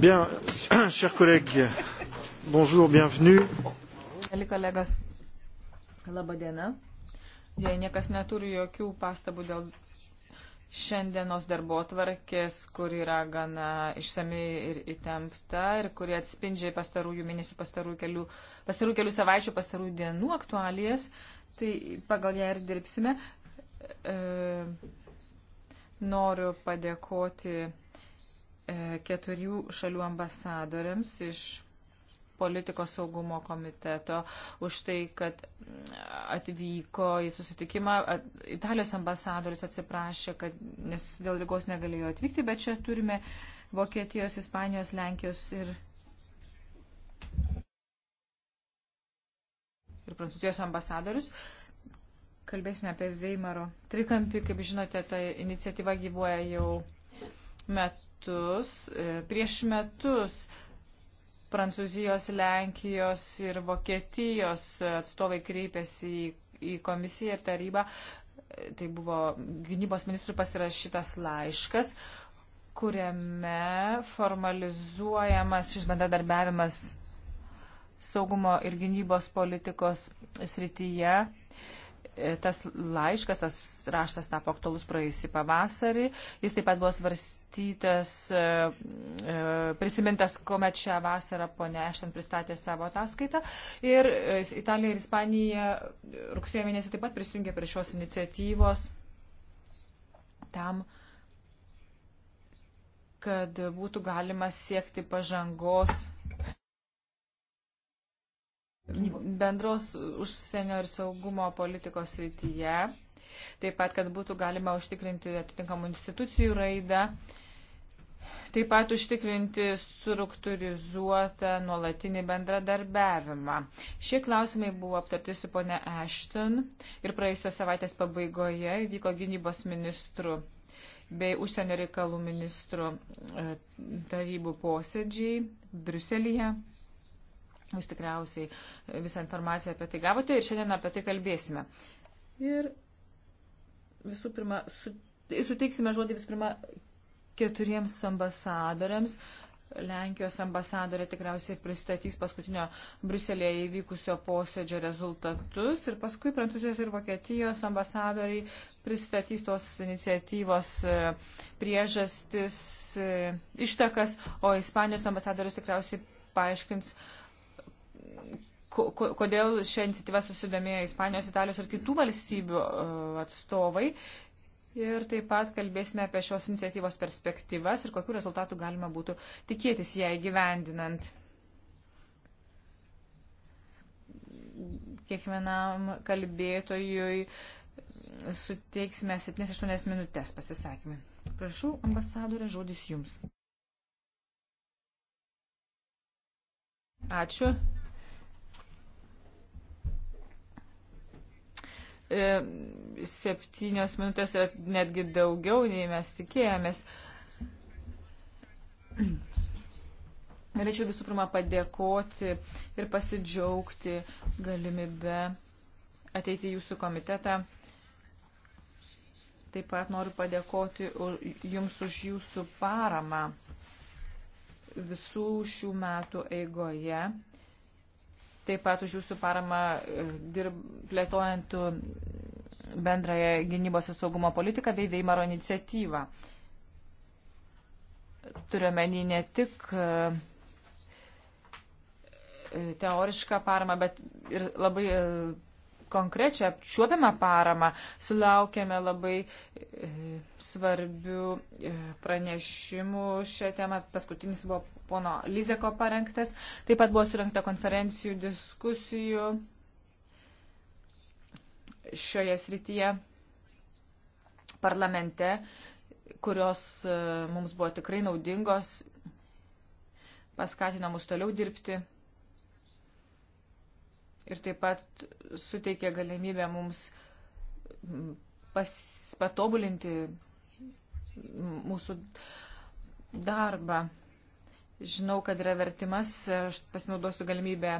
Bien, chers collègues, bonjour, bienvenue. Mėly kolegos, laba diena. Jei niekas neturi jokių pastabų dėl šiandienos darbo tvarkės, kur yra gana išsami ir įtempta ir kurie atspindžiai pastarųjų mėnesių, pastarųjų kelių, pastarųjų kelių savaičių, pastarųjų dienų aktualijas, tai pagal ją ir dirbsime. E, noriu padėkoti E, keturių šalių ambasadoriams iš politikos saugumo komiteto už tai, kad mm, atvyko į susitikimą. Italijos ambasadorius atsiprašė, kad, nes dėl lygos negalėjo atvykti, bet čia turime Vokietijos, Ispanijos, Lenkijos ir, ir Prancūzijos ambasadorius. Kalbėsime apie Veimaro trikampį. Kaip žinote, ta iniciatyva gyvuoja jau metus, e, prieš metus Prancūzijos, Lenkijos ir Vokietijos atstovai kreipėsi į, į komisiją ir tarybą. Tai buvo gynybos ministrų pasirašytas laiškas, kuriame formalizuojamas šis bendradarbiavimas saugumo ir gynybos politikos srityje tas laiškas, tas raštas tapo aktualus praėjusį pavasarį. Jis taip pat buvo svarstytas, e, e, prisimintas, kuomet šią vasarą ponė Ešten pristatė savo ataskaitą. Ir e, Italija ir Ispanija rugsėjo mėnesį taip pat prisijungė prie šios iniciatyvos tam, kad būtų galima siekti pažangos bendros užsienio ir saugumo politikos rytyje. Taip pat, kad būtų galima užtikrinti atitinkamų institucijų raidą. Taip pat užtikrinti struktūrizuotą nuolatinį bendradarbiavimą. Šie klausimai buvo aptarti su ponė Ashton ir praėjusios savaitės pabaigoje vyko gynybos ministrų bei užsienio reikalų ministrų e, tarybų posėdžiai Bruselėje. Jūs tikriausiai e, visą informaciją apie tai gavote ir šiandien apie tai kalbėsime. Ir visų pirma, su, tai suteiksime žodį visų pirma keturiems ambasadoriams. Lenkijos ambasadorė tikriausiai pristatys paskutinio Bruselėje įvykusio posėdžio rezultatus ir paskui Prancūzijos ir Vokietijos ambasadoriai pristatys tos iniciatyvos e, priežastis, e, ištakas, o Ispanijos ambasadorius tikriausiai paaiškins uh, kodėl šią iniciatyvą susidomėjo Ispanijos, Italijos ir kitų valstybių e, atstovai. Ir taip pat kalbėsime apie šios iniciatyvos perspektyvas ir kokiu rezultatu galima būtų tikėtis ją įgyvendinant. Kiekvienam kalbėtojui suteiksime 7-8 minutės pasisakymį. Prašau, ambasadorė, žodis jums. Ačiū. E, septynios minutės yra netgi daugiau, nei mes tikėjomės. Norėčiau visų pirma padėkoti ir pasidžiaugti galimybę ateiti jūsų komitetą. Taip pat noriu padėkoti jums už jūsų paramą visų šių metų eigoje taip pat už jūsų paramą e, dirb, plėtojant e, bendrąją gynybos ir saugumo politiką bei Veimaro iniciatyvą. Turiuomenį ne tik e, teorišką paramą, bet ir labai konkrečią apčiuopiamą paramą. Sulaukėme labai svarbių pranešimų šią temą. Paskutinis buvo pono Lizeko parengtas. Taip pat buvo surinkta konferencijų, diskusijų šioje srityje parlamente, kurios e, mums buvo tikrai naudingos, paskatino mus toliau dirbti ir taip pat suteikė galimybę mums pas, patobulinti mūsų darbą. Žinau, kad yra vertimas, aš pasinaudosiu galimybę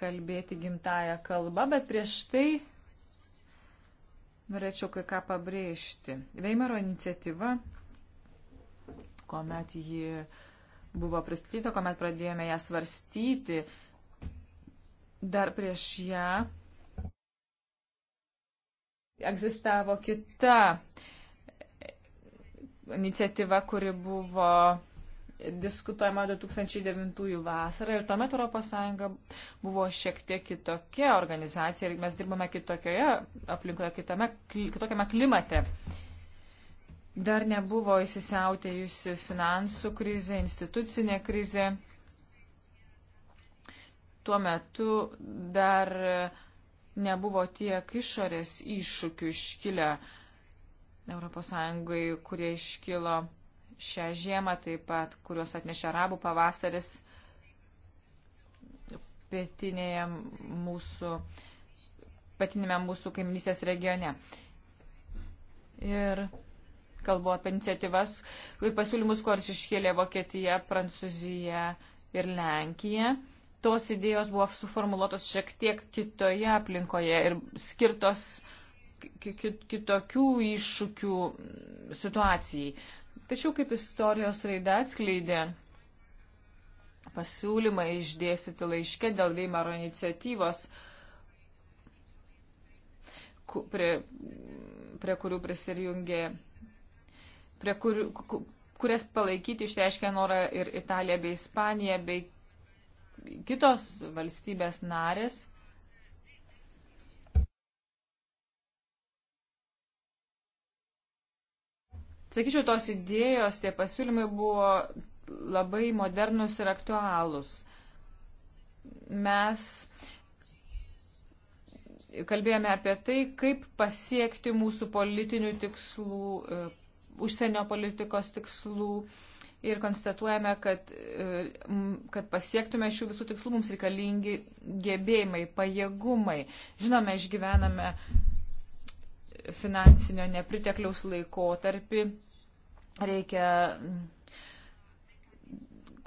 kalbėti gimtają kalbą, bet prieš tai norėčiau kai ką pabrėžti. Veimaro iniciatyva, kuomet ji buvo pristatyta, kuomet pradėjome ją svarstyti, dar prieš ją egzistavo kita iniciatyva, kuri buvo diskutuojama 2009 vasarą ir tuomet ES buvo šiek tiek kitokia organizacija ir mes dirbame kitokioje aplinkoje, kitame, kitokiame klimate. Dar nebuvo įsisiautėjusi finansų krizė, institucinė krizė. Tuo metu dar nebuvo tiek išorės iššūkių iškilę ES, kurie iškilo šią žiemą, taip pat, kuriuos atnešė arabų pavasaris pietinėje mūsų, pietinėme mūsų kaimynystės regione. Ir kalbu apie iniciatyvas ir pasiūlymus, kuriuos iškėlė Vokietija, Prancūzija ir Lenkija. Tos idėjos buvo suformuoluotos šiek tiek kitoje aplinkoje ir skirtos kitokių iššūkių situacijai. Tačiau, kaip istorijos raida atskleidė, pasiūlymą išdėsyti laiške dėl Veimaro iniciatyvos, prie, prie kurių prisijungė, prie kur, kurias palaikyti išreiškė norą ir Italija bei Ispanija bei kitos valstybės narės. Sakyčiau, tos idėjos, tie pasiūlymai buvo labai modernus ir aktualūs. Mes kalbėjome apie tai, kaip pasiekti mūsų politinių tikslų, e, užsienio politikos tikslų ir konstatuojame, kad, e, kad pasiektume šių visų tikslų mums reikalingi gebėjimai, pajėgumai. Žinome, išgyvename finansinio nepritekliaus laikotarpį reikia mm,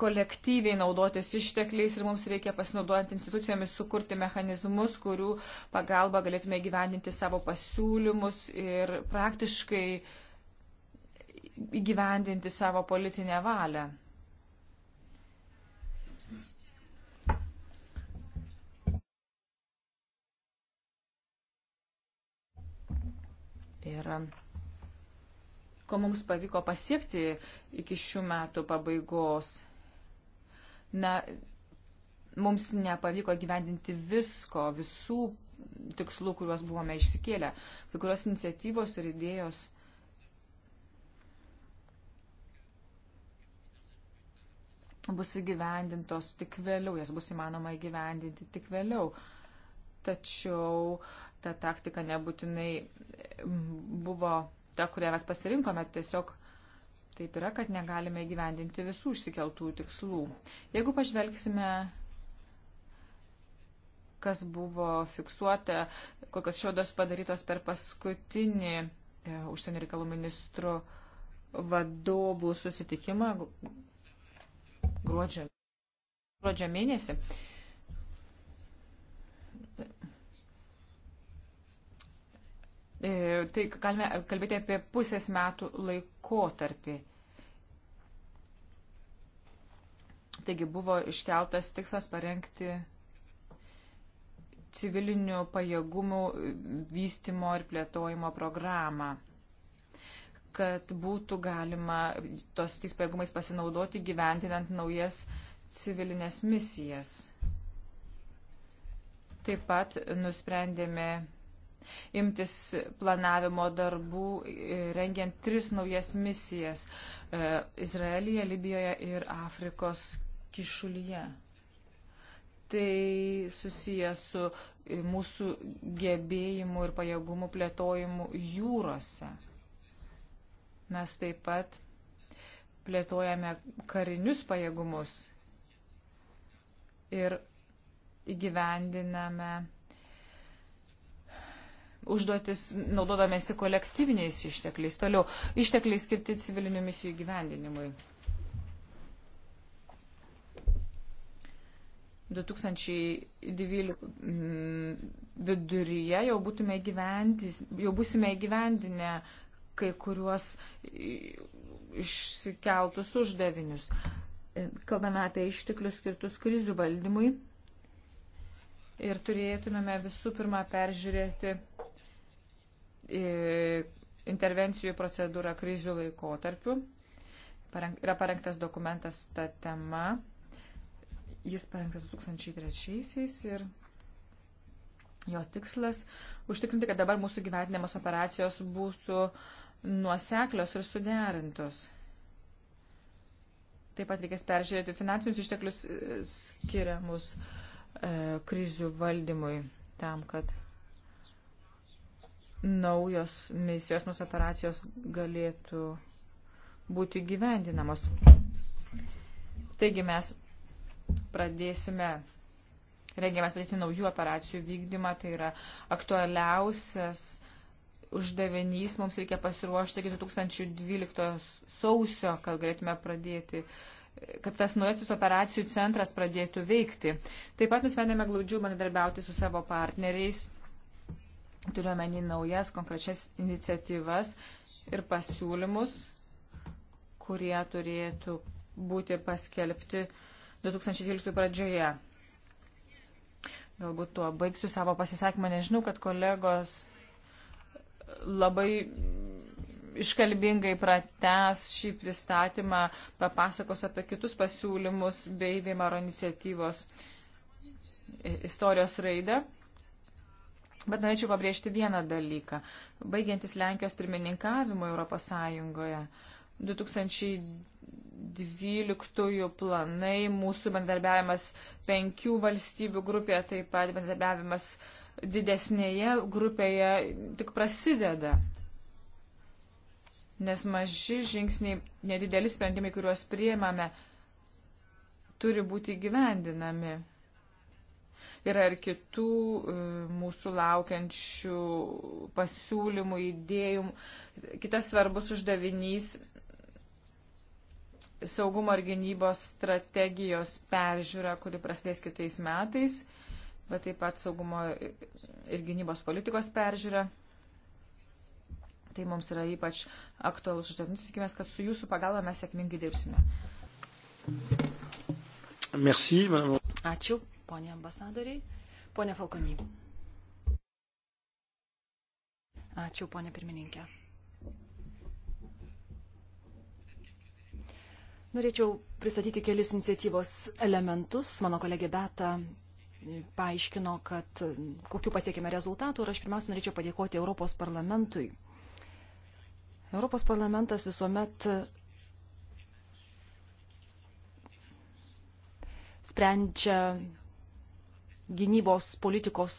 kolektyviai naudotis ištekliais ir mums reikia pasinaudojant institucijomis sukurti mechanizmus, kurių pagalba galėtume gyvendinti savo pasiūlymus ir praktiškai įgyvendinti savo politinę valią. Ir ko mums pavyko pasiekti iki šių metų pabaigos. Na, mums nepavyko gyvendinti visko, visų tikslų, kuriuos buvome išsikėlę. Kai kurios iniciatyvos ir idėjos bus įgyvendintos tik vėliau, jas bus įmanoma įgyvendinti tik vėliau. Tačiau uh, ta taktika nebūtinai buvo ta, kurią mes pasirinkome, tiesiog taip yra, kad negalime įgyvendinti visų išsikeltų tikslų. Jeigu pažvelgsime, kas buvo fiksuota, kokios šiodos padarytos per paskutinį e, užsienio reikalų ministrų vadovų susitikimą gruodžio, gruodžio mėnesį, E, tai galime kalbėti apie pusės metų laikotarpį. Taigi buvo iškeltas tikslas parengti civilinių pajėgumų vystimo ir plėtojimo programą kad būtų galima tos tais pajėgumais pasinaudoti gyventinant naujas civilinės misijas. Taip pat nusprendėme imtis planavimo darbų, e, rengiant tris naujas misijas e, - Izraelyje, Libijoje ir Afrikos kišulyje. Tai susiję su e, mūsų gebėjimų ir pajėgumų plėtojimu jūrose. Mes taip pat plėtojame karinius pajėgumus ir įgyvendiname užduotis naudodamėsi kolektyviniais ištekliais. Toliau, ištekliai skirti civilinių misijų gyvendinimui. 2012 mm, viduryje jau, jau būsime įgyvendinę kai kuriuos išsikeltus uždavinius. Kalbame apie išteklius skirtus krizių valdymui ir turėtumėme visų pirma peržiūrėti intervencijų procedūrą krizių laikotarpiu. Yra parengtas dokumentas ta tema. Jis parengtas 2003 ir jo tikslas užtikrinti, kad dabar mūsų gyvenimos operacijos būtų nuoseklios ir suderintos. Taip pat reikės peržiūrėti finansinius išteklius e, skiriamus e, krizių valdymui tam, kad naujos misijos, mūsų operacijos galėtų būti gyvendinamos. Taigi mes pradėsime, rengiamės pradėti naujų operacijų vykdymą, tai yra aktualiausias uždavinys, mums reikia pasiruošti iki 2012 sausio, kad galėtume pradėti kad tas naujasis operacijų centras pradėtų veikti. Taip pat nusprendėme glaudžių bendradarbiauti su savo partneriais Turiuomenį naujas konkrečias iniciatyvas ir pasiūlymus, kurie turėtų būti paskelbti 2012 pradžioje. Galbūt tuo baigsiu savo pasisakymą. Nežinau, kad kolegos labai iškalbingai prates šį pristatymą, papasakos apie kitus pasiūlymus bei Vimaro iniciatyvos istorijos raidą. Bet norėčiau pabrėžti vieną dalyką. Baigiantis Lenkijos pirmininkavimo Europos Sąjungoje, 2012 planai, mūsų bendarbiavimas penkių valstybių grupėje, taip pat bendarbiavimas didesnėje grupėje tik prasideda. Nes maži žingsniai, nedideli sprendimai, kuriuos priemame, turi būti gyvendinami. Yra ir kitų e, mūsų laukiančių pasiūlymų, idėjų. Kitas svarbus uždavinys - saugumo ir gynybos strategijos peržiūra, kuri prasidės kitais metais, bet taip pat saugumo ir gynybos politikos peržiūra. Tai mums yra ypač aktualus uždavinys. Tikimės, kad su jūsų pagalba mes sėkmingai dirbsime. Merci, Ačiū, ponė ambasadoriai. Pone Falkony. Ačiū, ponė pirmininkė. Norėčiau pristatyti kelis iniciatyvos elementus. Mano kolegė Beta paaiškino, kad kokiu pasiekėme rezultatų ir aš pirmiausia norėčiau padėkoti Europos parlamentui. Europos parlamentas visuomet sprendžia gynybos politikos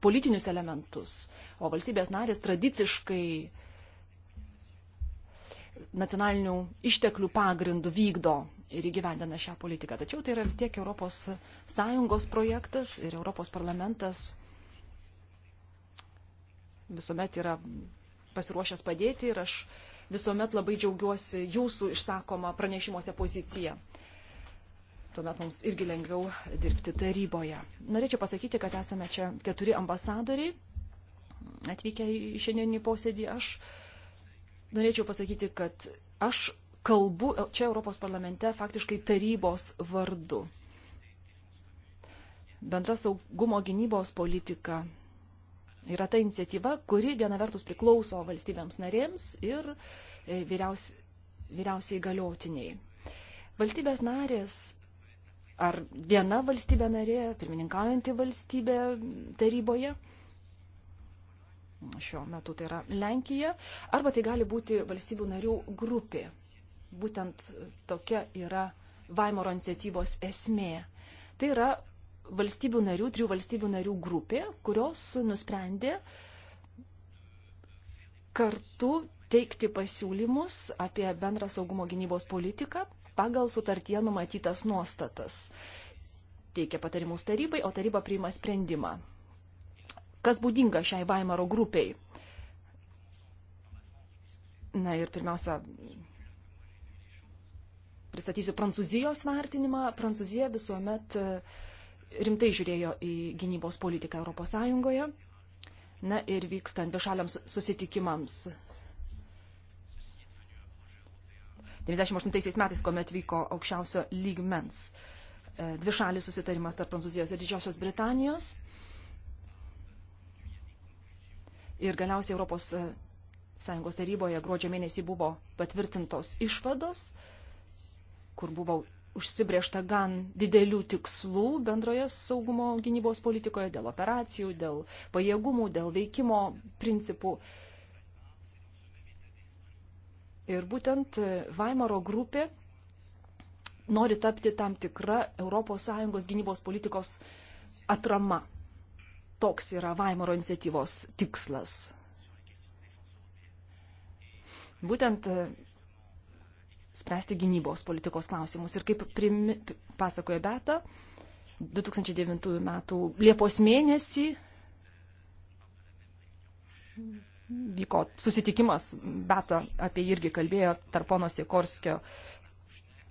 politinius elementus, o valstybės narės tradiciškai nacionalinių išteklių pagrindų vykdo ir įgyvendina šią politiką. Tačiau tai yra vis tiek ES projektas ir ES parlamentas visuomet yra pasiruošęs padėti ir aš visuomet labai džiaugiuosi jūsų išsakoma pranešimuose pozicija tuomet mums irgi lengviau dirbti taryboje. Norėčiau pasakyti, kad esame čia keturi ambasadoriai atvykę į šiandienį posėdį. Aš norėčiau pasakyti, kad aš kalbu čia Europos parlamente faktiškai tarybos vardu. Bendra saugumo gynybos politika yra ta iniciatyva, kuri viena vertus priklauso valstybėms narėms ir e, vyriaus, vyriausiai galiotiniai. Valstybės narės ar viena valstybė narė, pirmininkaujanti valstybė taryboje, šiuo metu tai yra Lenkija, arba tai gali būti valstybių narių grupė. Būtent tokia yra Vaimoro iniciatyvos esmė. Tai yra valstybių narių, trijų valstybių narių grupė, kurios nusprendė kartu teikti pasiūlymus apie bendrą saugumo gynybos politiką pagal sutartie numatytas nuostatas. Teikia patarimus tarybai, o taryba priima sprendimą. Kas būdinga šiai Vaimaro grupiai? Na ir pirmiausia, pristatysiu Prancūzijos vertinimą. Prancūzija visuomet e, rimtai žiūrėjo į gynybos politiką ES. Na ir vykstant bešaliams susitikimams 98 metais, kuomet vyko aukščiausio lygmens e, dvišalis susitarimas tarp Prancūzijos ir Didžiosios Britanijos. Ir galiausiai Europos e, Sąjungos taryboje gruodžio mėnesį buvo patvirtintos išvados, kur buvo užsibriešta gan didelių tikslų bendroje saugumo gynybos politikoje dėl operacijų, dėl pajėgumų, dėl veikimo principų. Uh, Ir būtent Vaimaro grupė nori tapti tam tikra ES gynybos politikos atrama. Toks yra Vaimaro iniciatyvos tikslas. Būtent e, spręsti gynybos politikos klausimus. Ir kaip primi, pasakoja Beta, 2009 m. Liepos mėnesį vyko susitikimas, Beta apie jį irgi kalbėjo tarp pono Sikorskio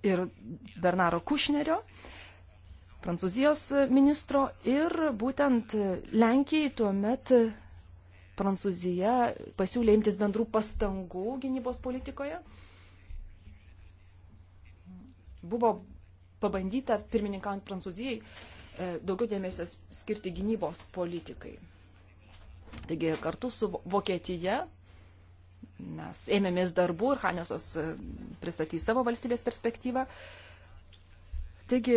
ir Bernaro Kušnerio, prancūzijos ministro, ir būtent Lenkijai tuo met Prancūzija pasiūlė imtis bendrų pastangų gynybos politikoje. Buvo pabandyta, pirmininkant Prancūzijai, e, daugiau dėmesio skirti gynybos politikai. Taigi kartu su Vokietija mes ėmėmės darbų ir Hanesas e, pristatys savo valstybės perspektyvą. Taigi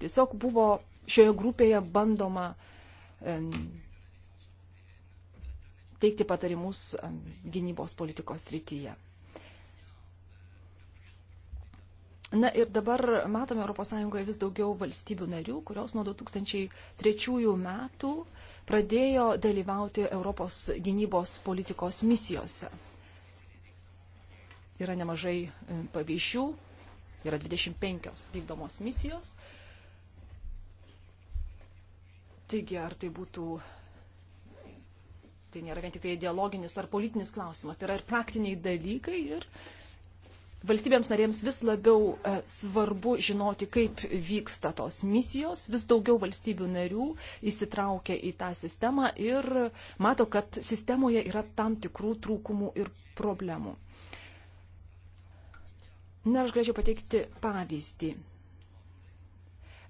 tiesiog buvo šioje grupėje bandoma e, teikti patarimus e, gynybos politikos srityje. Na ir dabar matome ES vis daugiau valstybių narių, kurios nuo 2003 metų pradėjo dalyvauti Europos gynybos politikos misijose. Yra nemažai e, pavyzdžių, yra 25 vykdomos misijos. Taigi, ar tai būtų tai nėra vien tik tai ideologinis ar politinis klausimas, tai yra ir praktiniai dalykai ir valstybėms narėms vis labiau e, svarbu žinoti, kaip vyksta tos misijos, vis daugiau valstybių narių įsitraukia į tą sistemą ir mato, kad sistemoje yra tam tikrų trūkumų ir problemų. Na, aš galėčiau pateikti pavyzdį.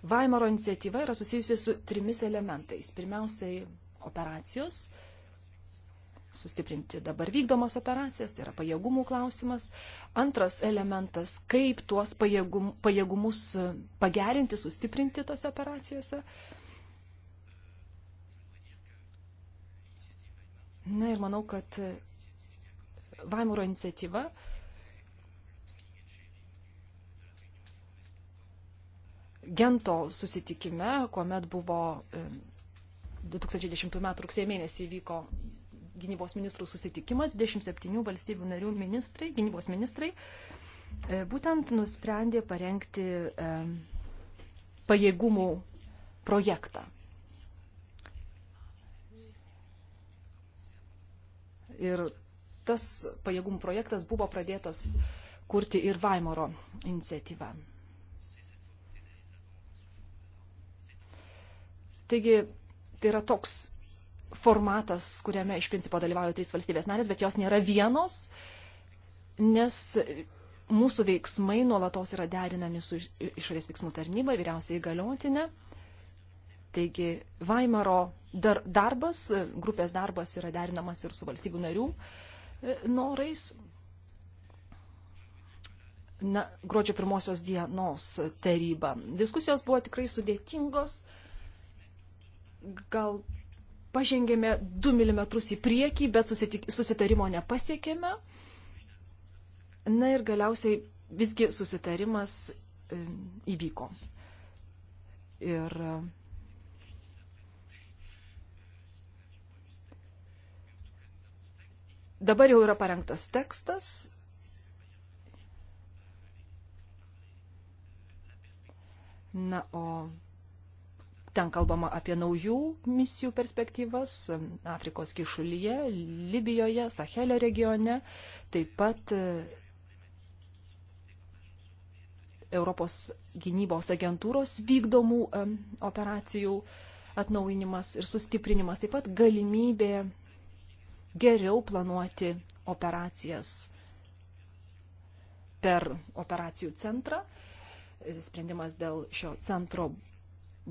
Vaimaro iniciatyva yra susijusi su trimis elementais. Pirmiausiai operacijos, sustiprinti dabar vykdomas operacijas, tai yra pajėgumų klausimas. Antras elementas, kaip tuos pajėgum, pajėgumus pagerinti, sustiprinti tose operacijose. Na ir manau, kad Vaimūro iniciatyva Gento susitikime, kuomet buvo 2010 m. rugsėjo mėnesį vyko gynybos ministrų susitikimas, 27 valstybių narių ministrai, gynybos ministrai, e, būtent nusprendė parengti e, pajėgumų projektą. Ir tas pajėgumų projektas buvo pradėtas kurti ir Vaimoro iniciatyva. Taigi, tai yra toks formatas, kuriame iš principo dalyvauja trys valstybės narės, bet jos nėra vienos, nes mūsų veiksmai nuolatos yra derinami su išorės veiksmų tarnyba, vyriausiai galiotinė. Taigi Vaimaro dar, darbas, grupės darbas yra derinamas ir su valstybių narių e, norais. Na, gruodžio pirmosios dienos taryba. Diskusijos buvo tikrai sudėtingos. Gal pažengėme 2 mm į priekį, bet susitik, susitarimo nepasiekėme. Na ir galiausiai visgi susitarimas e, įvyko. Ir e, dabar jau yra parengtas tekstas. Na, o Ten kalbama apie naujų misijų perspektyvas Afrikos kišulyje, Libijoje, Sahelio regione, taip pat e, Europos gynybos agentūros vykdomų e, operacijų atnaujinimas ir sustiprinimas, taip pat galimybė geriau planuoti operacijas per operacijų centrą. Sprendimas dėl šio centro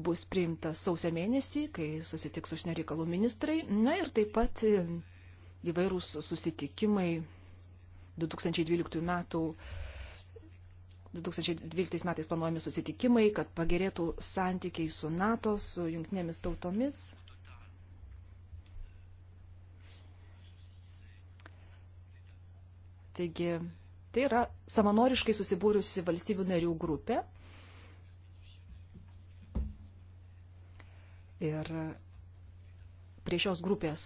bus priimtas sausio mėnesį, kai susitiks užsienio reikalų ministrai. Na ir taip pat įvairūs susitikimai 2012 metų. 2012 metais planuojami susitikimai, kad pagerėtų santykiai su NATO, su jungtinėmis tautomis. Taigi, tai yra savanoriškai susibūrusi valstybių narių grupė, Ir prie šios grupės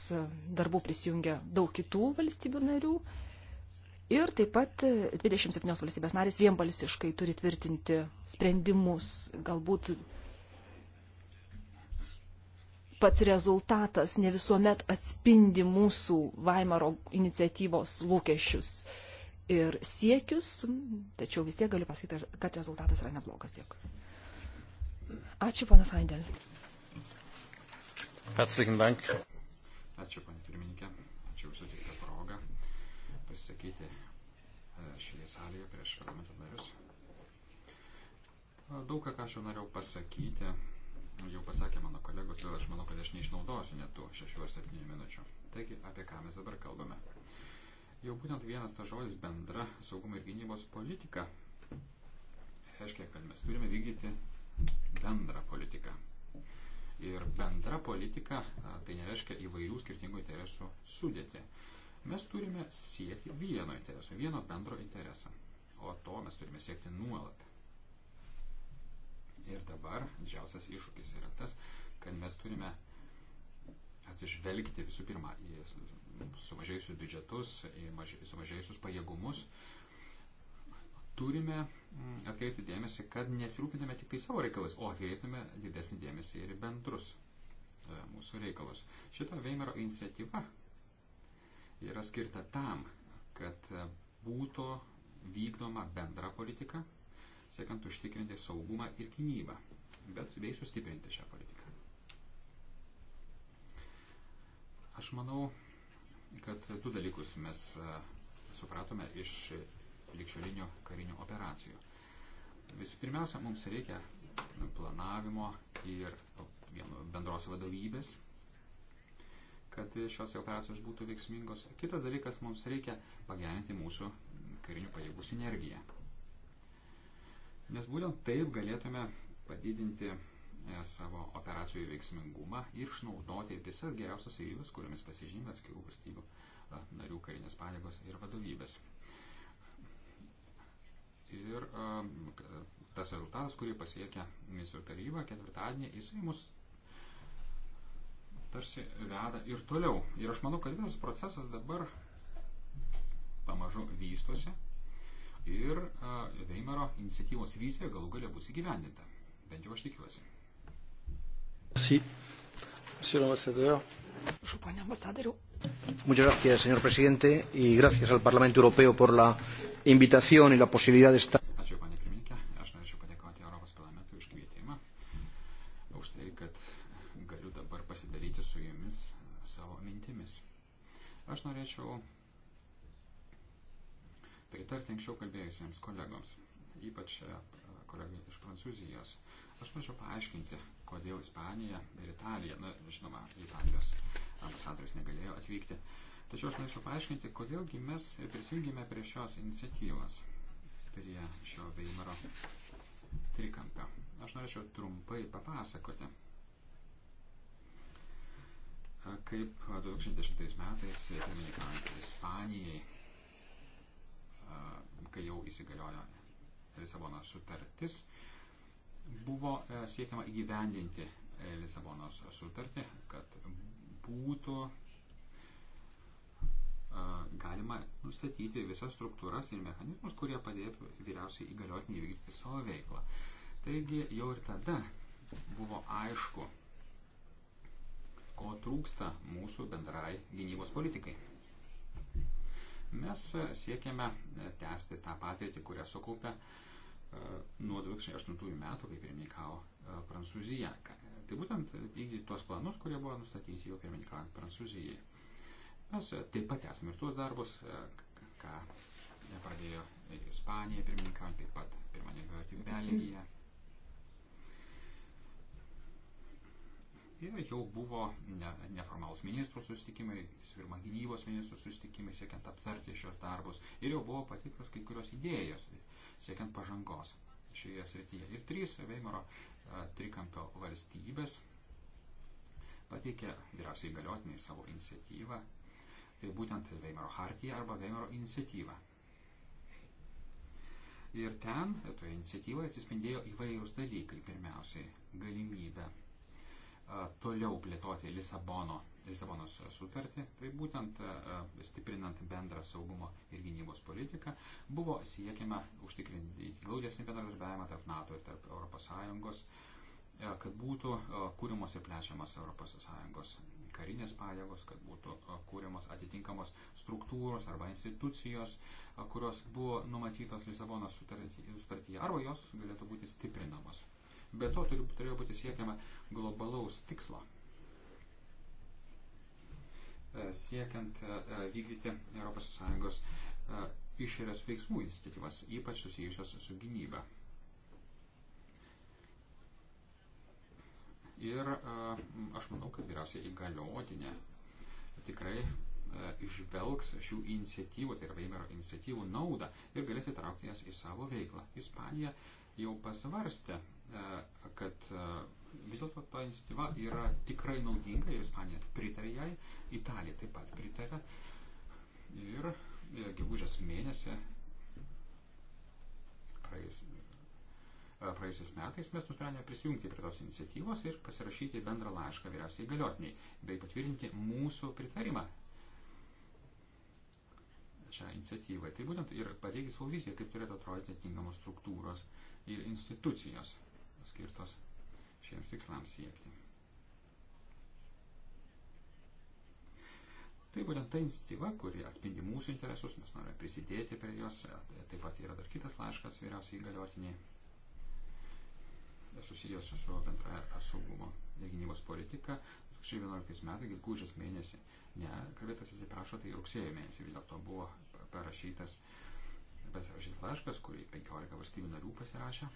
darbų prisijungia daug kitų valstybių narių. Ir taip pat 27 valstybės narės vienbalsiškai turi tvirtinti sprendimus. Galbūt pats rezultatas ne visuomet atspindi mūsų Vaimaro iniciatyvos lūkesčius ir siekius, tačiau vis tiek galiu pasakyti, kad rezultatas yra neblogas. Tiek. Ačiū, panas Haindel. Herzlichen Dank. Ačiū, panė pirmininkė. Ačiū už sutiktą progą pasisakyti e, šioje salėje prieš parlamento narius. E, daug ką, ką aš jau norėjau pasakyti, jau pasakė mano kolegos, todėl aš manau, kad aš neišnaudosiu net tų 6 ar 7 minučių. Taigi, apie ką mes dabar kalbame. Jau būtent vienas ta žodis bendra saugumo ir gynybos politika reiškia, kad mes turime vykdyti bendrą politiką. Ir bendra politika tai nereiškia įvairių skirtingų interesų sudėti. Mes turime siekti vieno intereso, vieno bendro interesą. O to mes turime siekti nuolat. Ir dabar didžiausias iššūkis yra tas, kad mes turime atsižvelgti visų pirma į sumažėjusius biudžetus, į sumažėjusius pajėgumus. Turime atkreipti dėmesį, kad nesirūpiname tik tai savo reikalais, o atkreiptume didesnį dėmesį ir bendrus e, mūsų reikalus. Šita Veimero iniciatyva yra skirta tam, kad e, būtų vykdoma bendra politika, siekiant užtikrinti saugumą ir gynybą, bet bei sustiprinti šią politiką. Aš manau, kad du dalykus mes e, supratome iš likščiolinių karinių operacijų. Visų pirmiausia, mums reikia planavimo ir bendros vadovybės, kad šios operacijos būtų veiksmingos. Kitas dalykas, mums reikia pagerinti mūsų karinių pajėgų sinergiją. Nes būtent taip galėtume padidinti e, savo operacijų veiksmingumą ir išnaudoti visas geriausias savybės, kuriomis pasižymė atskirų valstybių e, narių karinės pajėgos ir vadovybės ir tas rezultatas, kurį pasiekia misijų taryba ketvirtadienį, jisai mus tarsi veda ir toliau. Ir aš manau, kad visas procesas dabar pamažu vystosi ir Veimero iniciatyvos vizija galų galia bus įgyvendinta. Bent jau aš tikiuosi. Merci. Monsieur l'ambassadeur. Prašau, ponia ambasadoriu. Muchas gracias, señor presidente, y gracias al Parlamento Europeo por la invitación y la posibilidad de estar. Ačiū, ponia pirmininkė. Aš norėčiau padėkoti Europos parlamentui už kvietimą, už tai, kad galiu dabar pasidalyti su jumis savo mintimis. Aš norėčiau pritarti anksčiau kalbėjusiems kolegoms, ypač kolegai iš Prancūzijos. Aš norėčiau paaiškinti, kodėl Ispanija ir Italija, na, žinoma, Italijos ambasadorius negalėjo atvykti, tačiau aš norėčiau paaiškinti, kodėlgi mes prisijungėme prie šios iniciatyvos, prie šio Veimaro trikampio. Aš norėčiau trumpai papasakoti, kaip 2010 metais, pirmininkant Ispanijai, kai jau įsigaliojo Lisabonos sutartis, buvo e, siekiama įgyvendinti e, Lisabonos sutartį, kad būtų e, galima nustatyti visas struktūras ir mechanizmus, kurie padėtų vyriausiai įgaliotinį vykdyti savo veiklą. Taigi jau ir tada buvo aišku, ko trūksta mūsų bendrai gynybos politikai. Mes siekiame tęsti tą patirtį, kurią sukaupė uh, nuo 2008 metų, kai pirmininkavo e, Prancūzija. Tai būtent vykdyti tuos planus, kurie buvo nustatyti jau pirmininkaujant Prancūzijai. Mes e, taip pat esame ir tuos darbus, e, ką pradėjo Ispanija pirmininkaujant, taip pat pirmininkaujant Belgija. Ir jau buvo ne, neformalus ministrų susitikimai, pirma gynybos ministrų susitikimai, siekiant aptarti šios darbus. Ir jau buvo patikros kai kurios idėjos siekiant pažangos šioje srityje. Ir trys Veimaro e, trikampio valstybės pateikė vyriausiai galiotiniai savo iniciatyvą. Tai būtent Veimaro hartija arba Veimaro iniciatyva. Ir ten, toje iniciatyvoje atsispindėjo įvairūs dalykai. Pirmiausiai galimybė e, toliau plėtoti Lisabono Lisabonos sutartį, tai būtent e, stiprinant bendrą saugumo ir gynybos politiką, buvo siekiama užtikrinti glaudesnį bendradarbiavimą tarp NATO ir tarp ES, e, kad būtų e, kūrimos ir plečiamos ES karinės pajėgos, kad būtų kūrimos atitinkamos struktūros arba institucijos, kurios buvo numatytos Lisabonos sutartyje, arba jos galėtų būti stiprinamos. Be to turėjo būti siekiama globalaus tikslo E, siekiant e, e, vykdyti ES išorės veiksmų iniciatyvas, ypač susijusios su gynyba. Ir aš manau, kad vyriausiai įgaliotinė tikrai išvelgs šių iniciatyvų, tai yra Veimero iniciatyvų naudą ir galės įtraukti jas į savo veiklą. Ispanija jau pasvarstė, kad vis dėlto ta iniciatyva yra tikrai naudinga ir Ispanija pritarė jai, Italija taip pat pritarė. Ir gegužės mėnesį praėjus, e, praėjusiais metais mes nusprendėme prisijungti prie tos iniciatyvos ir pasirašyti bendrą laišką vyriausiai galiotiniai, bei patvirtinti mūsų pritarimą šią iniciatyvą. Tai būtent ir pateikti savo viziją, kaip turėtų atrodyti atitinkamos struktūros ir institucijos skirtos šiems tikslams siekti. Tai būtent ta iniciatyva, kuri atspindi mūsų interesus, mes norime prisidėti prie jos, taip pat yra dar kitas laiškas vyriausiai įgaliotiniai susijęs su bendraja saugumo ir gynybos politika. 2011 metai, gegužės mėnesį, ne, kalbėtas atsiprašo, tai rugsėjo mėnesį vis dėlto buvo parašytas pasirašytas laiškas, kurį 15 valstybių narių pasirašė.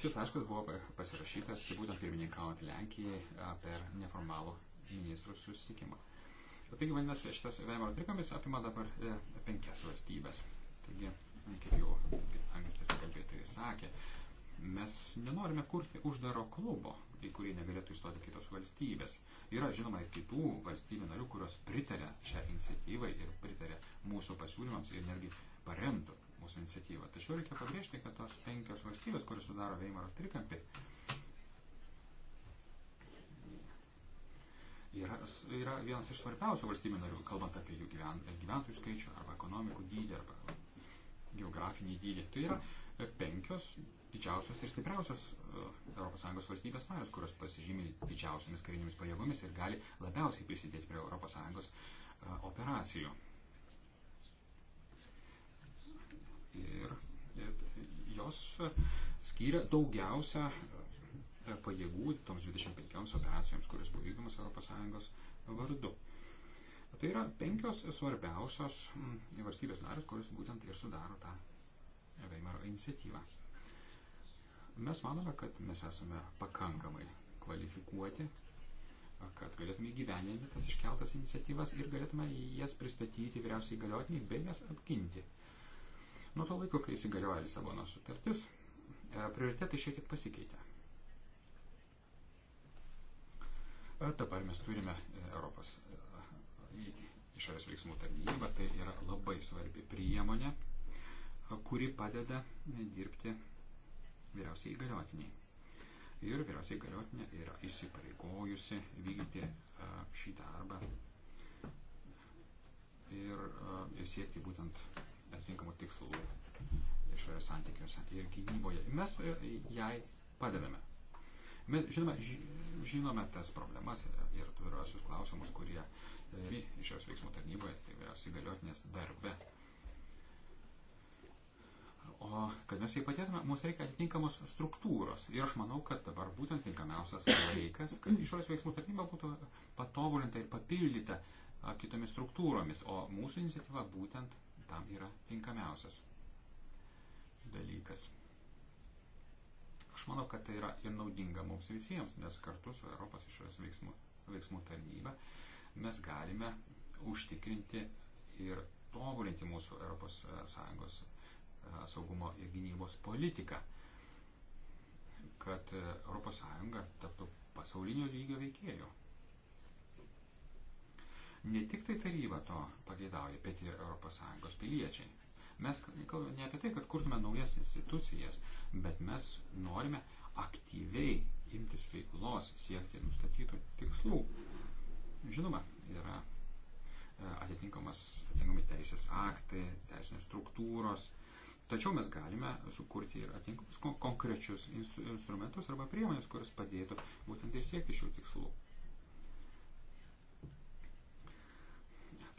šis laiškas buvo pasirašytas būtent pirmininkaujant Lenkijai per neformalų ministrų susitikimą. Taigi, vadinasi, šitas Veimaro trikamis apima dabar e, penkias valstybės. Taigi, kaip jau ankstesnė kalbėtojai sakė, mes nenorime kurti uždaro klubo, į kurį negalėtų įstoti kitos valstybės. Yra, žinoma, ir kitų valstybių narių, kurios pritarė šią iniciatyvą ir pritarė mūsų pasiūlymams ir netgi paremtų mūsų iniciatyvą. Tačiau reikia pabrėžti, kad tos penkios valstybės, kurios sudaro Veimaro trikampį, yra, yra vienas iš svarbiausių valstybių narių, kalbant apie jų gyven, gyventojų skaičių arba ekonomikų dydį arba geografinį dydį. Tai yra penkios didžiausios ir stipriausios uh, ES valstybės narės, kurios pasižymė didžiausiamis karinėmis pajėgomis ir gali labiausiai prisidėti prie ES uh, operacijų. ir jos skyrė daugiausia e, pajėgų toms 25 operacijoms, kurios buvo vykdomas ES vardu. Tai yra penkios svarbiausios valstybės narės, kurios būtent ir sudaro tą Veimaro iniciatyvą. Mes manome, kad mes esame pakankamai kvalifikuoti, kad galėtume įgyveninti tas iškeltas iniciatyvas ir galėtume jas pristatyti vyriausiai galiotiniai bei jas apginti. Nuo to laiko, kai įsigalioja Lisabono sutartis, e, prioritetai šiek tiek pasikeitė. E, dabar mes turime e, Europos išorės veiksmų tarnybą, tai yra labai svarbi priemonė, kuri padeda dirbti vyriausiai įgaliotiniai. Ir vyriausiai įgaliotinė yra įsipareigojusi vykdyti šį darbą ir siekti būtent atitinkamų e, tikslų išorės santykiuose ir gynyboje. Mes e, jai padedame. Mes žinoma, žinome tas problemas ir turiuosius klausimus, kurie e, išorės veiksmų tarnyboje, tai vyriausiai galiotinės darbe. O kad mes jai padėtume, mums reikia atitinkamos struktūros. Ir aš manau, kad dabar būtent tinkamiausias laikas, kad išorės veiksmų tarnyba būtų patobulinta ir papildyta kitomis struktūromis. O mūsų iniciatyva būtent tam yra tinkamiausias dalykas. Aš manau, kad tai yra ir naudinga mums visiems, nes kartu su Europos išorės veiksmų, veiksmų tarnyba mes galime užtikrinti ir tobulinti mūsų ES e, e, saugumo ir gynybos politiką, kad ES taptų pasaulinio lygio veikėjų. Ne tik tai taryba to pageidauja, bet ir ES piliečiai. Mes kalbame ne apie tai, kad kurtume naujas institucijas, bet mes norime aktyviai imtis veiklos, siekti nustatytų tikslų. Žinoma, yra e, atitinkamas, atitinkami teisės aktai, teisinės struktūros, tačiau mes galime sukurti ir atitinkamus konkrečius instrumentus arba priemonės, kuris padėtų būtent ir siekti šių tikslų.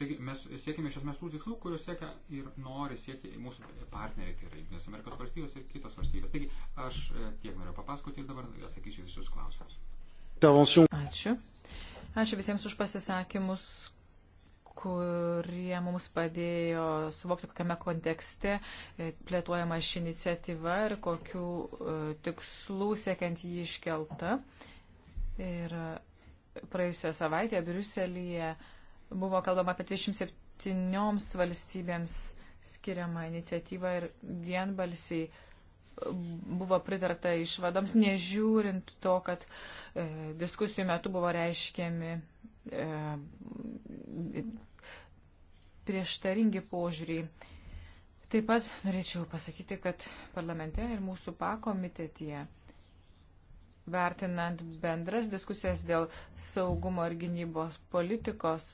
Taigi mes siekime iš esmės tų tikslų, kuriuos siekia ir nori siekti mūsų partneriai, tai yra Junktinės Amerikos valstybės ir kitos valstybės. Taigi aš e, tiek noriu papasakoti ir dabar atsakysiu visus klausimus. Ačiū. Ačiū visiems už pasisakymus, kurie mums padėjo suvokti, kokiame kontekste e, plėtojama ši iniciatyva ir kokiu e, tikslų siekiant jį iškelta. Ir praėjusią savaitę Briuselėje Buvo kalbama apie 27 valstybėms skiriamą iniciatyvą ir vienbalsiai e, buvo pritarta išvadoms, nežiūrint to, kad e, diskusijų metu buvo reiškiami e, prieštaringi požiūriai. Taip pat norėčiau pasakyti, kad parlamente ir mūsų pakomitetyje vertinant bendras diskusijas dėl saugumo ir gynybos politikos,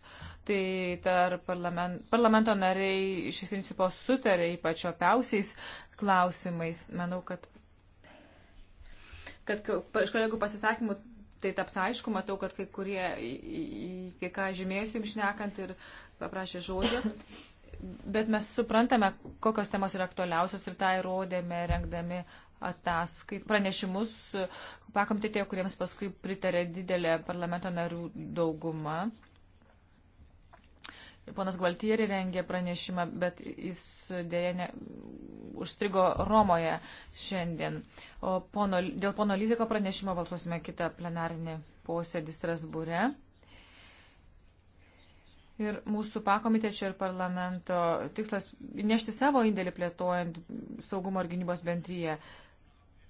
tai tarp parlament, parlamento nariai iš principo sutarė ypač opiausiais klausimais. Manau, kad, kad iš kolegų pasisakymų tai taps aišku, matau, kad kai kurie, kai ką žymėjusi jums šnekant ir paprašė žodžio. Bet mes suprantame, kokios temos yra aktualiausios ir tą įrodėme rengdami ataskai, pranešimus pakomitėje, kuriems paskui pritarė didelė parlamento narių dauguma. Ponas Gualtieri rengė pranešimą, bet jis dėja ne, užstrigo Romoje šiandien. O pono, dėl pono Lyziko pranešimo balsuosime kitą plenarinį posėdį Strasbūre. Ir mūsų pakomitečio ir parlamento tikslas nešti savo indėlį plėtojant saugumo ir gynybos bendryje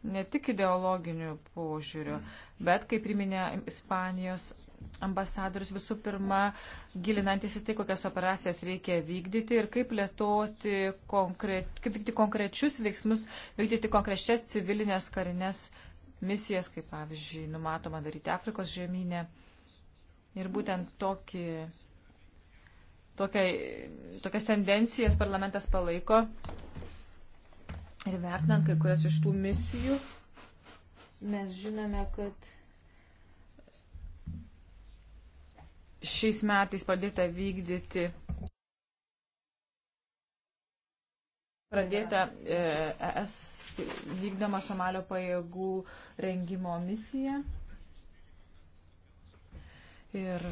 ne tik ideologiniu požiūriu, bet, kaip priminė Ispanijos ambasadorius, visų pirma, gilinantis į tai, kokias operacijas reikia vykdyti ir kaip lietoti konkre... kaip vykdyti konkrečius veiksmus, vykdyti konkrečias civilinės karinės misijas, kaip pavyzdžiui, numatoma daryti Afrikos žemynę. Ir būtent tokį, tokia, tokias tendencijas parlamentas palaiko ir vertinant kai kurias iš tų misijų, mes žinome, kad šiais metais pradėta vykdyti pradėta ES e vykdoma Somalio pajėgų rengimo misija. Ir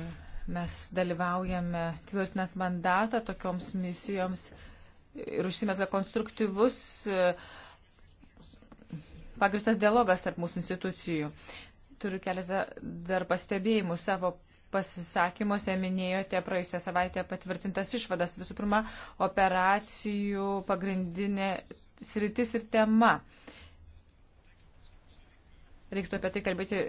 mes dalyvaujame tvirtinant mandatą tokioms misijoms ir užsimesga konstruktyvus e, pagristas dialogas tarp mūsų institucijų. Turiu keletą dar pastebėjimų savo pasisakymuose minėjote praėjusią savaitę patvirtintas išvadas. Visų pirma, operacijų pagrindinė sritis ir tema. Reiktų apie tai kalbėti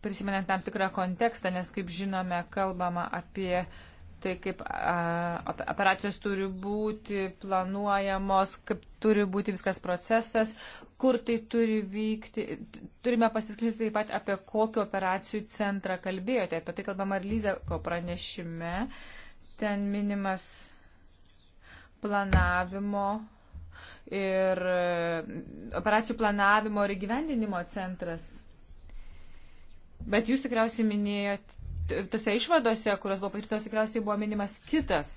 prisimenant tam tikrą kontekstą, nes, kaip žinome, kalbama apie uh, tai kaip a, operacijos turi būti planuojamos, kaip turi būti viskas procesas, kur tai turi vykti. Turime pasiskleisti taip pat apie kokį operacijų centrą kalbėjote. Apie tai kalbama ir Lyzeko pranešime. Ten minimas planavimo ir e, operacijų planavimo ir gyvendinimo centras. Bet jūs tikriausiai minėjot, tose išvadose, kurios buvo patirtos, tikriausiai buvo minimas kitas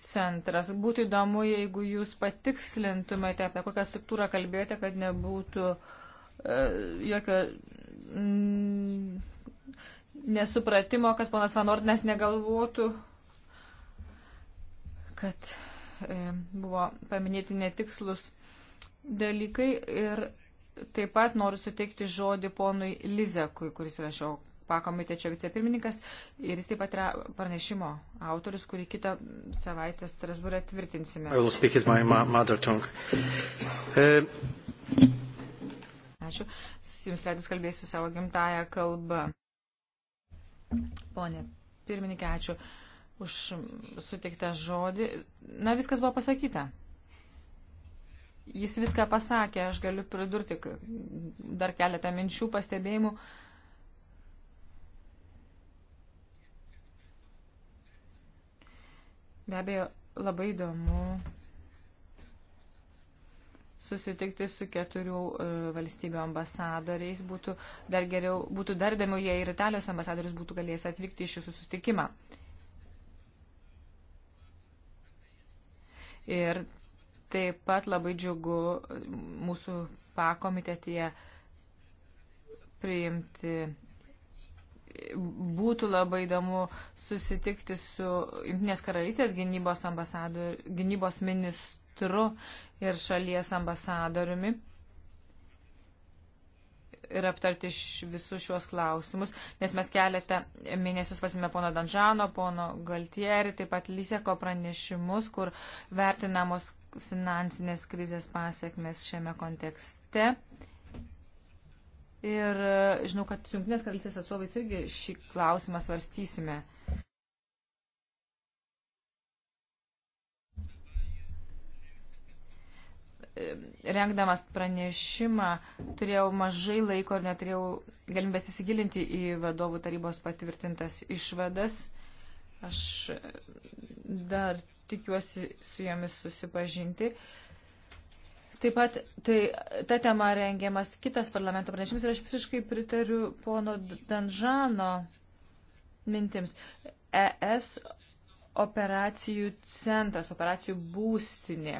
centras. Būtų įdomu, jeigu jūs patikslintumėte, apie kokią struktūrą kalbėjote, kad nebūtų e, jokio mm, nesupratimo, kad ponas Van Ordinas negalvotų, kad e, buvo paminėti netikslus dalykai ir taip pat noriu suteikti žodį ponui Lizekui, kuris yra šio pakomitečio vicepirmininkas ir jis taip pat yra pranešimo autorius, kurį kitą savaitę Strasbūrė tvirtinsime. E, ačiū. Jums leidus kalbėsiu savo gimtają kalbą. Pone pirmininkė, ačiū už sutiktą žodį. Na, viskas buvo pasakyta. Jis viską pasakė, aš galiu pridurti dar keletą minčių, pastebėjimų. Uh, Be abejo, labai įdomu susitikti su keturių e, valstybių ambasadoriais. Būtų dar geriau, būtų dar įdomiau, jei ir Italijos ambasadorius būtų galėjęs atvykti į šį susitikimą. Ir taip pat labai džiugu e, mūsų pakomitetėje priimti būtų labai įdomu susitikti su Junktinės karalystės gynybos, gynybos ministru ir šalies ambasadoriumi ir aptarti visus šiuos klausimus, nes mes keletą mėnesius pasime pono Danžano, pono Galtieri, taip pat Lyseko pranešimus, kur vertinamos finansinės krizės pasiekmes šiame kontekste. Ir e, žinau, kad su Junktinės karalystės atstovais irgi šį klausimą svarstysime. E, rengdamas pranešimą turėjau mažai laiko ir neturėjau galimybės įsigilinti į vadovų tarybos patvirtintas išvadas. Aš dar tikiuosi su jomis susipažinti. Uh, Taip pat tai, ta tema rengiamas kitas parlamento pranešimas ir aš visiškai pritariu pono Danžano mintims. ES operacijų centras, operacijų būstinė.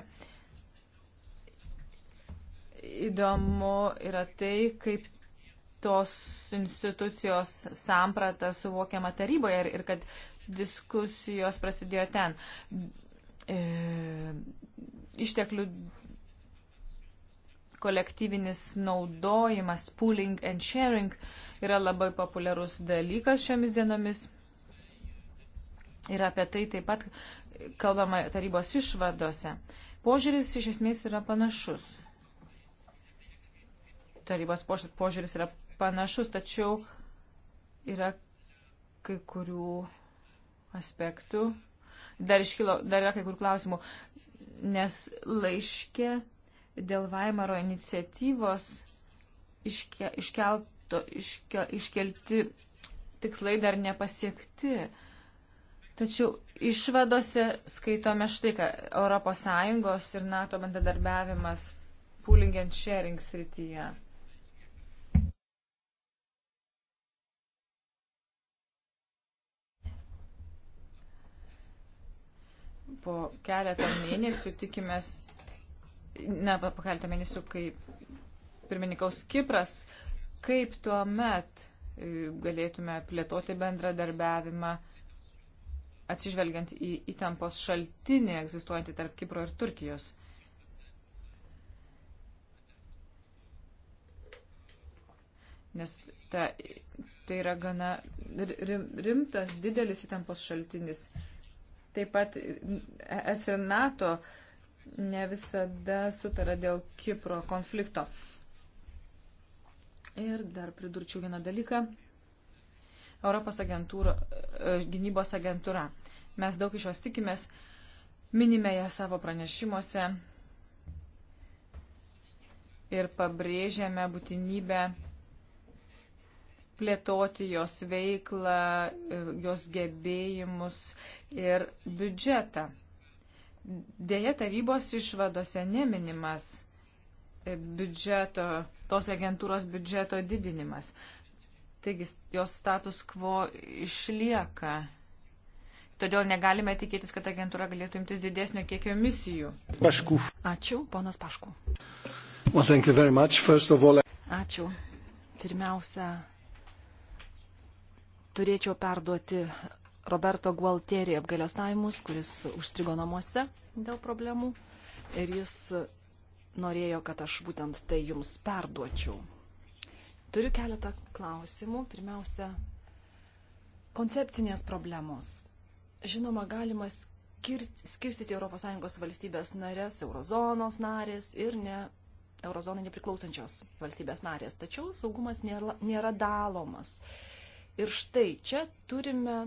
Įdomu yra tai, kaip tos institucijos samprata suvokiama taryboje ir, ir kad diskusijos prasidėjo ten. E, išteklių kolektyvinis naudojimas, pooling and sharing yra labai populiarus dalykas šiomis dienomis. Ir apie tai taip pat kalbama tarybos išvadose. Požiūris iš esmės yra panašus. Tarybos požiūris yra panašus, tačiau yra kai kurių aspektų. Dar, iškilo, dar yra kai kur klausimų, nes laiškė dėl Vaimaro iniciatyvos iške, iškelto, iške, iškelti tikslai dar nepasiekti. Tačiau išvadose skaitome štai, kad ES ir NATO bendradarbiavimas pooling and sharing srityje. Po keletą mėnesių tikimės na, pakaltė mėnesių, kai pirmininkaus Kipras, kaip tuo met e, galėtume plėtoti bendradarbiavimą, atsižvelgiant į įtampos šaltinį egzistuojantį tarp Kipro ir Turkijos. Nes ta, tai yra gana rimtas, didelis įtampos šaltinis. Taip pat e, e, es ir NATO uh, ne visada sutara dėl Kipro konflikto. Ir dar pridurčiau vieną dalyką. Europos agentūra, e, gynybos agentūra. Mes daug iš jos tikimės, minime ją savo pranešimuose ir pabrėžiame būtinybę plėtoti jos veiklą, e, jos gebėjimus ir biudžetą. Dėja, tarybos išvadose neminimas e, biudžeto, tos agentūros biudžeto didinimas. Taigi jos status quo išlieka. Todėl negalime tikėtis, kad agentūra galėtų imtis didesnio kiekio misijų. Paškų. Ačiū, ponas Paškų. Well, Ačiū. Pirmiausia, turėčiau perduoti Roberto Gualtieri apgalėstavimus, kuris užstrigo namuose dėl problemų ir jis norėjo, kad aš būtent tai jums perduočiau. Turiu keletą klausimų. Pirmiausia, koncepcinės problemos. Žinoma, galima skirstyti ES valstybės narės, eurozonos narės ir ne eurozonai nepriklausančios valstybės narės. Tačiau saugumas nėra, nėra dalomas. Ir štai čia turime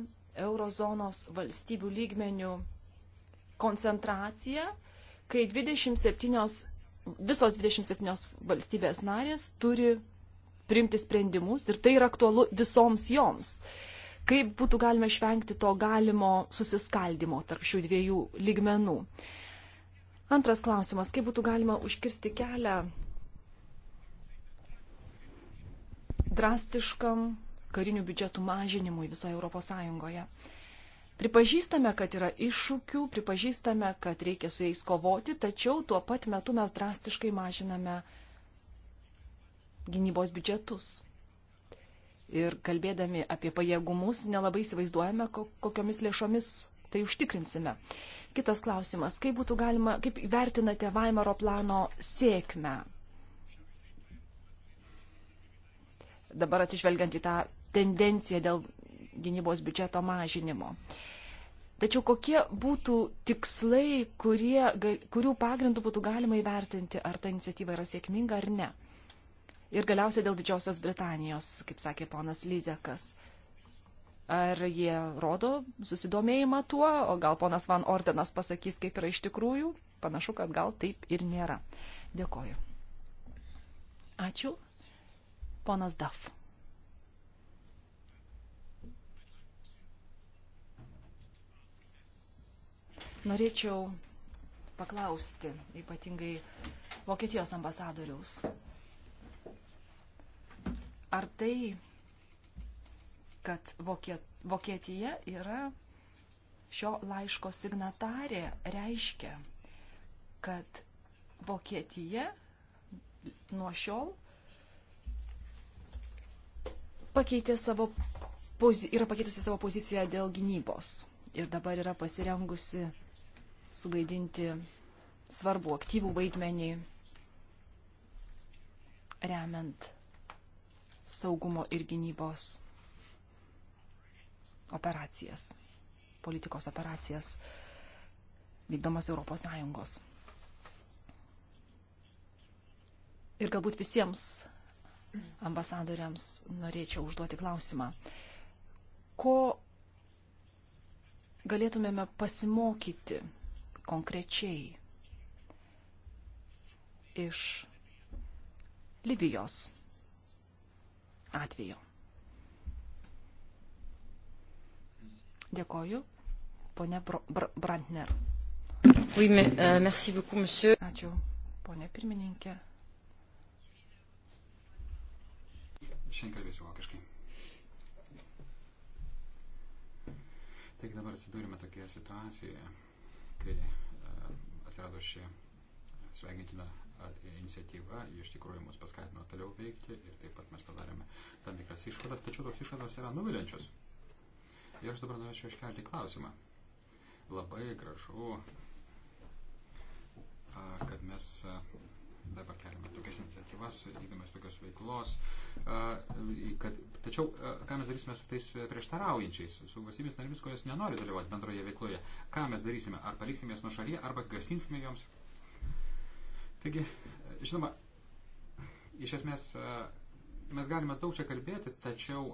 eurozonos valstybių lygmenių koncentracija, kai 27, visos 27 valstybės narės turi priimti sprendimus ir tai yra aktualu visoms joms. Kaip būtų galima išvengti to galimo susiskaldimo tarp šių dviejų lygmenų? Antras klausimas, kaip būtų galima užkirsti kelią drastiškam karinių biudžetų mažinimui visoje ES. Pripažįstame, kad yra iššūkių, pripažįstame, kad reikia su jais kovoti, tačiau tuo pat metu mes drastiškai mažiname gynybos biudžetus. Ir kalbėdami apie pajėgumus, nelabai įsivaizduojame, kokiomis lėšomis tai užtikrinsime. Kitas klausimas, kaip būtų galima, kaip vertinate Vaimaro plano sėkmę? Dabar atsižvelgiant į tą tendencija dėl gynybos biudžeto mažinimo. Tačiau kokie būtų tikslai, kurie, kurių pagrindų būtų galima įvertinti, ar ta iniciatyva yra sėkminga ar ne? Ir galiausiai dėl Didžiosios Britanijos, kaip sakė ponas Lyzekas. Ar jie rodo susidomėjimą tuo, o gal ponas Van Ordenas pasakys, kaip yra iš tikrųjų? Panašu, kad gal taip ir nėra. Dėkoju. Ačiū. Ponas Daf. Norėčiau paklausti ypatingai Vokietijos ambasadoriaus. Ar tai, kad Vokietija yra šio laiško signatarė, reiškia, kad Vokietija nuo šiol pakeitė savo, yra pakeitusi savo poziciją dėl gynybos ir dabar yra pasirengusi suvaidinti svarbu aktyvų vaidmenį, remiant saugumo ir gynybos operacijas, politikos operacijas vykdomas Europos Sąjungos. Ir galbūt visiems ambasadoriams norėčiau užduoti klausimą. Ko galėtumėme pasimokyti konkrečiai iš Libijos atveju. Dėkoju, ponė Br Brandner. Oui, mais, euh, merci beaucoup, monsieur. Ačiū, ponė pirmininkė. Šiandien kalbėsiu vokiškai. Taigi dabar atsidūrime tokioje situacijoje, kai atsirado ši sveikintina iniciatyva, ji iš tikrųjų mus paskatino toliau veikti ir taip pat mes padarėme eh, tam tikras išvadas, tačiau tos išvados yra nuviliančios. Ir aš dabar norėčiau iškelti klausimą. Labai gražu, kad mes dabar keliame tokias iniciatyvas, įdomės tokios veiklos. E, kad, tačiau, e, ką mes darysime su tais prieštaraujančiais, su valstybės narėmis, kurios nenori dalyvauti bendroje veikloje? Ką mes darysime? Ar paliksime jas nuo šalyje, arba grasinsime joms? Taigi, žinoma, iš esmės e, mes galime daug čia kalbėti, tačiau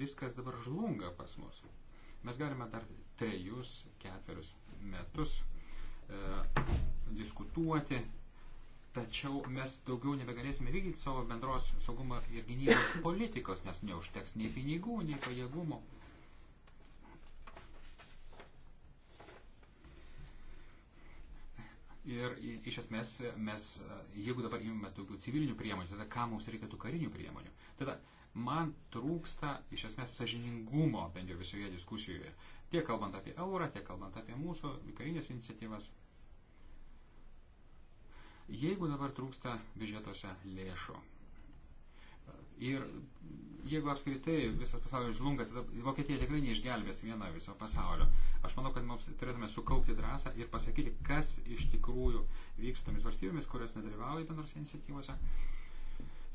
viskas dabar žlunga pas mus. Mes galime dar trejus, ketverius metus e, diskutuoti Tačiau mes daugiau nebegalėsime vykdyti savo bendros saugumo ir gynybos politikos, nes neužteks nei pinigų, nei pajėgumo. Ir iš esmės mes, jeigu dabar imamės daugiau civilinių priemonių, tada ką mums reikėtų karinių priemonių? Tada man trūksta iš esmės sažiningumo bent jau visoje diskusijoje. Tiek kalbant apie eurą, tiek kalbant apie mūsų karinės iniciatyvas. Jeigu dabar trūksta biudžetuose lėšų ir jeigu apskritai visas pasaulis žlunga, tada Vokietija tikrai neišgelbės vieno viso pasaulio. Aš manau, kad mums turėtume sukaupti drąsą ir pasakyti, kas iš tikrųjų vyks tomis valstybėmis, kurios nedalyvauja bendrose iniciatyvose.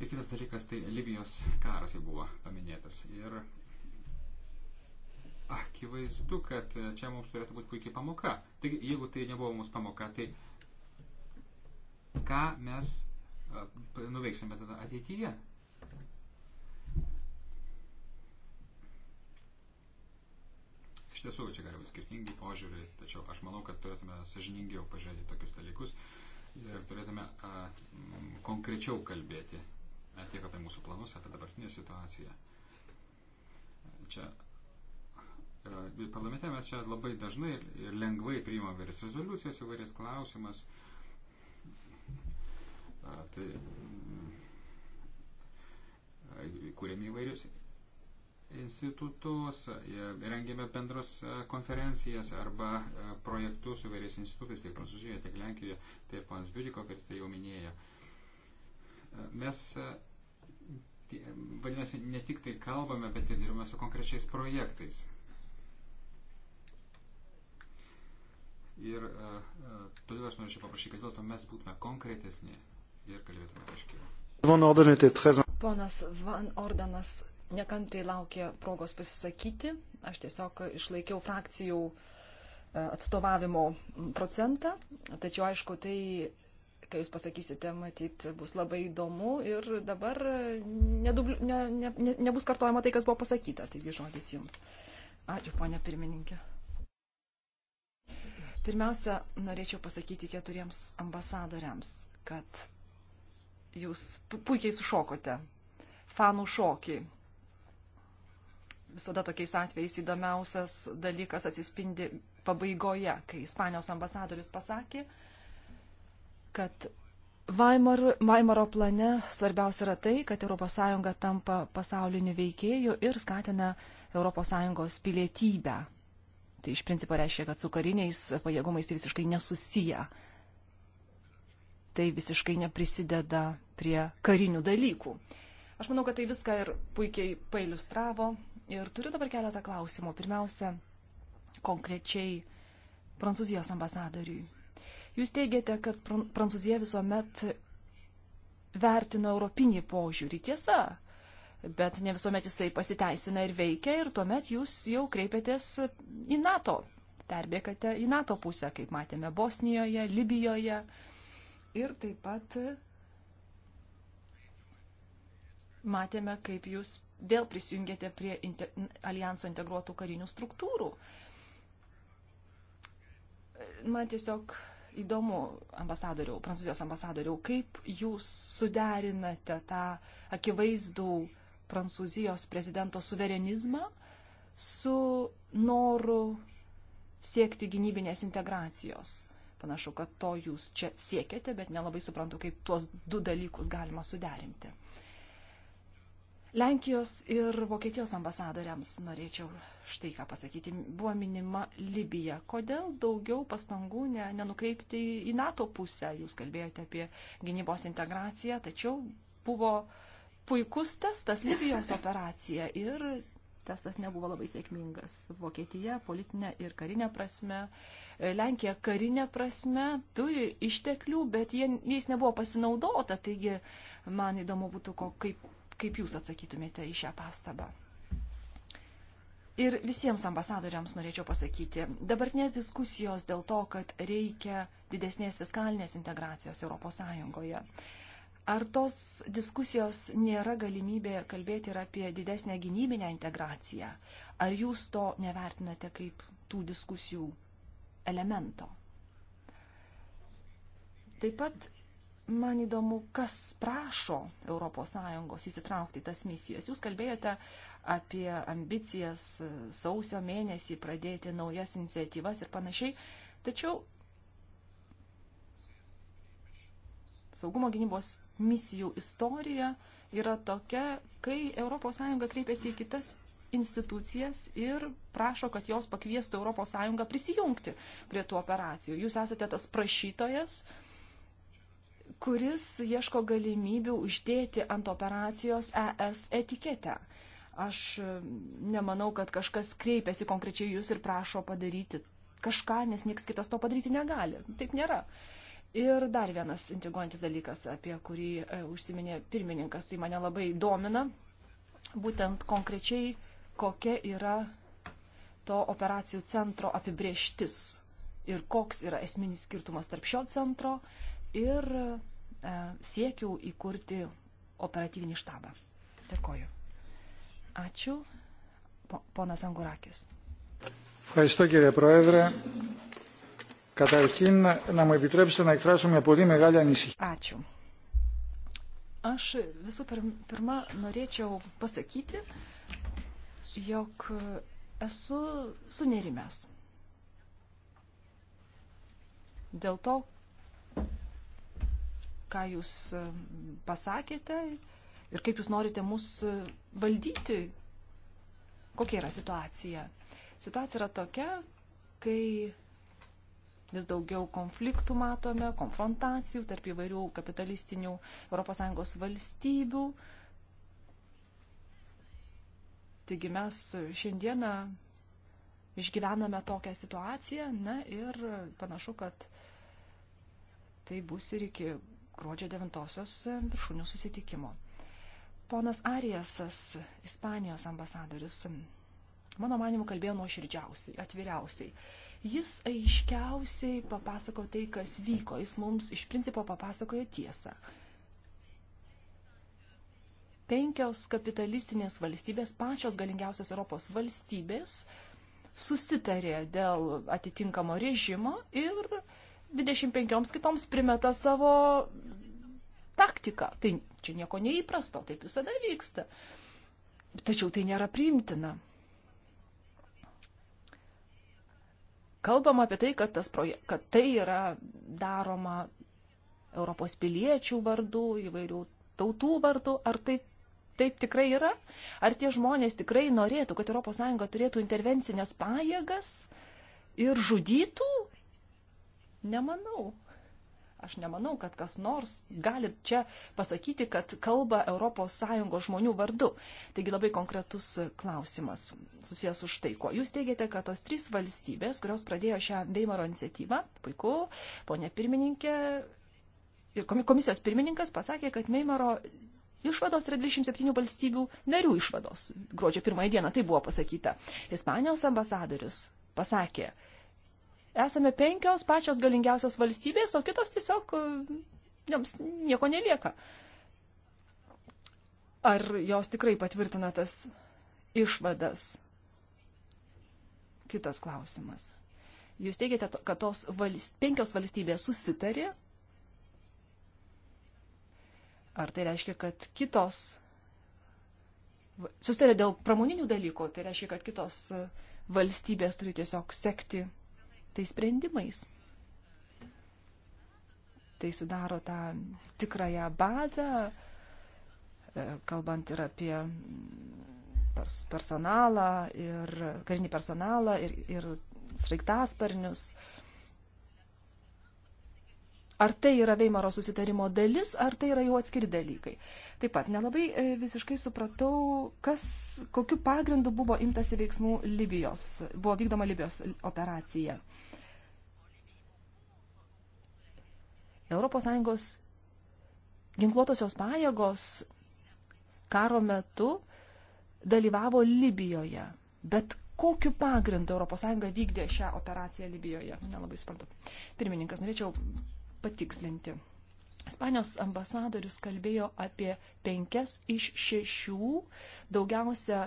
Ir kitas dalykas, tai Libijos karas jau buvo paminėtas. Ir akivaizdu, kad čia mums turėtų būti puikiai pamoka. Taigi, jeigu tai nebuvo mums pamoka, tai ką mes nuveiksime tada ateityje. Iš tiesų, čia gali būti skirtingi požiūriai, tačiau aš manau, kad turėtume sažiningiau pažiūrėti tokius dalykus ir turėtume a, m, konkrečiau kalbėti a, tiek apie mūsų planus, apie dabartinę situaciją. Čia a, parlamente mes čia labai dažnai ir lengvai priimam vairias rezoliucijas, įvairias klausimas. A, tai mm, kūrėme įvairius institutus, rengėme bendras konferencijas arba projektus su įvairiais institutais, tiek Prancūzijoje, tiek Lenkijoje, tiek panas Biudikoferis tai jau minėjo. Mes, vadinasi, ne tik tai kalbame, bet ir dirbame su konkrečiais projektais. Ir todėl aš norėčiau paprašyti, kad dėl to mes būtume konkretesni ir kalbėtume aiškiau. Ponas Van Ordanas nekantriai laukė progos pasisakyti. Aš tiesiog išlaikiau frakcijų e, atstovavimo procentą. Tačiau, aišku, tai, kai jūs pasakysite, matyt, bus labai įdomu ir dabar nedubl... ne, ne, ne, nebus kartojama tai, kas buvo pasakyta. Taigi žodis jums. Ačiū, ponia pirmininkė. Pirmiausia, norėčiau pasakyti keturiems ambasadoriams, kad jūs puikiai sušokote fanų šokį. Visada tokiais atvejais įdomiausias dalykas atsispindi pabaigoje, kai Ispanijos ambasadorius pasakė, kad Weimar, Weimaro plane svarbiausia yra tai, kad ES tampa pasauliniu veikėju ir skatina ES pilietybę. Tai iš principo reiškia, kad su kariniais pajėgumais tai visiškai nesusiję tai visiškai neprisideda prie karinių dalykų. Aš manau, kad tai viską ir puikiai pailustravo. Ir turiu dabar keletą klausimų. Pirmiausia, konkrečiai Prancūzijos ambasadoriui. Jūs teigiate, kad Prancūzija visuomet vertino europinį požiūrį. Tiesa, bet ne visuomet jisai pasiteisina ir veikia ir tuomet jūs jau kreipiatės į NATO, perbėgate į NATO pusę, kaip matėme Bosnijoje, Libijoje, Ir taip pat matėme, kaip jūs vėl prisijungėte prie inter, alijanso integruotų karinių struktūrų. Man tiesiog įdomu, ambasadoriau, prancūzijos ambasadoriau, kaip jūs suderinate tą akivaizdų prancūzijos prezidento suverenizmą su noru siekti gynybinės integracijos. Panašu, kad to jūs čia siekiate, bet nelabai suprantu, kaip tuos du dalykus galima suderinti. Lenkijos ir Vokietijos ambasadoriams norėčiau štai ką pasakyti. Buvo minima Libija. Kodėl daugiau pastangų ne, nenukreipti į NATO pusę? Jūs kalbėjote apie gynybos integraciją, tačiau buvo puikus testas Libijos operacija ir testas nebuvo labai sėkmingas. Vokietija politinė ir karinė prasme, e, Lenkija karinė prasme turi išteklių, bet jie, jais nebuvo pasinaudota. Taigi man įdomu būtų, ko, kaip, kaip jūs atsakytumėte į šią pastabą. Ir visiems ambasadoriams norėčiau pasakyti, dabartinės diskusijos dėl to, kad reikia didesnės fiskalinės integracijos ES Ar tos diskusijos nėra galimybė kalbėti ir apie didesnę gynybinę integraciją? Ar jūs to nevertinate kaip tų diskusijų elemento? Taip pat man įdomu, kas prašo ES įsitraukti tas misijas. Jūs kalbėjote apie ambicijas sausio mėnesį pradėti naujas iniciatyvas ir panašiai. Tačiau saugumo gynybos misijų istorija yra tokia, kai ES kreipiasi į kitas institucijas ir prašo, kad jos pakviestų ES prisijungti prie tų operacijų. Jūs esate tas prašytojas, kuris ieško galimybių uždėti ant operacijos ES etiketę. Aš nemanau, kad kažkas kreipiasi konkrečiai jūs ir prašo padaryti kažką, nes niekas kitas to padaryti negali. Taip nėra. Uh, Ir dar vienas intriguojantis dalykas, apie kurį e, užsiminė pirmininkas, tai mane labai domina, būtent konkrečiai kokia yra to operacijų centro apibrieštis ir koks yra esminis skirtumas tarp šio centro ir e, siekių įkurti operatyvinį štabą. Dėkoju. Ačiū. Ponas Angurakis. Ευχαριστώ κύριε Πρόεδρε. Καταρχήν, να μου επιτρέψετε να εκφράσω μια πολύ μεγάλη ανησυχία. Ačiū. Aš visų pirma norėčiau pasakyti, jog esu sunerimęs. Dėl to, ką jūs pasakėte ir kaip jūs norite mus valdyti, kokia yra situacija. Situacija yra tokia, kai Vis daugiau konfliktų matome, konfrontacijų tarp įvairių kapitalistinių ES valstybių. Taigi mes šiandieną išgyvename tokią situaciją, na ir panašu, kad tai bus ir iki gruodžio 9-osios viršūnių susitikimo. Ponas Ariasas, Ispanijos ambasadorius, mano manimu, kalbėjo nuoširdžiausiai, atviriausiai. Jis aiškiausiai papasako tai, kas vyko. Jis mums iš principo papasakojo tiesą. Penkios kapitalistinės valstybės, pačios galingiausios Europos valstybės, susitarė dėl atitinkamo režimo ir 25 kitoms primeta savo taktiką. Tai čia nieko neįprasto, taip visada vyksta. Tačiau tai nėra priimtina. kalbama apie tai, kad, tas proje, kad tai yra daroma Europos piliečių vardų, įvairių tautų vardų, ar taip, taip tikrai yra? Ar tie žmonės tikrai norėtų, kad ES turėtų intervencinės pajėgas ir žudytų? Nemanau. Aš nemanau, kad kas nors gali čia pasakyti, kad kalba ES žmonių vardu. Taigi labai konkretus klausimas susijęs už tai, ko jūs teigiate, kad tos trys valstybės, kurios pradėjo šią Veimaro iniciatyvą, puiku, ponė pirmininkė ir komisijos pirmininkas pasakė, kad Veimaro išvados yra 27 valstybių narių išvados. Gruodžio pirmąją dieną tai buvo pasakyta. Ispanijos ambasadorius pasakė, esame penkios pačios galingiausios valstybės, o kitos tiesiog e, joms nieko nelieka. Ar jos tikrai patvirtina tas išvadas? Kitas klausimas. Jūs teigiate, kad tos valst, penkios valstybės susitarė? Ar tai reiškia, kad kitos susitarė dėl pramoninių dalykų, tai reiškia, kad kitos e, valstybės turi tiesiog sekti tais sprendimais. Tai sudaro tą tikrąją bazę, e, kalbant ir apie personalą ir karinį personalą ir, ir sraigtasparnius. Ar tai yra Veimaro susitarimo dalis, ar tai yra jau atskiri dalykai. Taip pat nelabai e, visiškai supratau, kas, kokiu pagrindu buvo imtasi veiksmų Libijos, buvo vykdoma Libijos operacija. ES ginkluotosios pajėgos karo metu dalyvavo Libijoje. Bet kokiu pagrindu ES vykdė šią operaciją Libijoje? Nelabai suprantu. Pirmininkas, norėčiau patikslinti. Ispanijos ambasadorius kalbėjo apie penkias iš šešių daugiausia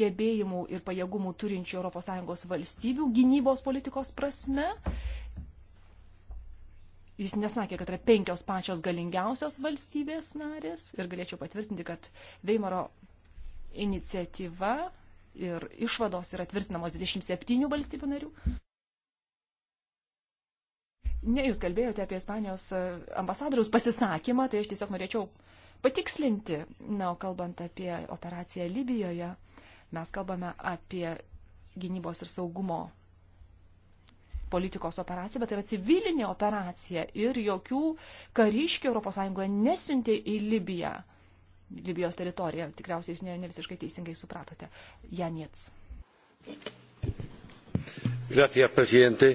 gebėjimų ir pajėgumų turinčių ES valstybių gynybos politikos prasme jis nesakė, kad yra penkios pačios galingiausios valstybės narės ir galėčiau patvirtinti, kad Veimaro iniciatyva ir išvados yra tvirtinamos 27 valstybių narių. Ne, jūs kalbėjote apie Ispanijos e, ambasadoriaus pasisakymą, tai aš tiesiog norėčiau patikslinti. Na, o kalbant apie operaciją Libijoje, mes kalbame apie gynybos ir saugumo politikos operacija, bet tai yra civilinė operacija ir jokių kariškių ES nesiuntė į Libiją. Libijos teritoriją, tikriausiai jūs ne, ne visiškai teisingai supratote. Janiec. Gracias, presidente.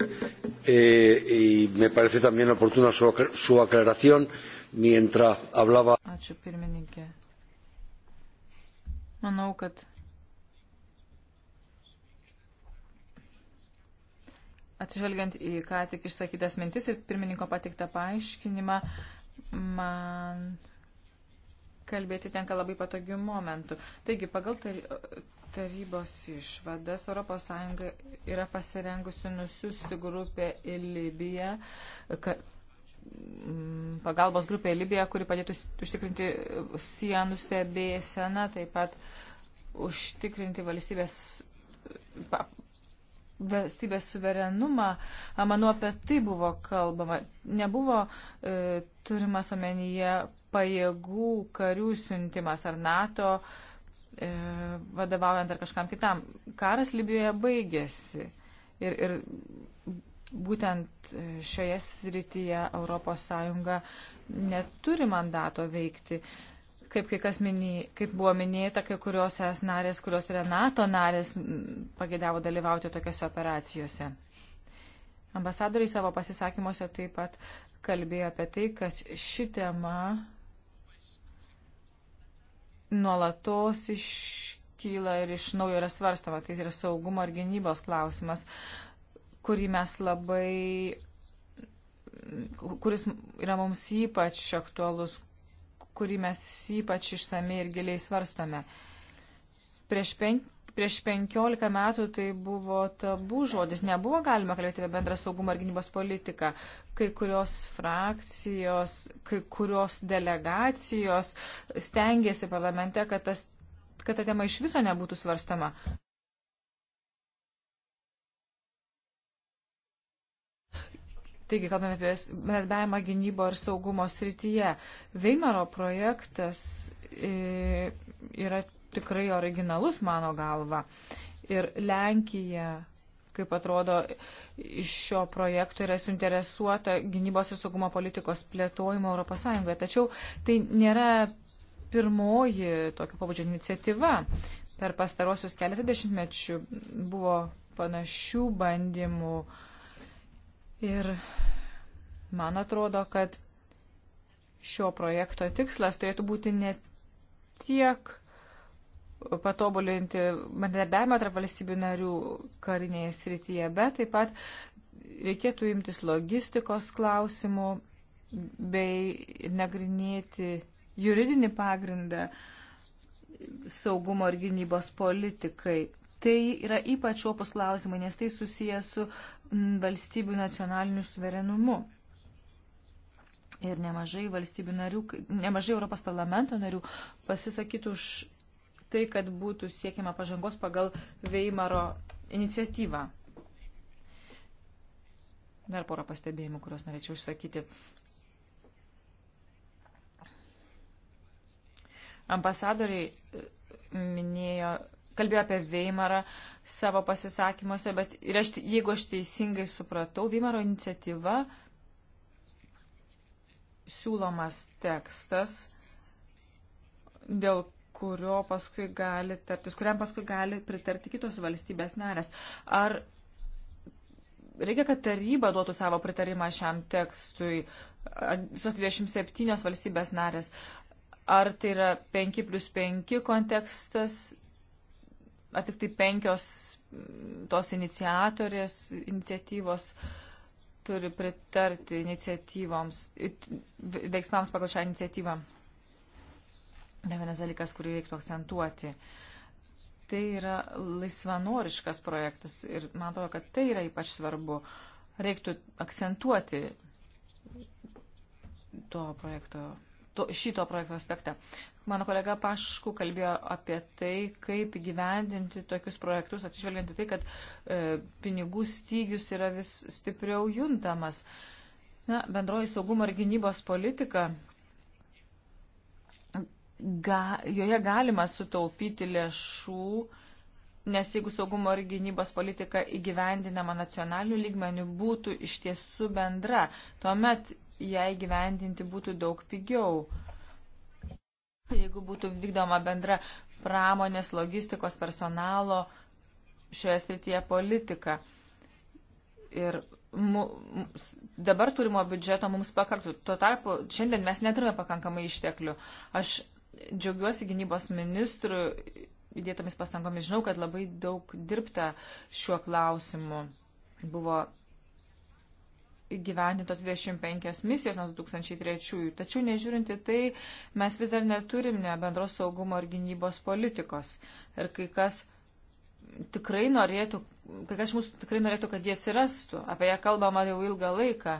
Eh, y me parece también oportuna su, su aclaración mientras hablaba. Ačiū, pirmininkė. Manau, kad Atsižvelgiant į ką tik išsakytas mintis ir pirmininko patiktą paaiškinimą, man kalbėti tenka labai patogių momentų. Taigi, pagal tarybos išvadas ES yra pasirengusi nusiųsti grupę į Libiją, kad pagalbos grupė Libija, kuri padėtų užtikrinti sienų stebėseną, taip pat užtikrinti valstybės valstybės suverenumą, manau, apie tai buvo kalbama. Nebuvo e, turimas omenyje pajėgų karių siuntimas ar NATO e, vadovaujant ar kažkam kitam. Karas Libijoje baigėsi. Ir, ir būtent e, šioje srityje ES neturi mandato veikti. E, kaip, kai kas minė, kaip buvo minėta, kai kurios es narės, kurios yra NATO narės, pagėdavo dalyvauti tokiose operacijose. Ambasadoriai savo pasisakymuose taip pat kalbėjo apie tai, kad ši tema nuolatos iškyla ir iš naujo yra svarstama. Tai yra saugumo ir gynybos klausimas, kurį mes labai kuris yra mums ypač aktualus, kurį mes ypač išsamei ir giliai svarstome. Prieš, pen, prieš 15 metų tai buvo tabų žodis, nebuvo galima kalbėti apie bendrą saugumą ir gynybos politiką. Kai kurios frakcijos, kai kurios delegacijos stengiasi parlamente, kad, tas, kad ta tema iš viso nebūtų svarstama. Taigi, kalbame apie bendradarbiavimą gynybo ir saugumo srityje. Veimaro projektas e, yra tikrai originalus mano galva. Ir Lenkija, kaip atrodo, iš šio projekto yra suinteresuota gynybos ir saugumo politikos plėtojimo ES. Tačiau tai nėra pirmoji tokio pabudžio iniciatyva. Per pastarosius keletą dešimtmečių buvo panašių bandymų uh, Ir man atrodo, kad šio projekto tikslas turėtų būti ne tiek patobulinti bendradarbiavimą tarp valstybių narių karinėje srityje, bet taip pat reikėtų imtis logistikos klausimų bei nagrinėti juridinį pagrindą saugumo ir gynybos politikai. Tai yra ypač opus klausimai, nes tai susiję su valstybių nacionaliniu suverenumu. Ir nemažai valstybių narių, nemažai Europos parlamento narių pasisakytų už tai, kad būtų siekiama pažangos pagal Veimaro iniciatyvą. Dar porą pastebėjimų, kuriuos norėčiau išsakyti. Ambasadoriai e, minėjo kalbėjo apie Veimarą savo pasisakymuose, bet aš, jeigu aš teisingai supratau, Veimaro iniciatyva siūlomas tekstas, dėl kurio paskui gali tartis, kuriam paskui gali pritarti kitos valstybės narės. Ar reikia, kad taryba duotų savo pritarimą šiam tekstui, ar visos 27 valstybės narės, ar tai yra 5 plus 5 kontekstas ar tik tai penkios mm, tos iniciatorės iniciatyvos turi pritarti iniciatyvoms, veiksmams pagal šią iniciatyvą. Ne vienas dalykas, kurį reiktų akcentuoti. Tai yra laisvanoriškas projektas ir man atrodo, kad tai yra ypač svarbu. Reiktų akcentuoti to projekto, to, šito projekto aspektą. Mano kolega Pašku kalbėjo apie tai, kaip gyvendinti tokius projektus, atsižvelgiant į tai, kad e, pinigų stygius yra vis stipriau juntamas. Na, bendroji saugumo ir gynybos politika, ga, joje galima sutaupyti lėšų, nes jeigu saugumo ir gynybos politika įgyvendinama nacionaliniu lygmeniu būtų iš tiesų bendra, tuomet ją įgyvendinti būtų daug pigiau. Jeigu būtų vykdoma bendra pramonės, logistikos, personalo šioje srityje politika. Ir mu, dabar turimo biudžeto mums pakartų. Tuo tarpu šiandien mes neturime pakankamai išteklių. Aš džiaugiuosi gynybos ministrų įdėtomis pastangomis. Žinau, kad labai daug dirbta šiuo klausimu. Buvo įgyvendintos 25 misijos nuo 2003-ųjų. Tačiau nežiūrinti tai, mes vis dar neturim ne bendros saugumo ir gynybos politikos. Ir kai kas tikrai norėtų, kai kas mūsų tikrai norėtų, kad jie atsirastų. Apie ją kalbama jau ilgą laiką.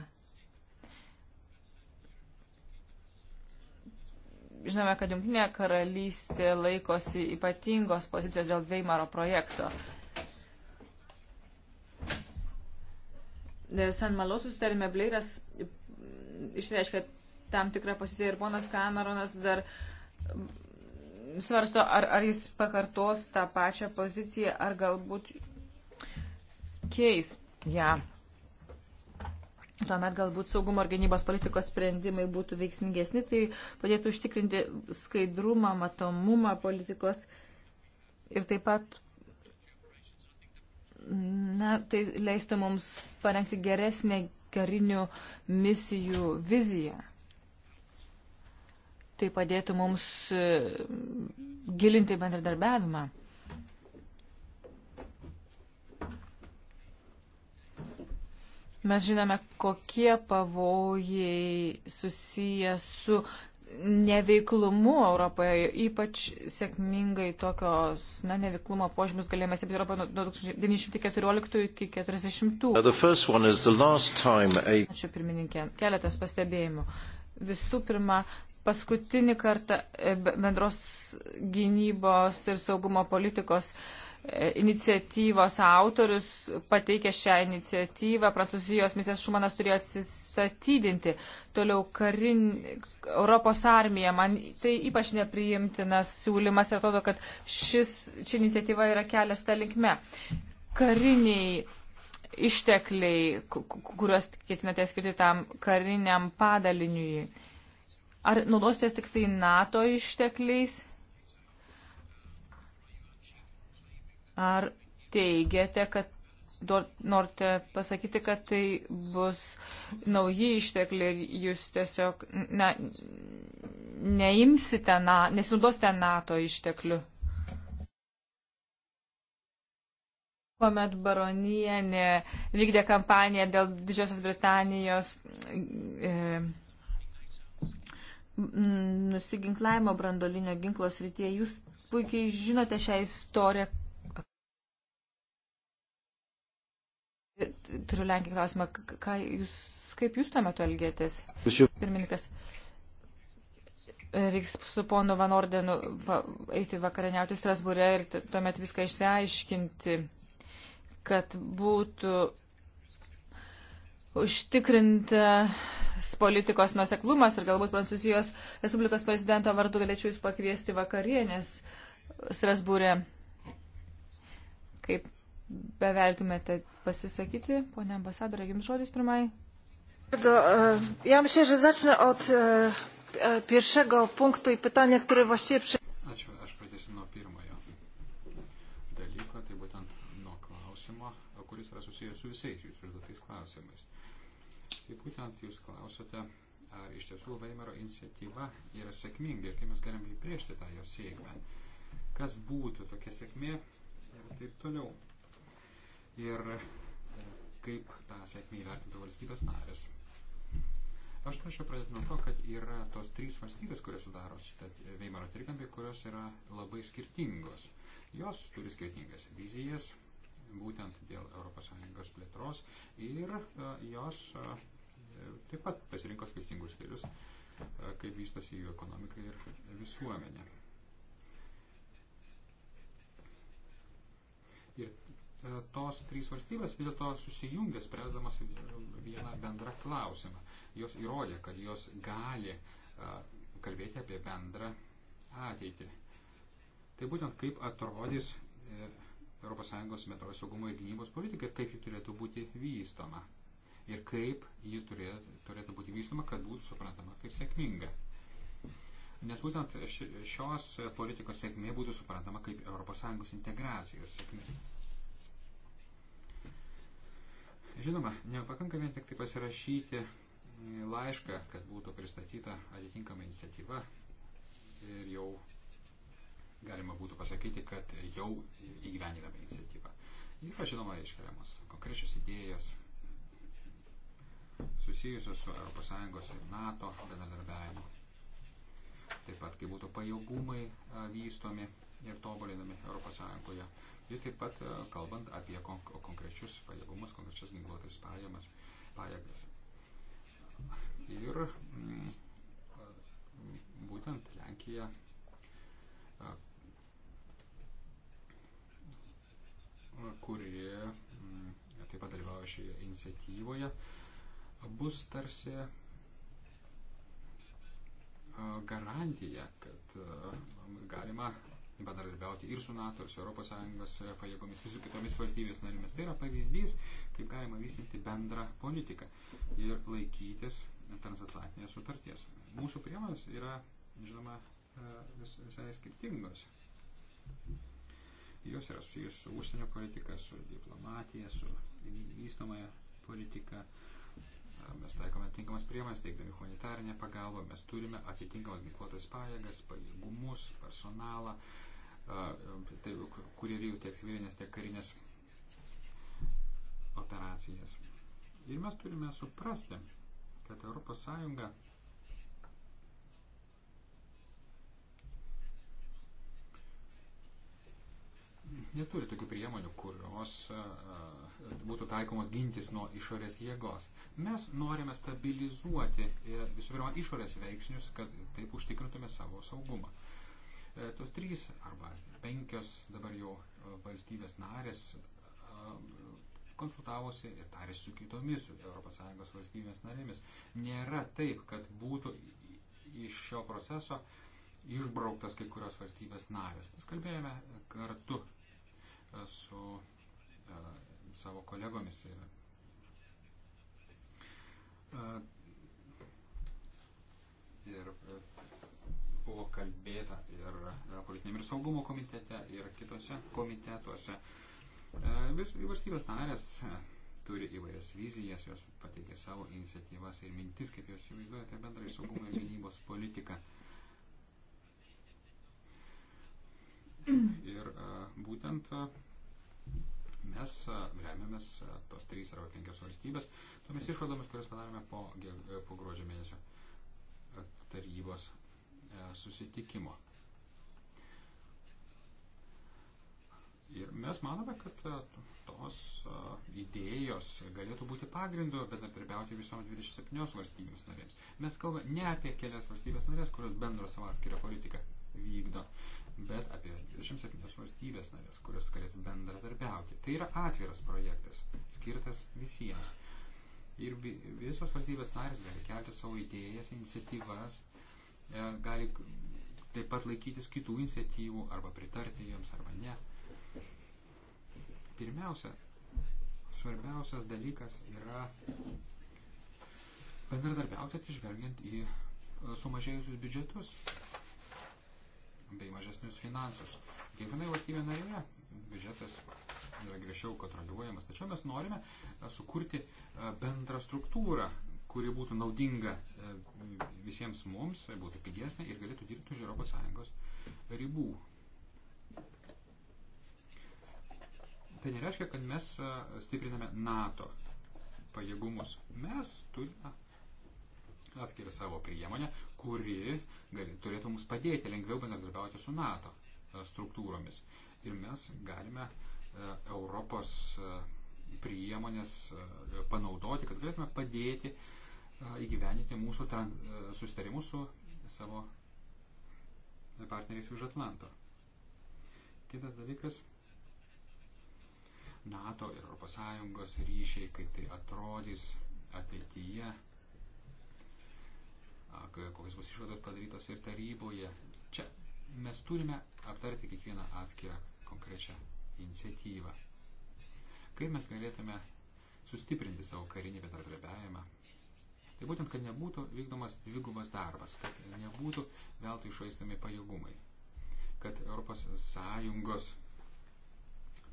Žinome, kad Junktinė karalystė laikosi ypatingos pozicijos dėl Veimaro projekto. E, San Malo susitarime Blairas e, išreiškė tam tikrą poziciją ir ponas Kameronas dar svarsto, ar, ar jis pakartos tą pačią poziciją, ar galbūt keis ją. Ja. Tuomet galbūt saugumo ir gynybos politikos sprendimai būtų veiksmingesni, tai padėtų užtikrinti skaidrumą, matomumą politikos ir taip pat Na, tai leistų mums parengti geresnę karinių misijų viziją. Tai padėtų mums e, gilinti bendradarbiavimą. Mes žinome, kokie pavojai susiję su neveiklumu Europoje, ypač sėkmingai tokios na, neveiklumo požymus galėjome stebėti Europoje nuo 1914 iki 1940. A... Ačiū pirmininkė, keletas pastebėjimų. Visų pirma, paskutinį kartą e, bendros gynybos ir saugumo politikos e, iniciatyvos autorius pateikė šią iniciatyvą. Prancūzijos misijas Šumanas turėjo atsis atstatydinti. Toliau karin, Europos armija, man tai ypač nepriimtinas siūlymas ir atrodo, kad šis, ši iniciatyva yra kelias tą linkme. Kariniai ištekliai, kuriuos ketinate skirti tam kariniam padaliniui. Ar naudositės tik tai NATO ištekliais? Ar teigiate, kad norite pasakyti, kad tai bus nauji ištekliai ir jūs tiesiog na, neimsite, na, nesinaudosite NATO išteklių? kuomet baronienė vykdė kampaniją dėl Didžiosios Britanijos e, nusiginklavimo brandolinio ginklo srityje. Jūs puikiai žinote šią istoriją, Turiu Lenkiją klausimą, ką jūs, kaip jūs tuo metu elgėtės? Pirmininkas, reiks su ponu Van Ordenu eiti vakariniauti Strasbūrė ir tuomet viską išsiaiškinti, kad būtų užtikrintas politikos nuseklumas ir galbūt Prancūzijos Respublikos prezidento vardu galėčiau jūs pakviesti vakarienės Strasbūrė. Kaip beveltumėte pasisakyti, ponė ambasadorė, jums žodis pirmai. E, ja myślę, że zacznę od e, e, pierwszego punktu i pytania, które właściwie przy... Ačiū, aš pradėsiu nuo pirmojo dalyko, tai būtent nuo klausimo, kuris yra susijęs su visais jūsų užduotais klausimais. Tai būtent jūs klausote, ar iš tiesų Veimero iniciatyva yra sėkminga ir kaip mes galime įpriešti tą jo sėkmę. Kas būtų tokia sėkmė ir taip toliau ir e, kaip tą sėkmę įvertintų valstybės narės. Aš norėčiau pradėti nuo to, kad yra tos trys valstybės, kurios sudaro šitą e, Veimaro trikampį, kurios yra labai skirtingos. Jos turi skirtingas vizijas, būtent dėl ES plėtros ir e, jos taip pat pasirinko skirtingus kelius, kaip vystosi jų ekonomika ir visuomenė. E, tos trys valstybės vis dėlto susijungė spręsdamas vieną bendrą klausimą. Jos įrodė, kad jos gali e, kalbėti apie bendrą ateitį. Tai būtent kaip atrodys ES bendrojo saugumo ir gynybos politika ir kaip ji turėtų būti vystoma. Ir kaip ji turėtų, turėtų būti vystoma, kad būtų suprantama kaip sėkminga. Nes būtent šios politikos sėkmė būtų suprantama kaip ES integracijos sėkmė. Žinoma, nepakanka vien tik tai pasirašyti e, laišką, kad būtų pristatyta atitinkama iniciatyva ir jau galima būtų pasakyti, kad jau įgyvendiname iniciatyvą. Yra žinoma iškeliamos konkrečios idėjos susijusios su ES ir NATO bendradarbiavimu. Taip pat, kai būtų pajėgumai vystomi ir tobulinami ES ir taip pat e, kalbant apie konkrečius pajėgumus, konkrečias ginkluotės pajėgas. Ir mm, e, būtent Lenkija e, kuri mm, taip pat dalyvauja šioje iniciatyvoje, bus tarsi garantija, kad galima bendradarbiauti ir su NATO, ir su ES e, pajėgomis, ir su kitomis valstybės narimis. Tai yra pavyzdys, kaip galima vystyti bendrą politiką ir laikytis transatlantinės sutarties. Mūsų priemonės yra, žinoma, e, vis, visai skirtingos. Jos yra susijusios su užsienio politika, su diplomatija, su vystomąją politiką e, mes taikome tinkamas priemonės, teikdami humanitarinę pagalbą, mes turime atitinkamas ginkluotas pajėgas, pajėgumus, personalą, Tai, kurie vykdo tiek civilinės, tiek karinės operacijas. Ir mes turime suprasti, kad ES neturi tokių priemonių, kurios būtų taikomos gintis nuo išorės jėgos. Mes norime stabilizuoti e, visų pirma išorės veiksnius, kad taip užtikrintume savo saugumą. E, tos trys arba penkios dabar jau e, valstybės narės e, konsultavosi ir tarė su kitomis ES valstybės narėmis. Nėra taip, kad būtų iš šio proceso išbrauktas kai kurios valstybės narės. Mes kalbėjome kartu su savo kolegomis ir ir buvo kalbėta ir e, politinėme ir saugumo komitete, ir kitose komitetuose. E, vis valstybės narės e, turi įvairias vizijas, jos pateikia savo iniciatyvas ir mintis, kaip jūs įsivaizduojate bendrai saugumo ir gynybos politiką. Ir būtent mes remiamės tos trys arba penkios valstybės, tomis išvadomis, kurias padarėme po, po gruodžio mėnesio tarybos E, susitikimo. Ir mes manome, kad e, tos e, idėjos galėtų būti pagrindu bendradarbiauti visoms 27 valstybėms narėms. Mes kalbame ne apie kelias valstybės narės, kurios bendro savo atskirą politiką vykdo, bet apie 27 valstybės narės, kurios galėtų bendradarbiauti. Tai yra atviras projektas, skirtas visiems. Ir visos valstybės narės gali kelti savo idėjas, iniciatyvas E, gali taip pat laikytis kitų iniciatyvų arba pritarti joms arba ne. Pirmiausia, svarbiausias dalykas yra bendradarbiauti atsižvelgiant į e, sumažėjusius biudžetus bei mažesnius finansus. Kiekvienai valstybė narėje biudžetas yra griežčiau kontroliuojamas, tačiau mes norime e, sukurti bendrą struktūrą, kuri būtų naudinga e, visiems mums, e, būtų pigesnė ir galėtų dirbti už ES ribų. Tai nereiškia, kad mes e, stipriname NATO pajėgumus. Mes turime atskirą savo priemonę, kuri gali, turėtų mums padėti lengviau bendradarbiauti su NATO struktūromis. Ir mes galime Europos priemonės panaudoti, kad galėtume padėti uh, įgyveninti mūsų trans, e, susitarimus su savo partneriais už Atlanto. Kitas dalykas - NATO ir ES ryšiai, kaip tai atrodys ateityje, kokios bus išvados padarytos ir taryboje. Čia mes turime aptarti kiekvieną atskirą konkrečią iniciatyvą. Kaip mes galėtume sustiprinti savo karinį bendradarbiavimą Tai būtent, kad nebūtų vykdomas dvigubas darbas, kad nebūtų veltui išvaistami pajėgumai, kad ES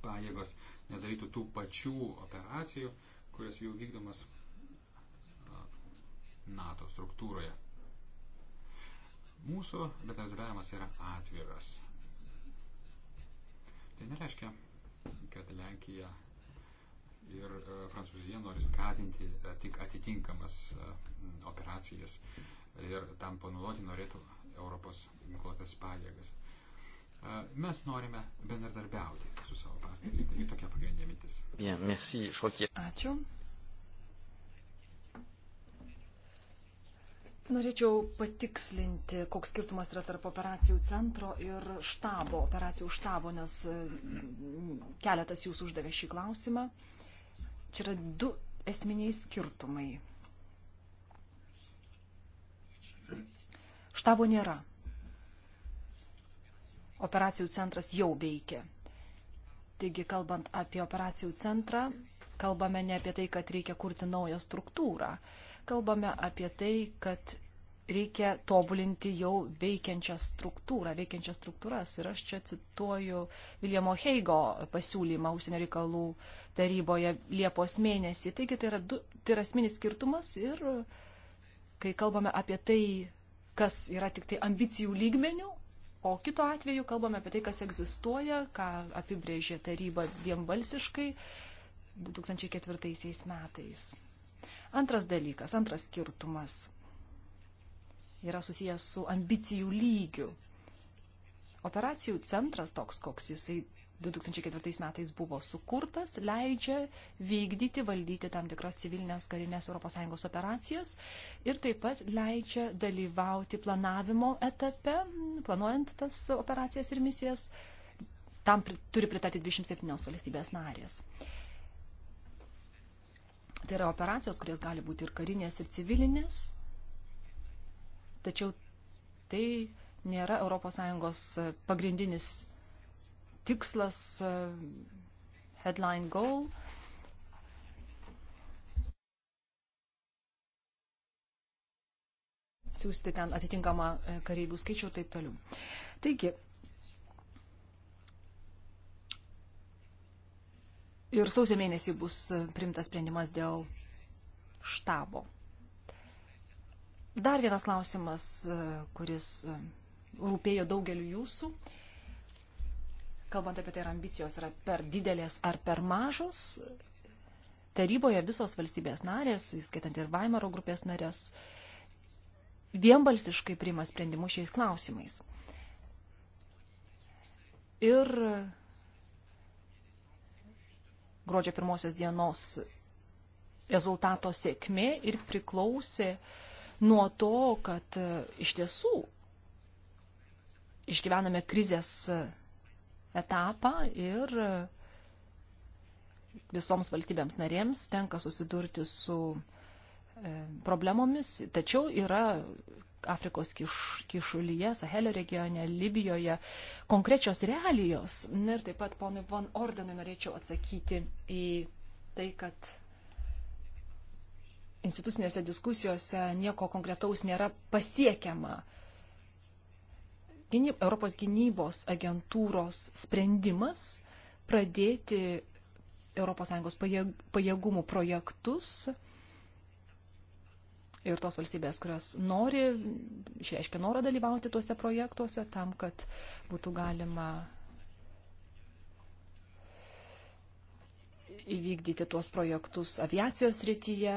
pajėgos nedarytų tų pačių operacijų, kurias jau vykdomas NATO struktūroje. Mūsų bendradarbiavimas yra atviras. Tai nereiškia, kad Lenkija ir e, Prancūzija nori skatinti e, tik atitinkamas e, operacijas ir tam panaudoti norėtų Europos ginkluotės pajėgas. Mes norime bendradarbiauti su savo partneriais. Taigi tokia pagrindinė mintis. Bien, merci, Ačiū. Norėčiau patikslinti, koks skirtumas yra tarp operacijų centro ir štabo, operacijų štabo, nes keletas jūs uždavė šį klausimą. Uh, Čia yra du esminiai skirtumai. Štabo nėra. Operacijų centras jau veikia. Taigi, kalbant apie operacijų centrą, kalbame ne apie tai, kad reikia kurti naują struktūrą. Kalbame apie tai, kad reikia tobulinti jau veikiančią struktūrą, veikiančias struktūras. Ir aš čia cituoju Viljamo Heigo pasiūlymą užsienio reikalų taryboje Liepos mėnesį. Taigi tai yra, du, tai yra asmenis skirtumas ir kai kalbame apie tai, kas yra tik tai ambicijų lygmenių, o kito atveju kalbame apie tai, kas egzistuoja, ką apibrėžė taryba vienbalsiškai 2004 metais. Antras dalykas, antras skirtumas yra susijęs su ambicijų lygiu. Operacijų centras toks, koks jisai 2004 metais buvo sukurtas, leidžia vykdyti, valdyti tam tikras civilinės karinės ES operacijas ir taip pat leidžia dalyvauti planavimo etape, planuojant tas operacijas ir misijas. Tam turi pritarti 27 valstybės narės. Tai yra operacijos, kurias gali būti ir karinės, ir civilinės tačiau tai nėra ES e, pagrindinis tikslas, e, headline goal. siūsti ten atitinkamą e, kareivių skaičių ir taip toliau. Taigi, ir sausio mėnesį bus primtas sprendimas dėl štabo. Dar vienas klausimas, e, kuris e, rūpėjo daugeliu jūsų. Kalbant apie tai, ar ambicijos yra per didelės ar per mažos, taryboje visos valstybės narės, įskaitant ir Vaimaro grupės narės, vienbalsiškai priima sprendimus šiais klausimais. Ir gruodžio pirmosios dienos rezultato sėkmė ir priklausė uh, nuo to, kad e, iš tiesų išgyvename krizės e, etapą ir e, visoms valstybėms narėms tenka susidurti su problemomis, tačiau yra Afrikos kiš, kišulyje, Sahelio regione, Libijoje konkrečios realijos. Na ir taip pat ponui Van Ordenui norėčiau atsakyti į tai, kad institucinėse diskusijose nieko konkretaus nėra pasiekiama. Gyny, Europos gynybos agentūros sprendimas pradėti ES pajėgumų projektus ir tos valstybės, kurios nori, išreiškia norą dalyvauti tuose projektuose tam, kad būtų galima įvykdyti tuos projektus aviacijos rytyje,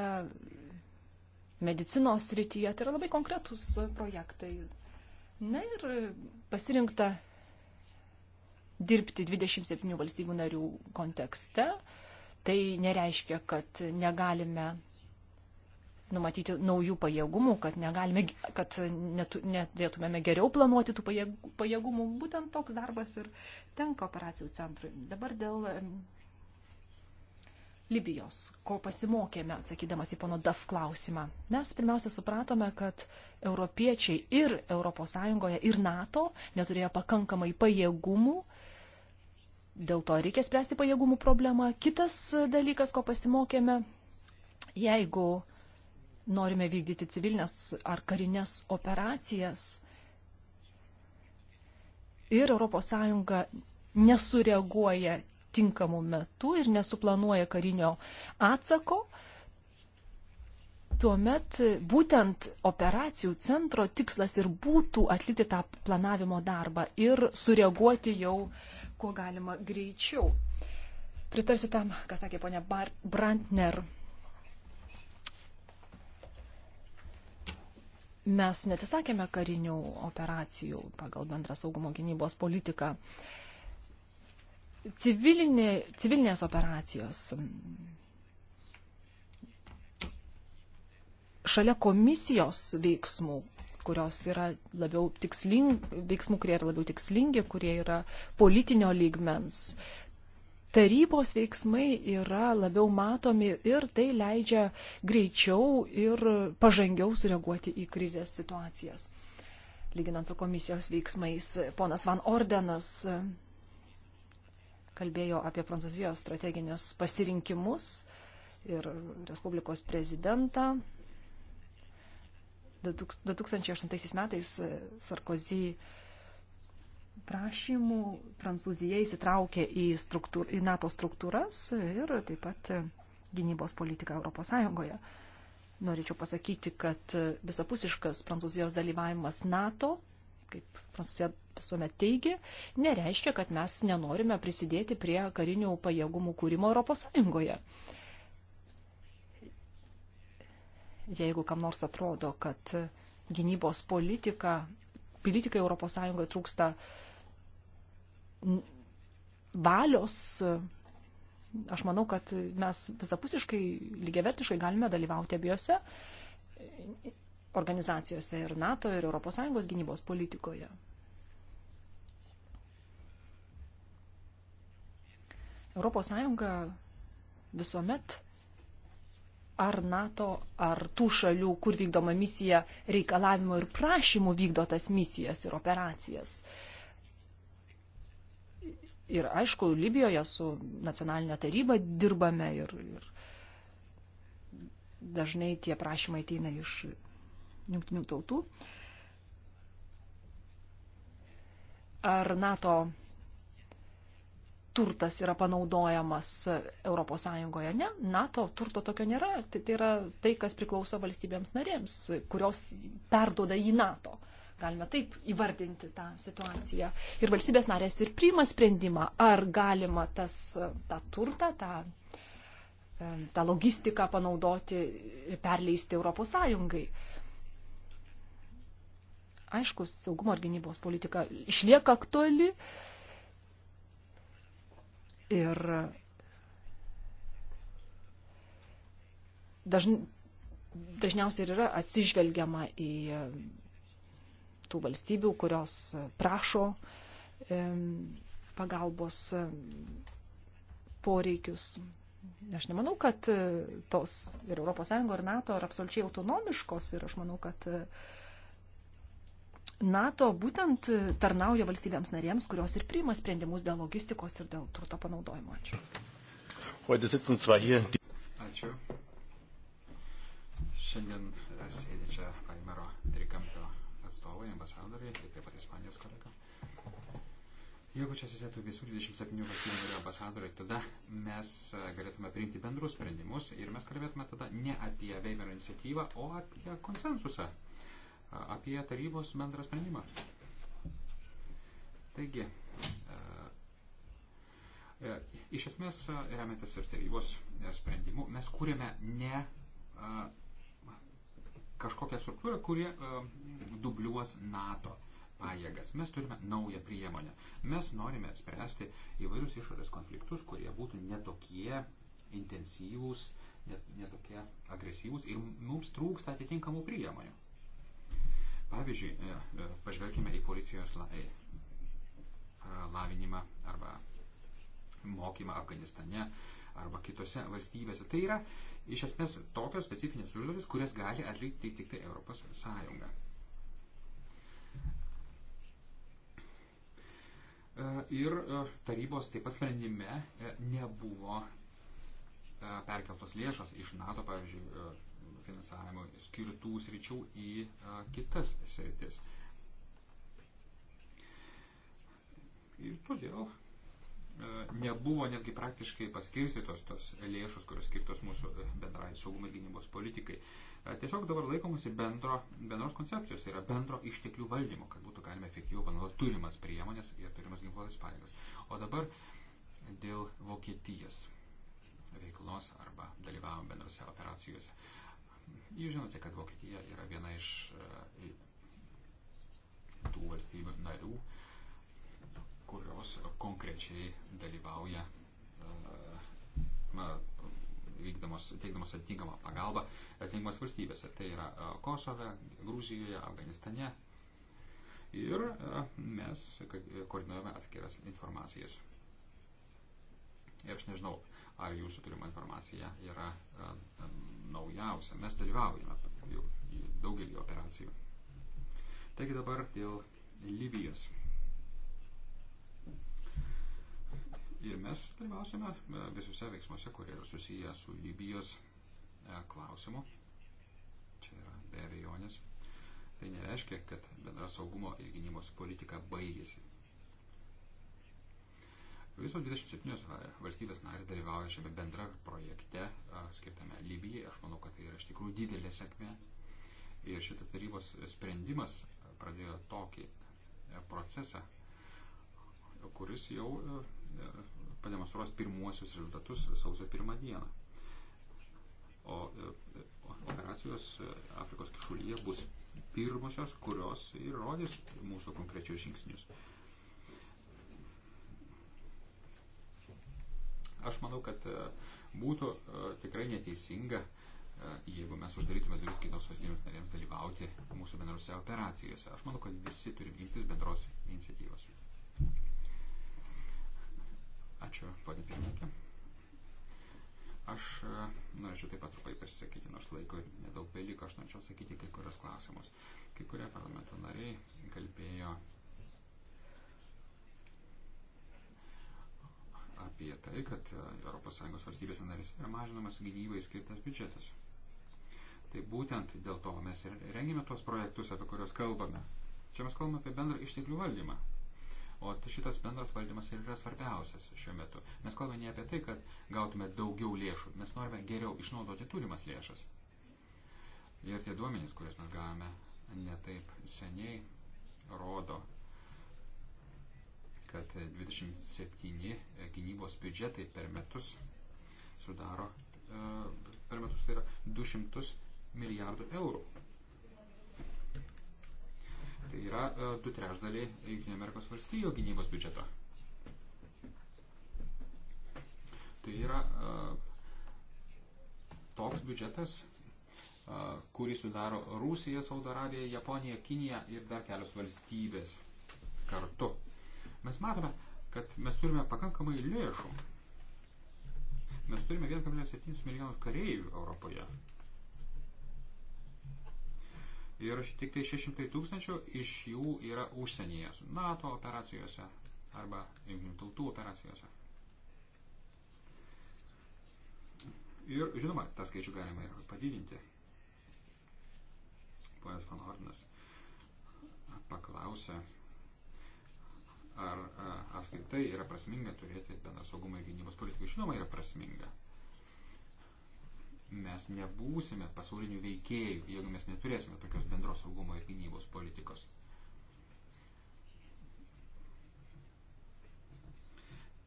medicinos srityje. Tai yra labai konkretūs projektai. Na ir pasirinkta dirbti 27 valstybių narių kontekste. Tai nereiškia, kad negalime numatyti naujų pajėgumų, kad, negalime, kad netu, netėtumėme geriau planuoti tų pajėgumų. Būtent toks darbas ir tenka operacijų centrui. Dabar dėl Libijos, ko pasimokėme, atsakydamas į pono DAF klausimą. Mes pirmiausia supratome, kad europiečiai ir ES ir NATO neturėjo pakankamai pajėgumų, dėl to reikia spręsti pajėgumų problemą. Kitas dalykas, ko pasimokėme, jeigu norime vykdyti civilinės ar karinės operacijas ir ES nesureaguoja tinkamu metu ir nesuplanuoja karinio atsako, tuomet būtent operacijų centro tikslas ir būtų atlikti tą planavimo darbą ir sureaguoti jau kuo galima greičiau. Pritarsiu tam, ką sakė ponia Brantner. Mes netisakėme karinių operacijų pagal bendrą saugumo gynybos politiką. Uh, civilinė, civilinės operacijos. Šalia komisijos veiksmų, kurios yra labiau tikslingi, veiksmų, kurie yra labiau tikslingi, kurie yra politinio lygmens. Tarybos veiksmai yra labiau matomi ir tai leidžia greičiau ir pažangiau sureaguoti į krizės situacijas. Lyginant su komisijos veiksmais, ponas Van Ordenas kalbėjo apie Prancūzijos strateginius pasirinkimus ir Respublikos prezidentą. 2008 metais e, Sarkozy prašymų Prancūzija įsitraukė į, struktūr, į NATO struktūras ir taip pat e, gynybos politiką Europos Sąjungoje. Norėčiau pasakyti, kad e, visapusiškas Prancūzijos dalyvavimas NATO kaip Prancūzija visuomet teigia, nereiškia, kad mes nenorime prisidėti prie karinių pajėgumų kūrimo ES. Jeigu kam nors atrodo, kad gynybos politika, politikai ES trūksta valios, aš manau, kad mes visapusiškai lygiavertiškai galime dalyvauti abiejose organizacijose ir NATO ir ES gynybos politikoje. ES visuomet ar NATO, ar tų šalių, kur vykdoma misija, reikalavimo ir prašymų vykdo tas misijas ir operacijas. Ir aišku, Libijoje su nacionalinė taryba dirbame ir, ir dažnai tie prašymai ateina iš jungtinių tautų. Ar NATO turtas yra panaudojamas ES? Ne, NATO turto tokio nėra. Tai, tai yra tai, kas priklauso valstybėms narėms, kurios perduoda į NATO. Galime taip įvardinti tą situaciją. Ir valstybės narės ir priima sprendimą, ar galima tas, tą turtą, tą tą logistiką panaudoti ir perleisti Europos Sąjungai. Aišku, saugumo ir gynybos politika išlieka aktuali. Ir dažn, dažniausiai ir yra atsižvelgiama į tų valstybių, kurios prašo pagalbos poreikius. Aš nemanau, kad tos ir ES, ir NATO yra absoliučiai autonomiškos ir aš manau, kad uh, NATO būtent tarnauja valstybėms narėms, kurios ir priima sprendimus dėl logistikos ir dėl turto panaudojimo. Ačiū. Ačiū. Šiandien sėdi čia Aimero trikampio atstovai, ambasadoriai ir taip pat Ispanijos kolega. Jeigu čia sėdėtų visų 27 valstybių ambasadoriai, tada mes e, galėtume priimti bendrus sprendimus ir mes kalbėtume tada ne apie Weimero iniciatyvą, o apie konsensusą apie tarybos bendrą sprendimą. Taigi, iš esmės, remiantis ir tarybos e, sprendimu, mes kūrėme ne kažkokią struktūrą, kurie dubliuos NATO pajėgas. Mes turime naują priemonę. Mes norime spręsti įvairius išorės konfliktus, kurie būtų netokie intensyvūs, netokie agresyvūs ir mums trūksta atitinkamų priemonių. Pavyzdžiui, e, e, pažvelkime į policijos e, lavinimą arba mokymą Afganistane arba kitose valstybėse. Tai yra iš esmės tokios specifinės užduotis, kurias gali atlikti tik tai Europos Sąjunga. Ir tarybos taip pat sprendime nebuvo perkeltos lėšos iš NATO, pavyzdžiui, finansavimo skirtų sričių į kitas sritis. Ir todėl nebuvo netgi praktiškai paskirstytos tos lėšos, kurios skirtos mūsų bendrai saugumo ir gynybos politikai. Tiesiog dabar laikomasi bendro, bendros koncepcijos, tai yra bendro išteklių valdymo, kad būtų galima efektyviau panaudoti turimas priemonės ir turimas ginkluotės pajėgas. O dabar dėl Vokietijos veiklos arba dalyvavimo bendrose operacijose. Jūs žinote, kad Vokietija yra viena iš e, tų valstybių narių, kurios konkrečiai dalyvauja e, vykdamos, teikdamos atitinkamą pagalbą atitinkamos valstybėse. Tai yra e, Kosove, Gruzijoje, Afganistane. Ir mes koordinuojame atskiras informacijas. Ir aš nežinau, ar jūsų turima informacija yra e, e, naujausia. Mes dalyvaujame jau daugelį operacijų. Taigi dabar dėl Libijos. Ir mes dalyvausime e, visose veiksmuose, kurie yra susiję su Libijos klausimu. Čia yra be abejonės. Tai nereiškia, kad bendra saugumo ir gynybos politika baigėsi. Visos 27 valstybės narės dalyvauja šiame bendra projekte skirtame Libijai. Aš manau, kad tai yra iš tikrųjų didelė sėkmė. Ir šitas tarybos sprendimas pradėjo tokį e, procesą, kuris jau e, e, pademonstruos pirmuosius rezultatus sausio pirmą dieną. O operacijos Afrikos kišulyje bus pirmosios, kurios ir rodys mūsų konkrečius žingsnius. Aš manau, kad e, būtų e, tikrai neteisinga, e, jeigu mes uždarytume duris kitos valstybės narėms dalyvauti mūsų bendrose operacijose. Aš manau, kad visi turi imtis bendros iniciatyvos. Ačiū, ponė pirmininkė. Aš norėčiau taip pat trumpai pasisakyti, nors laiko ir nedaug beliko, aš norėčiau sakyti kai kurios klausimus. Kai kurie parlamento nariai kalbėjo apie tai, kad ES valstybės narės yra mažinamas gynybai skirtas biudžetas. Tai būtent dėl to mes ir rengime tuos projektus, apie kuriuos kalbame. Čia mes kalbame apie bendrą išteklių valdymą. O šitas bendras valdymas ir yra svarbiausias šiuo metu. Mes kalbame ne apie tai, kad gautume daugiau lėšų, mes norime geriau išnaudoti turimas lėšas. Ir tie duomenys, kuriuos mes gavome netaip seniai, rodo, kad 27 gynybos biudžetai per metus sudaro, e, per metus tai yra 200 milijardų eurų. Tai yra e, du trešdaliai Junktinio Amerikos valstijų gynybos biudžeto. Tai yra e, toks biudžetas, kurį sudaro Rusija, Saudo Arabija, Japonija, Kinija ir dar kelios valstybės kartu. Mes matome, kad mes turime pakankamai lėšų. Mes turime 1,7 milijonus kareivių Europoje. Ir tik tai 600 tūkstančių iš jų yra užsienyje, NATO operacijose arba jungtinių tautų operacijose. Ir žinoma, tą skaičių galima ir padidinti. Ponas Van Hortinas paklausė, ar apskritai tai yra prasminga turėti bendrą saugumo ir gynybos politiką. Žinoma, yra prasminga. Mes nebūsime pasaulinių veikėjų, jeigu mes neturėsime tokios bendros saugumo ir gynybos politikos.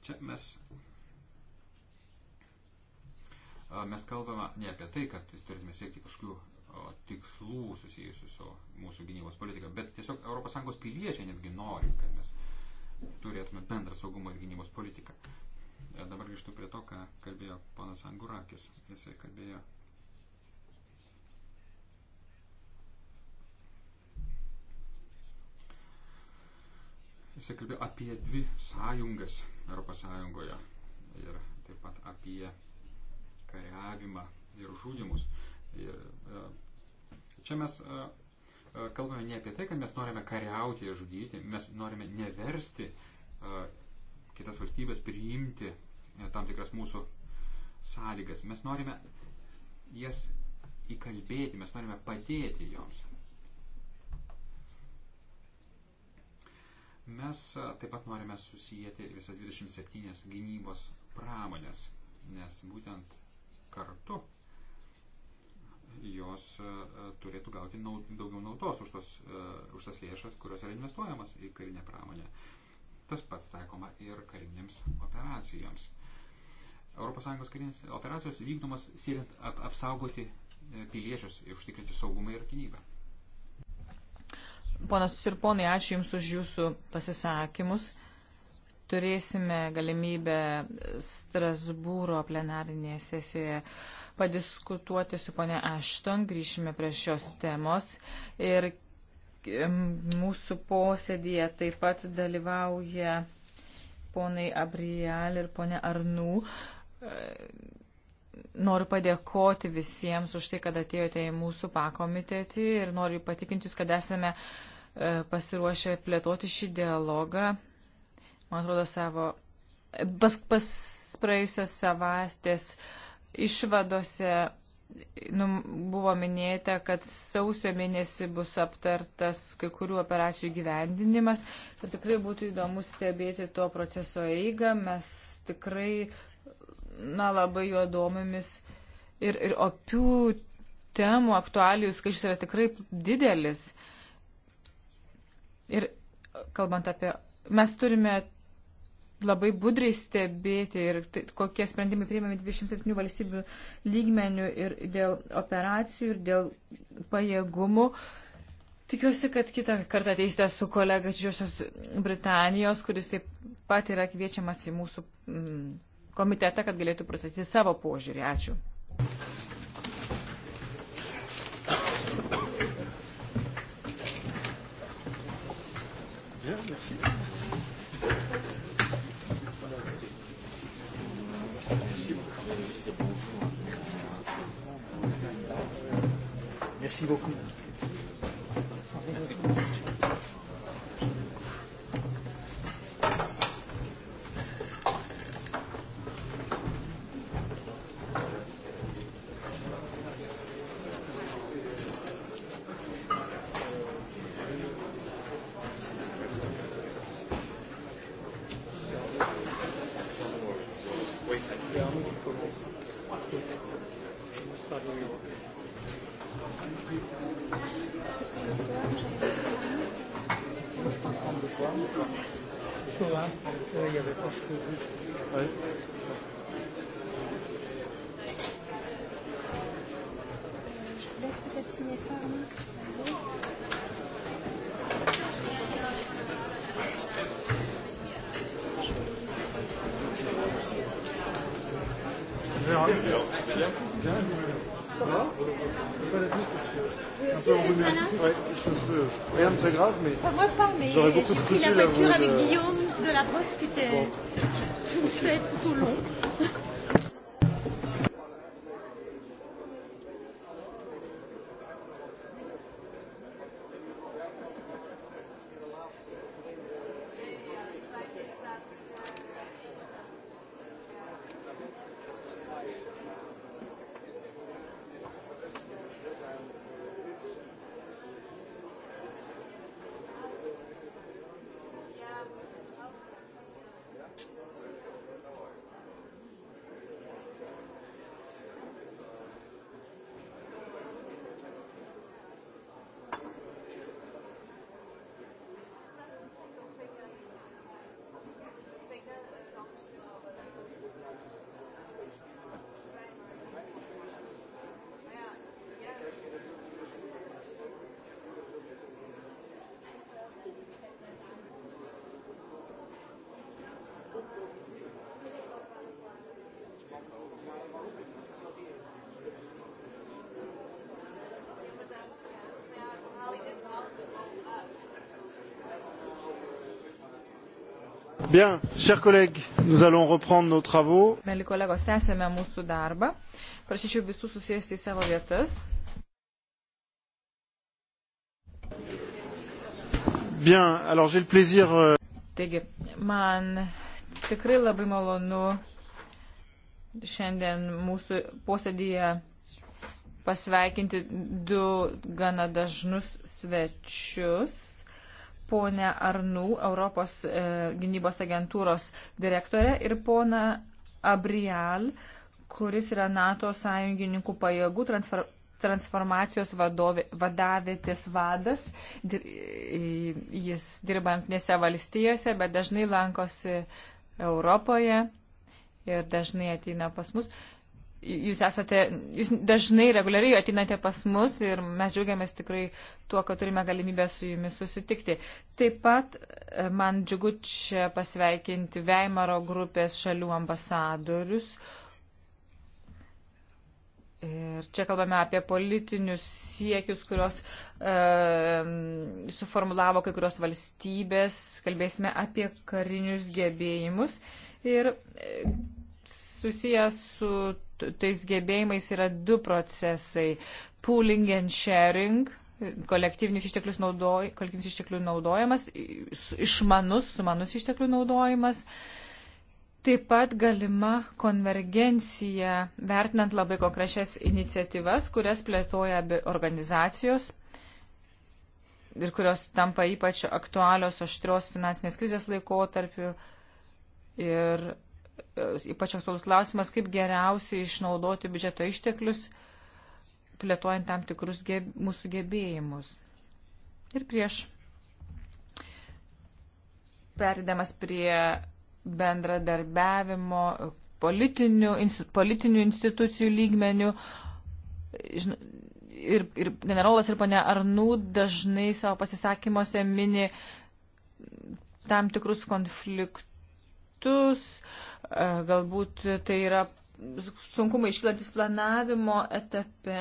Čia mes, mes kalbame ne apie tai, kad turėtume siekti kažkokių tikslų susijusių su mūsų gynybos politika, bet tiesiog ES piliečiai netgi nori, kad mes turėtume bendrą saugumo ir gynybos politiką. Ir e, dabar grįžtu prie to, ką kalbėjo ponas Angurakis. Jisai kalbėjo. Jisai kalbėjo apie dvi sąjungas Europos Sąjungoje ir taip pat apie kariavimą ir žudimus. Ir, e, čia mes e, E, kalbame ne apie tai, kad mes norime kariauti ir žudyti, mes norime neversti e, kitas valstybės priimti e, tam tikras mūsų sąlygas. Mes norime jas įkalbėti, mes norime padėti joms. Mes taip pat norime susijęti visą 27 gynybos pramonės, nes būtent kartu jos e, turėtų gauti naud, daugiau naudos už, tos, e, už tas lėšas, kurios yra investuojamas į karinę pramonę. Tas pats taikoma ir karinėms operacijoms. ES karinės operacijos vykdomas siekiant ap apsaugoti e, piliečius ir užtikrinti saugumą ir gynybą. Ponas ir ponai, ačiū Jums už Jūsų pasisakymus. Turėsime galimybę Strasbūro plenarinėje sesijoje padiskutuoti su ponia Ashton, grįšime prie šios temos. Ir mūsų posėdėje taip pat dalyvauja ponai Abrijal ir ponia Arnų. Noriu padėkoti visiems už tai, kad atėjote į mūsų pakomitetį ir noriu patikinti Jūs, kad esame e, pasiruošę plėtoti šį dialogą. Man atrodo, savo pas, pas praėjusios savastės uh, išvadose nu, buvo minėta, kad sausio mėnesį bus aptartas kai kurių operacijų gyvendinimas. Tad tikrai būtų įdomu stebėti to proceso eigą. Mes tikrai na, labai juo domimis ir, ir opių temų aktualijų skaičius yra tikrai didelis. Ir kalbant apie. Mes turime labai budriai stebėti ir tai, kokie sprendimai priimami 27 valstybių lygmenių ir dėl operacijų, ir dėl pajėgumų. Tikiuosi, kad kitą kartą ateisite su kolega Didžiosios Britanijos, kuris taip pat yra kviečiamas į mūsų mm, komitetą, kad galėtų pristatyti savo požiūrį. Ačiū. Merci beaucoup. Merci. J'aurais beaucoup de scrupules à vous. De... Bien, chers collègues, nous allons reprendre nos travaux. Mėly kolegos, tęsėme mūsų darbą. Prašyčiau visus susėsti į savo vietas. Bien, alors j'ai le plaisir. Euh, Taigi, man tikrai labai malonu šiandien mūsų posėdėje pasveikinti du gana dažnus svečius ponę Arnų, Europos e, gynybos agentūros direktorę, ir poną Abrial, kuris yra NATO sąjungininkų pajėgų transfer, transformacijos vadovė, vadavėtės vadas. Dir, jis dirba Antinėse valstijose, bet dažnai lankosi Europoje ir dažnai ateina pas mus. E, jūs esate, jūs dažnai reguliariai atinate pas mus ir mes džiaugiamės tikrai tuo, kad turime galimybę su jumis susitikti. Taip pat e, man džiugu čia pasveikinti Veimaro grupės šalių ambasadorius. Ir čia kalbame apie politinius siekius, kurios e, suformulavo kai kurios valstybės, kalbėsime apie karinius gebėjimus ir e, susijęs su tais gebėjimais yra du procesai - pooling and sharing, kolektyvinis išteklius naudoj, kolektyvinis išteklių naudojimas, išmanus, sumanus išteklių naudojimas. Taip pat galima konvergencija, vertinant labai konkrečias iniciatyvas, kurias plėtoja abi organizacijos ir kurios tampa ypač aktualios aštrios finansinės krizės laikotarpiu. Ir ypač aktualus klausimas, kaip geriausiai išnaudoti biudžeto išteklius, plėtojant tam tikrus geb, mūsų gebėjimus. Ir prieš perdamas prie bendradarbiavimo politinių, politinių institucijų lygmenių, žin, ir, ir generolas ir ponia Arnų dažnai savo pasisakymuose mini tam tikrus konfliktus projektus, e, galbūt tai yra sunkumai iškilantis planavimo etape,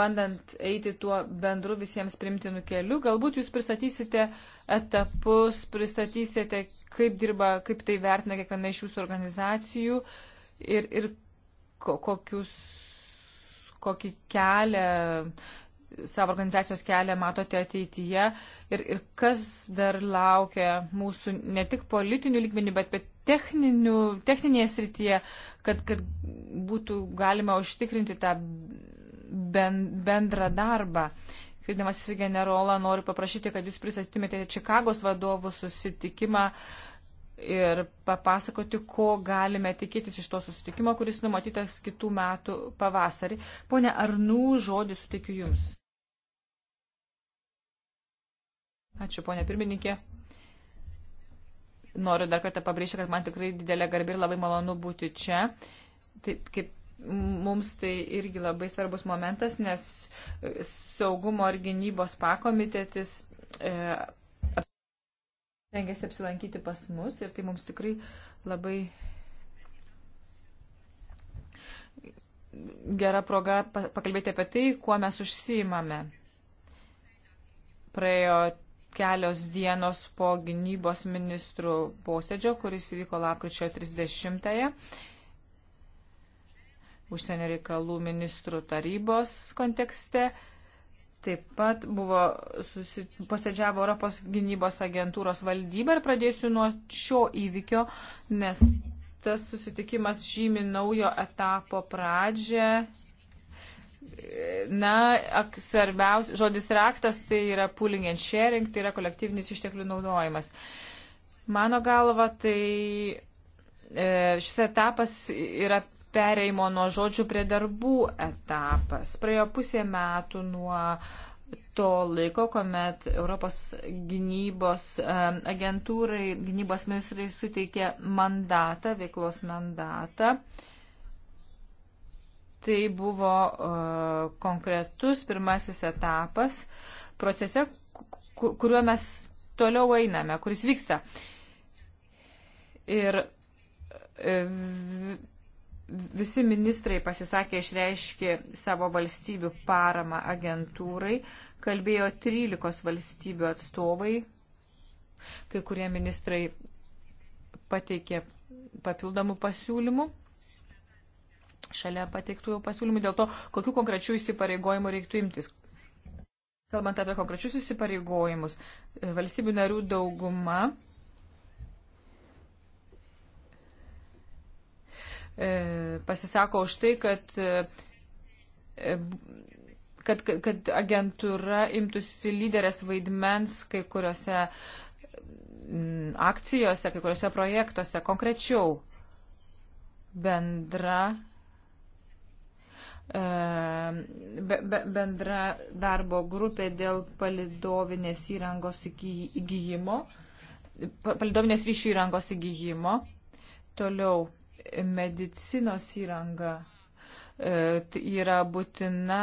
bandant eiti tuo bendru visiems primtinu keliu. Galbūt jūs pristatysite etapus, pristatysite, kaip dirba, kaip tai vertina kiekviena iš jūsų organizacijų ir, ir kokius, kokį kelią savo organizacijos kelią matote ateityje ir, ir kas dar laukia mūsų ne tik politinių lygmenių, bet ir techninėje srityje, kad, kad būtų galima užtikrinti tą ben, bendrą darbą. Kreipdamas į generolą, noriu paprašyti, kad jūs pristatytumėte Čikagos vadovų susitikimą ir papasakoti, ko galime tikėtis iš to susitikimo, kuris numatytas kitų metų pavasarį. Pone Arnų, žodį sutikiu Jums. Ačiū, ponė pirmininkė. Noriu dar kartą pabrėžti, kad man tikrai didelė garbė ir labai malonu būti čia. Tai, kaip mums tai irgi labai svarbus momentas, nes saugumo ir gynybos pakomitetis e, rengėsi apsilankyti pas mus ir tai mums tikrai labai gera proga pakalbėti apie tai, kuo mes užsiimame. Praėjo kelios dienos po gynybos ministrų posėdžio, kuris vyko lapkričio 30-ąją užsienio reikalų ministrų tarybos kontekste. Taip pat buvo susi... posėdžiavo Europos gynybos agentūros valdyba ir pradėsiu nuo šio įvykio, nes tas susitikimas žymi naujo etapo pradžią Na, svarbiausias žodis raktas tai yra pooling and sharing, tai yra kolektyvinis išteklių naudojimas. Mano galva, tai e, šis etapas yra pereimo nuo žodžių prie darbų etapas. Praėjo pusė metų nuo to laiko, kuomet Europos gynybos e, agentūrai, gynybos ministrai suteikė mandatą, veiklos mandatą. Uh, Tai buvo uh, konkretus pirmasis etapas procese, kuriuo mes toliau einame, kuris vyksta. Ir e, visi ministrai pasisakė, išreiškė savo valstybių paramą agentūrai, kalbėjo 13 valstybių atstovai, kai kurie ministrai pateikė papildomų pasiūlymų šalia pateiktųjų pasiūlymų dėl to, kokiu konkrečiu įsipareigojimu reiktų imtis. Kalbant apie konkrečius įsipareigojimus, valstybių narių dauguma e, pasisako už tai, kad, e, kad, kad agentūra imtųsi lyderės vaidmens kai kuriuose akcijose, kai kuriuose projektuose konkrečiau bendra E, bendra darbo grupė dėl palidovinės įrangos įgyjimo, palidovinės ryšių įrangos įgyjimo, toliau medicinos įranga e, yra būtina,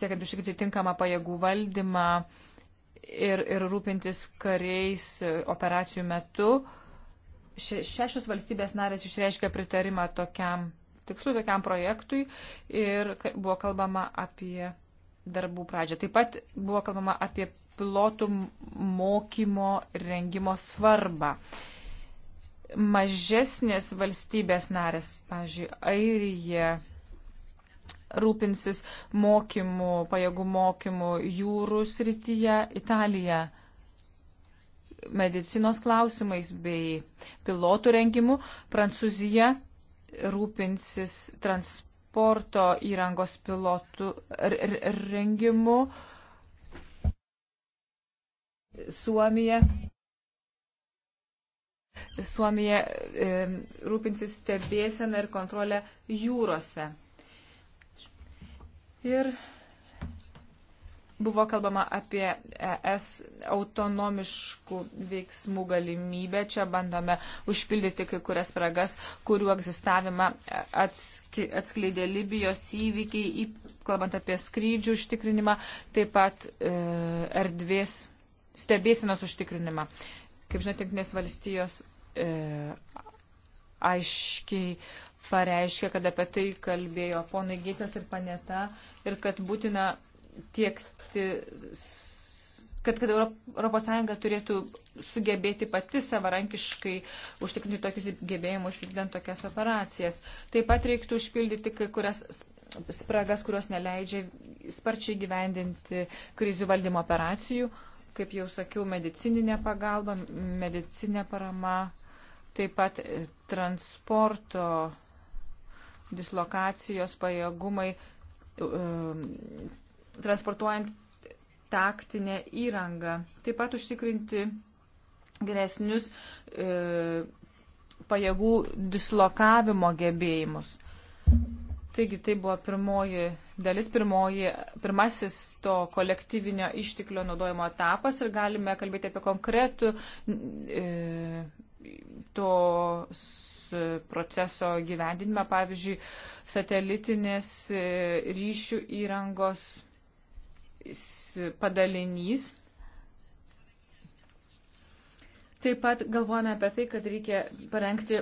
siekiant užtikrinti tinkamą pajėgų valdymą ir, ir rūpintis kariais e, operacijų metu. Šešios valstybės narės išreiškia pritarimą tokiam tikslu, tokiam projektui ir buvo kalbama apie darbų pradžią. Taip pat buvo kalbama apie pilotų mokymo rengimo svarbą. Mažesnės valstybės narės, pavyzdžiui, Airija, rūpinsis mokymų, pajėgų mokymų jūrų srityje, Italija medicinos klausimais bei pilotų rengimu, Prancūzija rūpinsis transporto įrangos pilotų rengimu. Suomija. Suomija e, rūpinsis stebėseną ir kontrolę jūrose. Ir Buvo kalbama apie ES autonomiškų veiksmų galimybę. Čia bandome užpildyti kai kurias spragas, kurių egzistavimą atskleidė Libijos įvykiai, kalbant apie skrydžių užtikrinimą, taip pat e, erdvės stebėsinos užtikrinimą. Kaip žinote, Junktinės valstijos e, aiškiai pareiškia, kad apie tai kalbėjo ponai Gėtas ir Paneta ir kad būtina tiekti, kad, kad Europos Sąjunga turėtų sugebėti pati savarankiškai užtikrinti tokius gebėjimus vykdant tokias operacijas. Taip pat reiktų užpildyti kai kurias spragas, kurios neleidžia sparčiai gyvendinti krizių valdymo operacijų, kaip jau sakiau, medicininė pagalba, medicinė parama, taip pat e, transporto dislokacijos pajėgumai, e, transportuojant taktinę įrangą. Taip pat užtikrinti geresnius e, pajėgų dislokavimo gebėjimus. Taigi tai buvo pirmoji dalis, pirmoji, pirmasis to kolektyvinio ištiklio naudojimo etapas ir galime kalbėti apie konkretų e, tos proceso gyvendinimą, pavyzdžiui, satelitinės e, ryšių įrangos padalinys. Taip pat galvojame apie tai, kad reikia parengti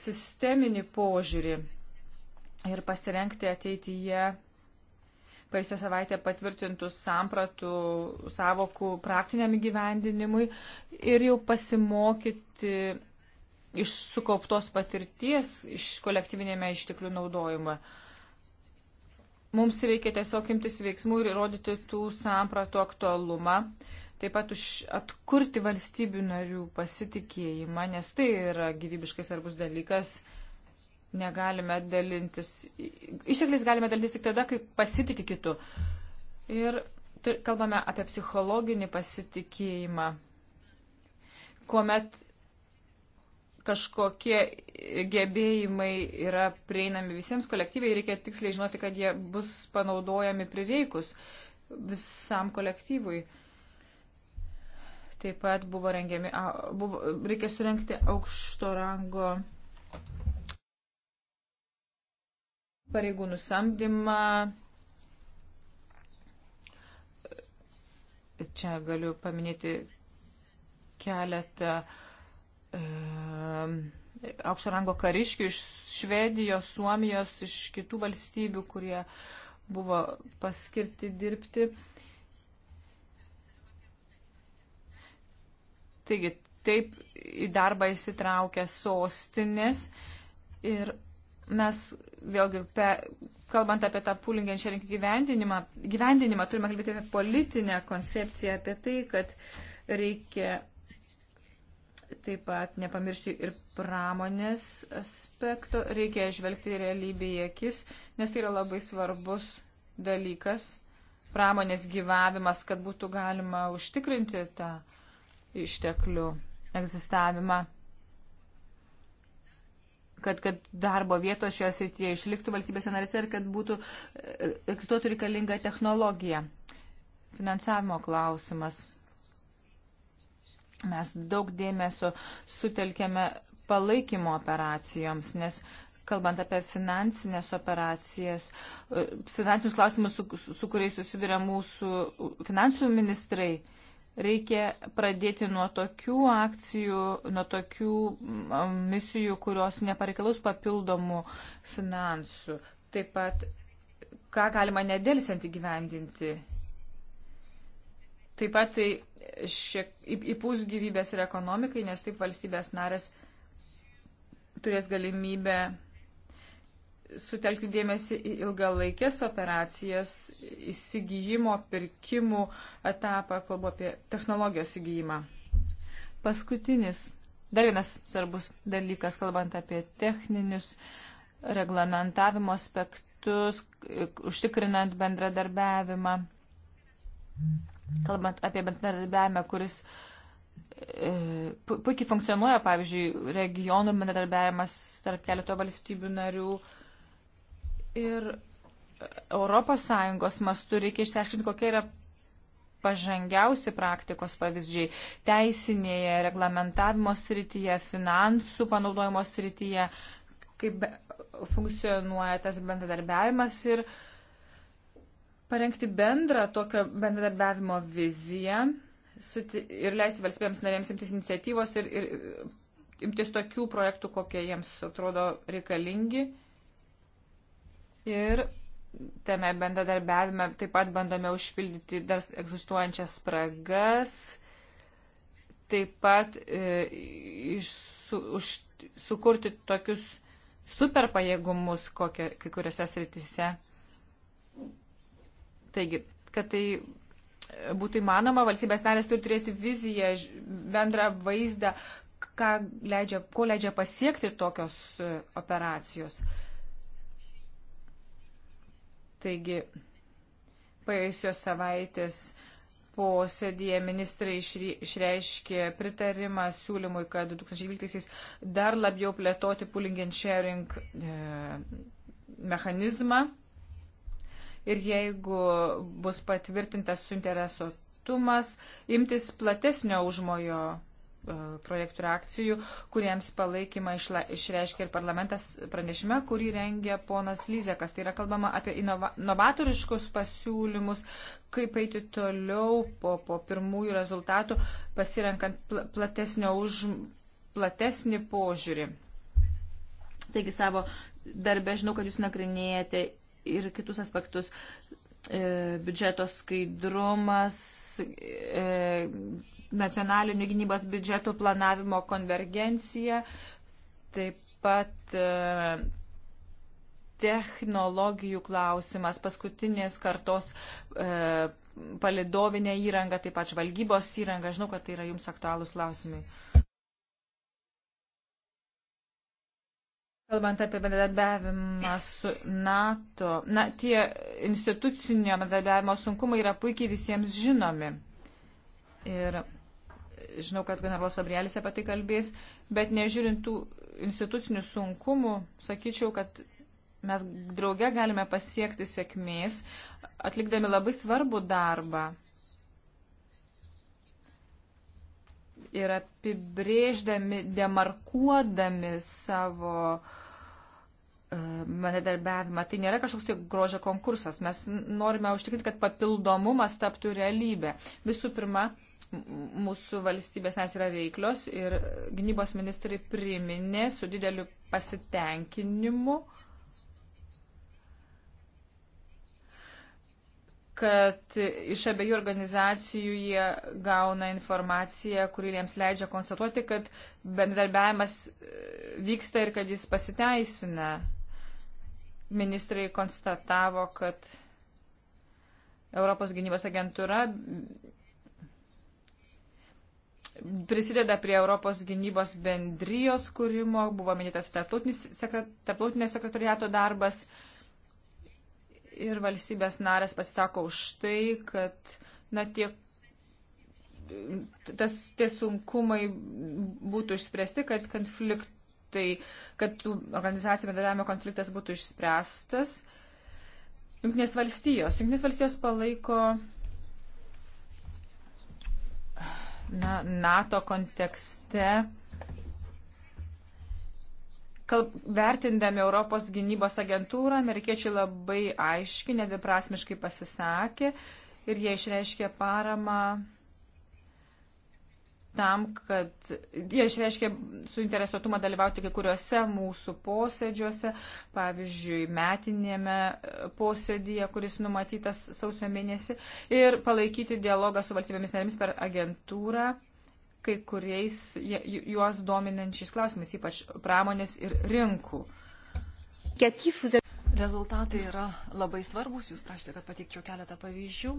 sisteminį požiūrį ir pasirengti ateityje praėjusią savaitę patvirtintus sampratų savokų praktiniam įgyvendinimui ir jau pasimokyti iš sukauptos patirties, iš kolektyvinėme išteklių naudojimo. Uh, Mums reikia tiesiog imtis veiksmų ir įrodyti tų sampratų aktualumą, taip pat už atkurti valstybių narių pasitikėjimą, nes tai yra gyvybiškai svarbus dalykas. Negalime dalintis, ištekliais galime dalintis tik tada, kai pasitikė kitų. Ir kalbame apie psichologinį pasitikėjimą, kuomet kažkokie gebėjimai yra prieinami visiems kolektyviai, reikia tiksliai žinoti, kad jie bus panaudojami prireikus visam kolektyvui. Taip pat buvo rengiami, buvo, reikia surenkti aukšto rango pareigūnų samdymą. Čia galiu paminėti keletą e, aukšto rango kariškių iš Švedijos, Suomijos, iš kitų valstybių, kurie buvo paskirti dirbti. Taigi, taip į darbą įsitraukia sostinės ir mes vėlgi, pe, kalbant apie tą pooling and sharing gyvendinimą, gyvendinimą, turime kalbėti apie politinę koncepciją, apie tai, kad reikia Taip pat nepamiršti ir pramonės aspekto, reikia žvelgti realybėje akis, nes tai yra labai svarbus dalykas, pramonės gyvavimas, kad būtų galima užtikrinti tą išteklių egzistavimą, kad, kad darbo vietos šioje srityje išliktų valstybėse narėse ir kad būtų e, egzistuotų reikalinga technologija. Finansavimo klausimas. Mes daug dėmesio sutelkėme palaikymo operacijoms, nes kalbant apie finansinės operacijas, e, finansinius klausimus, su, su, su kuriais susiduria mūsų finansų ministrai, reikia pradėti nuo tokių akcijų, nuo tokių misijų, kurios nepareikalaus papildomų finansų. Taip pat, ką galima nedėlsiant įgyvendinti Taip pat tai šiek, įpūs gyvybės ir ekonomikai, nes taip valstybės narės turės galimybę sutelkti dėmesį į ilgalaikės operacijas, įsigijimo, pirkimų etapą, kalbu apie technologijos įgyjimą. Paskutinis, dar vienas svarbus dalykas, kalbant apie techninius reglamentavimo aspektus, užtikrinant bendradarbiavimą. Mm kalbant apie bendradarbiavimą, kuris e, puikiai funkcionuoja, pavyzdžiui, regionų bendradarbiavimas tarp keleto valstybių narių. Ir ES mastu reikia išsiaiškinti, kokia yra pažangiausi praktikos pavyzdžiai teisinėje, reglamentavimo srityje, finansų panaudojimo srityje, kaip funkcionuoja tas bendradarbiavimas ir uh, parengti bendrą tokio bendradarbiavimo viziją ir leisti valstybėms narėms imtis iniciatyvos ir, ir imtis tokių projektų, kokie jiems atrodo reikalingi. Ir tame bendradarbiavime taip pat bandome užpildyti dar egzistuojančias spragas, taip pat e, iš, su, už, sukurti tokius superpajėgumus kokie, kai kuriuose sritise Taigi, kad tai e, būtų įmanoma, valstybės narės turi turėti viziją, bendrą vaizdą, ką leidžia, ko leidžia pasiekti tokios e, operacijos. Taigi, paėjusios savaitės posėdėje ministrai išreiškė pritarimą siūlymui, kad 2012-aisiais dar labiau plėtoti pooling and sharing e, mechanizmą ir jeigu bus patvirtintas suinteresuotumas, imtis platesnio užmojo e, projektų ir akcijų, kuriems palaikymą išla, išreiškia ir parlamentas pranešime, kurį rengia ponas Lyzekas. Tai yra kalbama apie inova, novatoriškus pasiūlymus, kaip eiti toliau po, po pirmųjų rezultatų, pasirenkant pl, platesnio už platesnį požiūrį. Taigi savo darbę žinau, kad jūs nagrinėjate ir kitus aspektus. E, biudžeto skaidrumas, e, nacionalinių gynybos biudžetų planavimo konvergencija, taip pat e, technologijų klausimas, paskutinės kartos e, palidovinė įranga, taip pat žvalgybos įranga. Žinau, kad tai yra jums aktualūs klausimai. Kalbant apie bendradarbiavimą su NATO, na, tie institucinio bendradarbiavimo sunkumai yra puikiai visiems žinomi. Ir žinau, kad generolas Abrielis apie tai kalbės, bet nežiūrint tų institucinių sunkumų, sakyčiau, kad mes drauge galime pasiekti sėkmės, atlikdami labai svarbų darbą. ir apibrėždami, demarkuodami savo uh, manedarbiavimą. Tai nėra kažkoks tai grožio konkursas. Mes norime užtikrinti, kad papildomumas taptų realybė. Visų pirma, mūsų valstybės nes yra reiklios ir gynybos ministrai priminė su dideliu pasitenkinimu, kad iš abiejų organizacijų jie gauna informaciją, kuri jiems leidžia konstatuoti, kad bendarbiavimas e, vyksta ir kad jis pasiteisina ministrai konstatavo, kad Europos gynybos agentūra prisideda prie Europos gynybos bendrijos kūrimo, buvo minėtas tarptautinės sekretoriato darbas ir valstybės narės pasisako už tai, kad na, tie, tas, tie sunkumai būtų išspręsti, kad konflikt, tai, kad tų organizacijų bendravimo konfliktas būtų išspręstas. Junktinės valstijos. Junktinės valstijos palaiko na, NATO kontekste kalb, vertindami Europos gynybos agentūrą, amerikiečiai labai aiškiai, nedviprasmiškai pasisakė ir jie išreiškė paramą tam, kad jie išreiškė suinteresuotumą dalyvauti kai kuriuose mūsų posėdžiuose, pavyzdžiui, metinėme e, posėdyje, kuris numatytas sausio mėnesį, ir palaikyti dialogą su valstybėmis narėmis per agentūrą kai kuriais juos dominančiais klausimais, ypač pramonės ir rinkų. Rezultatai yra labai svarbus, jūs prašėte, kad pateikčiau keletą pavyzdžių.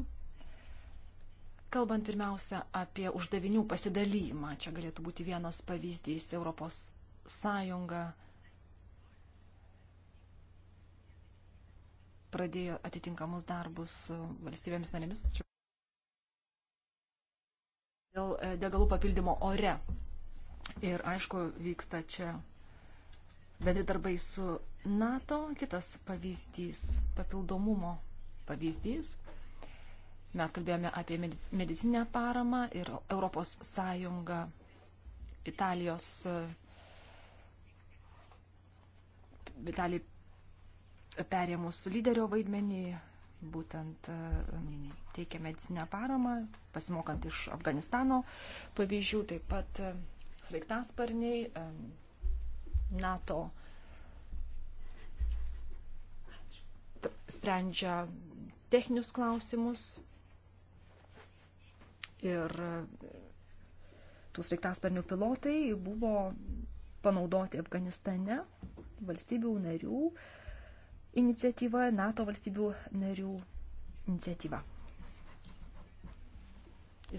Kalbant pirmiausia apie uždavinių pasidalymą, čia galėtų būti vienas pavyzdys Europos Sąjunga pradėjo atitinkamus darbus valstybėmis narėmis dėl e, degalų papildymo ore. Ir aišku, vyksta čia bendradarbai su NATO, kitas pavyzdys, papildomumo pavyzdys Mes kalbėjome apie medicinę paramą ir Europos Sąjunga Italijos Vitalijai perėmus lyderio vaidmenį, būtent teikia medicinę paramą, pasimokant iš Afganistano pavyzdžių, taip pat sraigtasparniai, NATO sprendžia techninius klausimus, Ir tų sraigtasparnių pilotai buvo panaudoti Afganistane valstybių narių iniciatyva, NATO valstybių narių iniciatyva.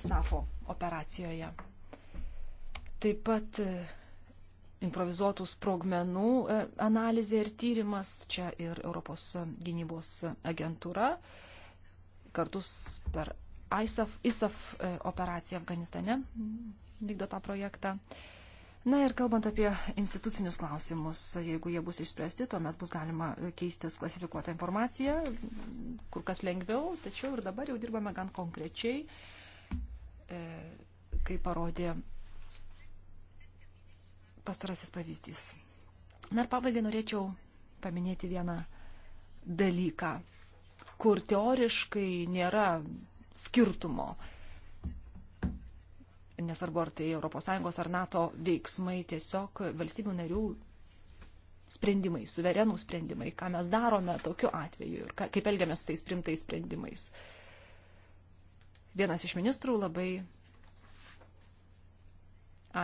ISAFO operacijoje. Taip pat e, improvizuotų sprogmenų e, analizė ir tyrimas, čia ir Europos gynybos agentūra kartus per ISAF, ISAF e, operacija Afganistane vykdo tą projektą. Na ir kalbant apie institucinius klausimus, jeigu jie bus išspręsti, tuomet bus galima e, keistis klasifikuotą informaciją, kur kas lengviau, tačiau ir dabar jau dirbame gan konkrečiai, e, kaip parodė pastarasis pavyzdys. Na ir pabaigai norėčiau paminėti vieną dalyką, kur teoriškai nėra skirtumo. Nesvarbu, ar tai ES ar NATO veiksmai, tiesiog valstybių narių sprendimai, suverenų sprendimai, ką mes darome tokiu atveju ir kaip elgiamės su tais primtais sprendimais. Vienas iš ministrų labai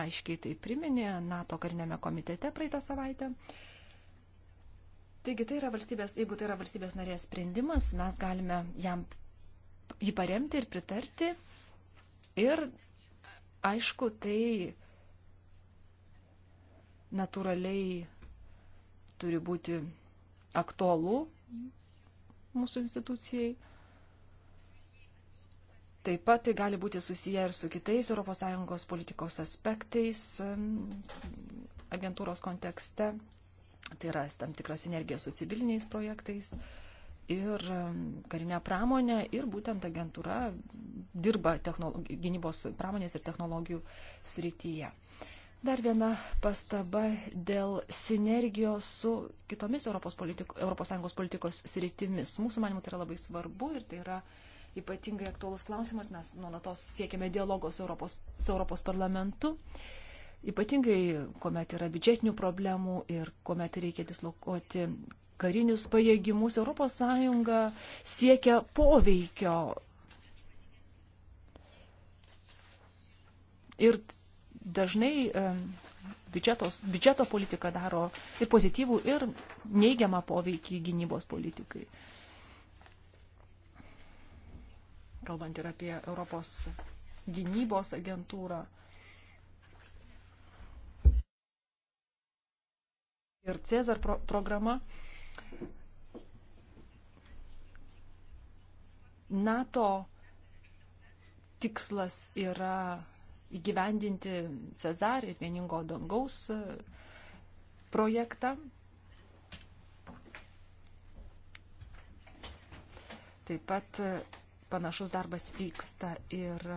aiškiai tai priminė NATO karinėme komitete praeitą savaitę. Taigi tai yra valstybės, jeigu tai yra valstybės narės sprendimas, mes galime jam jį paremti ir pritarti. Ir aišku, tai natūraliai turi būti aktualu mūsų institucijai. Taip pat tai gali būti susiję ir su kitais ES politikos aspektais agentūros kontekste. Tai yra tam tikras energija su civiliniais projektais. Uh, ir um, karinę pramonę ir būtent agentūra dirba gynybos pramonės ir technologijų srityje. Dar viena pastaba dėl sinergijos su kitomis Europos, politiko, Europos Sąjungos politikos sritimis. Mūsų manimu tai yra labai svarbu ir tai yra ypatingai aktuolus klausimas. Mes nuolatos siekiame dialogo su Europos, su Europos parlamentu. Ypatingai, kuomet yra biudžetinių problemų ir kuomet reikia dislokuoti karinius pajėgimus. ES siekia poveikio. Ir dažnai biudžetos, biudžeto politika daro ir pozityvų, ir neigiamą poveikį gynybos politikai. Kalbant ir apie Europos gynybos agentūrą. ir Cezar pro programa NATO tikslas yra įgyvendinti Cezar ir vieningo dangaus e, projektą. Taip pat e, panašus darbas vyksta ir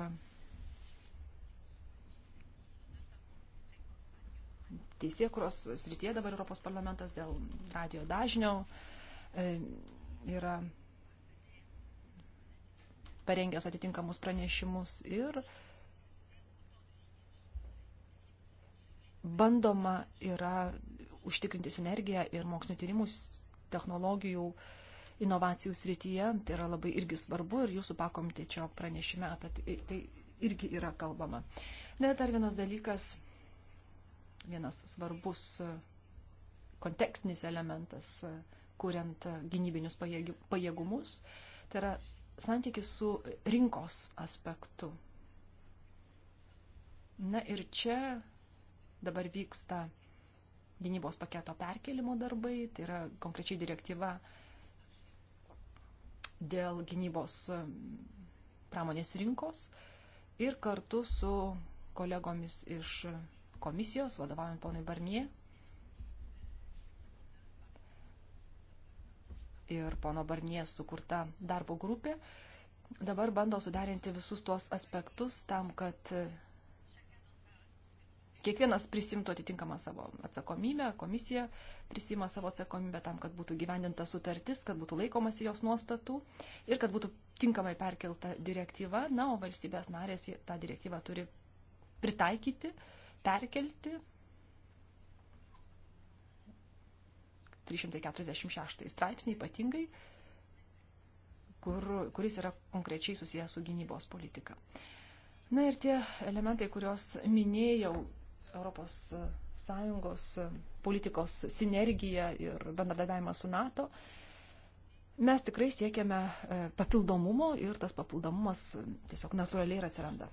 teisėkuros srityje dabar Europos parlamentas dėl radio dažnio e, yra parengęs atitinkamus pranešimus ir bandoma yra užtikrinti sinergiją ir mokslinio tyrimų technologijų inovacijų srityje. Tai yra labai irgi svarbu ir jūsų pakomitečio pranešime apie tai, tai irgi yra kalbama. Na ir dar vienas dalykas, vienas svarbus kontekstinis elementas, kuriant gynybinius pajėgumus, tai yra santykis su rinkos aspektu. Na ir čia dabar vyksta gynybos paketo perkelimo darbai, tai yra konkrečiai direktyva dėl gynybos mm, pramonės rinkos ir kartu su kolegomis iš komisijos, vadovaujant ponui Barnie, ir pono Barnies sukurta darbo grupė dabar bando suderinti visus tuos aspektus tam, kad e, kiekvienas prisimtų atitinkamą savo atsakomybę, komisija prisima savo atsakomybę tam, kad būtų gyvendinta sutartis, kad būtų laikomasi jos nuostatų ir kad būtų tinkamai perkelta direktyva, na, o valstybės narės tą direktyvą turi pritaikyti, perkelti 346 straipsnį ypatingai, kur, kuris yra konkrečiai susijęs su gynybos politika. Na ir tie elementai, kuriuos minėjau, ES politikos sinergija ir bendradarbiavimas su NATO, mes tikrai siekiame e, papildomumo ir tas papildomumas tiesiog natūraliai ir atsiranda.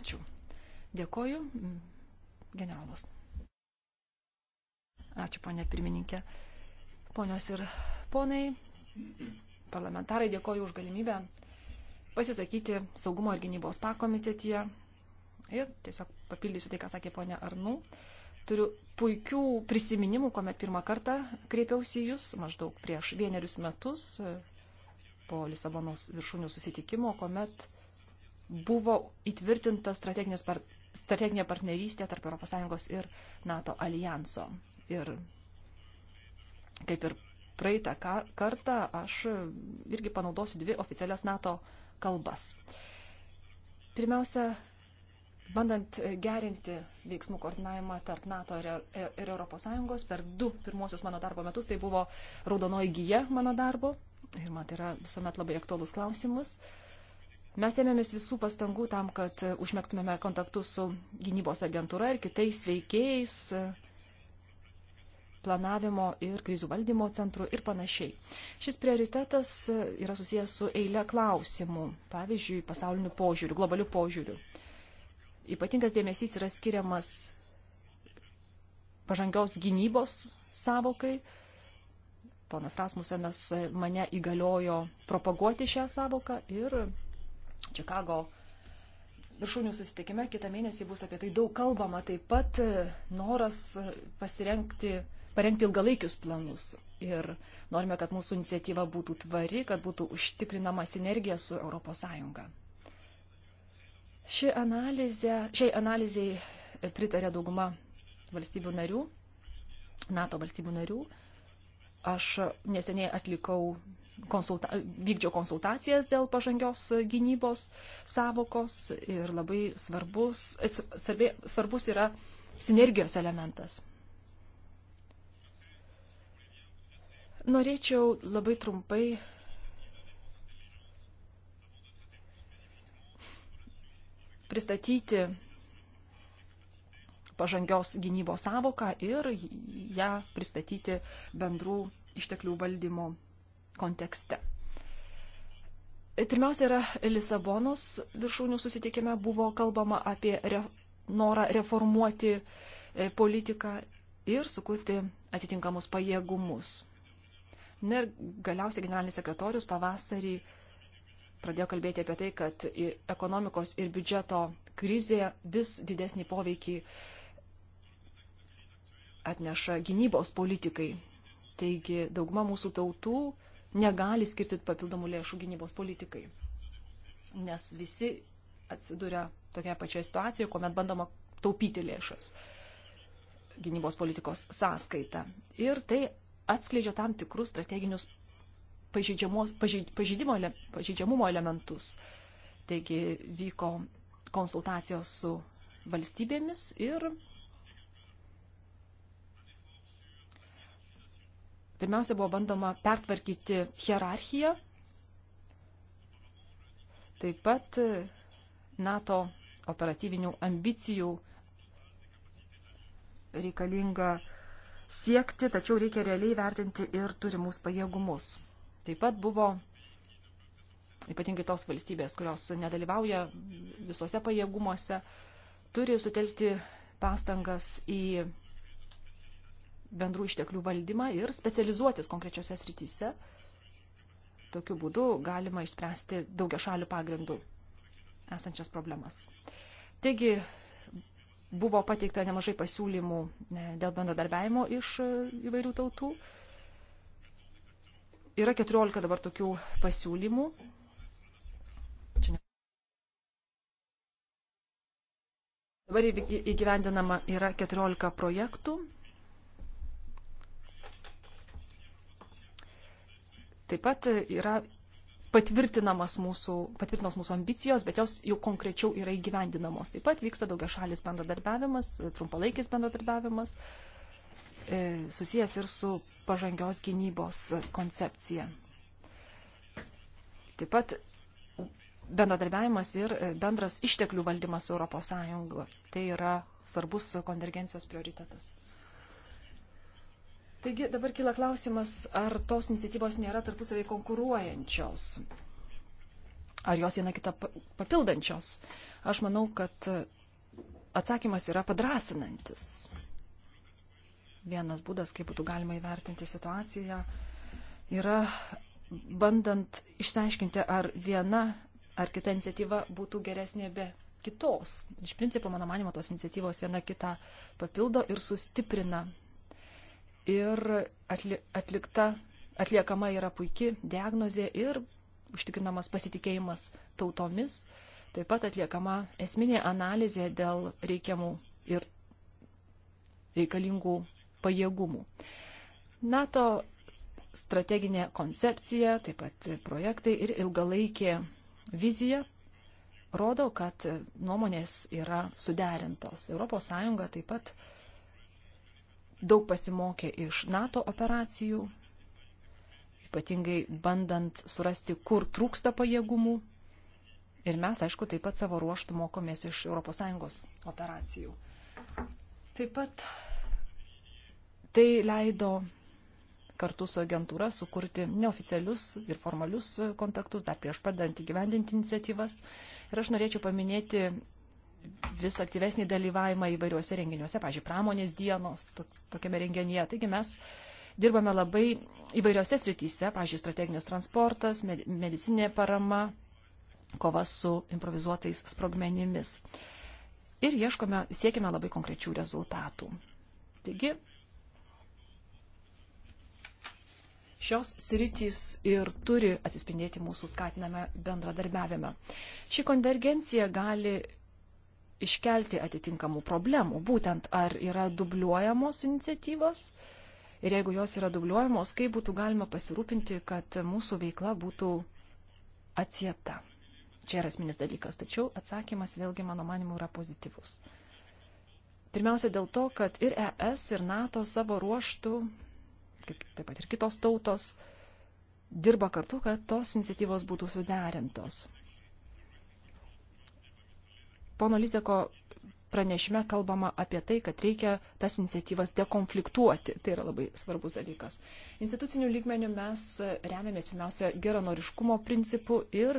Ačiū. Dėkoju. Generolas. Ačiū, ponė pirmininkė. Ponios ir ponai, parlamentarai, dėkoju už galimybę pasisakyti saugumo ir gynybos pakomitetyje. Ir tiesiog papildysiu tai, ką sakė ponė Arnų. Turiu puikių prisiminimų, kuomet pirmą kartą kreipiausi į Jūs maždaug prieš vienerius metus e, po Lisabonos viršūnių susitikimo, kuomet buvo įtvirtinta strateginė partnerystė tarp ES ir NATO alijanso. Ir kaip ir praeitą kartą, aš irgi panaudosiu dvi oficialias NATO kalbas. Pirmiausia, bandant gerinti veiksmų koordinavimą tarp NATO ir, ir ES per du pirmosius mano darbo metus, tai buvo raudonoji gyja mano darbo ir man tai yra visuomet labai aktuolus klausimas. Mes ėmėmės visų pastangų tam, kad užmėgstumėme kontaktus su gynybos agentūra ir kitais veikėjais, planavimo ir krizių valdymo centru ir panašiai. Šis prioritetas e, yra susijęs su eile klausimų, pavyzdžiui, pasauliniu požiūriu, globaliu požiūriu. Ypatingas dėmesys yra skiriamas pažangios gynybos savokai. Ponas Rasmusenas e, mane įgaliojo propaguoti šią savoką ir Čikago viršūnių susitikime kitą mėnesį bus apie tai daug kalbama. Taip pat e, noras pasirenkti parengti ilgalaikius planus. Ir norime, kad mūsų iniciatyva būtų tvari, kad būtų užtikrinama sinergija su ES. Ši analizė, šiai analizai e, pritarė dauguma valstybių narių, NATO valstybių narių. Aš neseniai atlikau konsulta vykdžiau konsultacijas dėl pažangios gynybos savokos ir labai svarbus, e, svarbi, svarbus yra sinergijos elementas. Norėčiau labai trumpai pristatyti pažangios gynybos savoką ir ją pristatyti bendrų išteklių valdymo kontekste. Pirmiausia, yra Lisabonos viršūnių susitikime buvo kalbama apie re, norą reformuoti e, politiką ir sukurti atitinkamus pajėgumus. Na ir galiausiai generalinis sekretorius pavasarį pradėjo kalbėti apie tai, kad ekonomikos ir biudžeto krizė vis didesnį poveikį atneša gynybos politikai. Taigi dauguma mūsų tautų negali skirti papildomų lėšų gynybos politikai, nes visi atsiduria tokia pačia situacija, kuomet bandoma taupyti lėšas gynybos politikos sąskaita. Ir tai atskleidžia tam tikrus strateginius pažeidimo, pažeidžiamumo elementus. Taigi vyko konsultacijos su valstybėmis ir pirmiausia buvo bandoma pertvarkyti hierarchiją. Taip pat NATO operatyvinių ambicijų reikalinga siekti, tačiau reikia realiai vertinti ir turimus pajėgumus. Taip pat buvo ypatingai tos valstybės, kurios nedalyvauja visuose pajėgumuose, turi sutelkti pastangas į bendrų išteklių valdymą ir specializuotis konkrečiose srityse. Tokiu būdu galima išspręsti daugia šalių pagrindų esančias problemas. Taigi, buvo pateikta nemažai pasiūlymų dėl bendradarbiavimo iš e, įvairių tautų. Yra 14 dabar tokių pasiūlymų. Dabar įgyvendinama yra 14 projektų. Taip pat yra patvirtinamas mūsų, patvirtinos mūsų ambicijos, bet jos jau konkrečiau yra įgyvendinamos. Taip pat vyksta daugia šalis bendradarbiavimas, trumpalaikis bendradarbiavimas, e, susijęs ir su pažangios gynybos koncepcija. Taip pat bendradarbiavimas ir bendras išteklių valdymas ES. Tai yra svarbus konvergencijos prioritetas. Taigi dabar kyla klausimas, ar tos iniciatyvos nėra tarpusavai konkuruojančios, ar jos viena kitą papildančios. Aš manau, kad atsakymas yra padrasinantis. Vienas būdas, kaip būtų galima įvertinti situaciją, yra bandant išsiaiškinti, ar viena ar kita iniciatyva būtų geresnė be kitos. Iš principo, mano manimo, tos iniciatyvos viena kitą papildo ir sustiprina ir atlikta, atliekama yra puikia diagnozė ir užtikrinamas pasitikėjimas tautomis. Taip pat atliekama esminė analizė dėl reikiamų ir reikalingų pajėgumų. NATO strateginė koncepcija, taip pat projektai ir ilgalaikė vizija rodo, kad nuomonės yra suderintos. ES taip pat daug pasimokė iš NATO operacijų, ypatingai bandant surasti, kur trūksta pajėgumų. Ir mes, aišku, taip pat savo ruoštų mokomės iš ES operacijų. Taip pat tai leido kartu su agentūra sukurti neoficialius ir formalius kontaktus dar prieš pradant įgyvendinti iniciatyvas. Ir aš norėčiau paminėti vis aktyvesnį dalyvavimą įvairiuose renginiuose, pažiūrėjau, pramonės dienos to, tokiame renginyje. Taigi mes dirbame labai įvairiuose srityse, pažiūrėjau, strateginis transportas, med, medicinė parama, kova su improvizuotais sprogmenimis. Ir ieškome, siekime labai konkrečių rezultatų. Taigi, šios sritys ir turi atsispindėti mūsų skatiname bendradarbiavime. Ši konvergencija gali iškelti atitinkamų problemų. Būtent ar yra dubliuojamos iniciatyvos ir jeigu jos yra dubliuojamos, kaip būtų galima pasirūpinti, kad mūsų veikla būtų atsieta. Čia yra esminis dalykas, tačiau atsakymas vėlgi mano manimu yra pozityvus. Pirmiausia dėl to, kad ir ES, ir NATO savo ruoštų, kaip taip pat ir kitos tautos, dirba kartu, kad tos iniciatyvos būtų suderintos. Pono Lizeko pranešime kalbama apie tai, kad reikia tas iniciatyvas dekonfliktuoti. Tai yra labai svarbus dalykas. Institucinių lygmenių mes remiamės pirmiausia geranoriškumo principu ir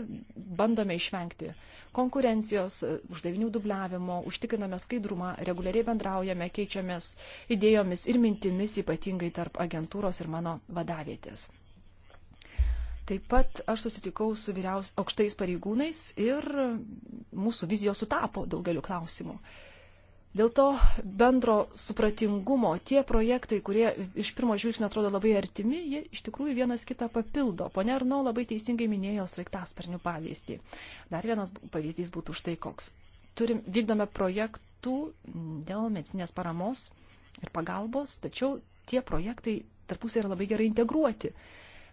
bandome išvengti konkurencijos, uždavinių dubliavimo, užtikriname skaidrumą, reguliariai bendraujame, keičiamės idėjomis ir mintimis, ypatingai tarp agentūros ir mano vadavietės. Taip pat aš susitikau su vyriaus, aukštais pareigūnais ir mūsų vizijos sutapo daugeliu klausimų. Dėl to bendro supratingumo tie projektai, kurie iš pirmo žvilgsnio atrodo labai artimi, jie iš tikrųjų vienas kitą papildo. Pone Arno labai teisingai minėjo sraigtasparnių pavyzdį. Dar vienas pavyzdys būtų štai koks. Turim, vykdome projektų dėl medicinės paramos ir pagalbos, tačiau tie projektai tarpusai yra labai gerai integruoti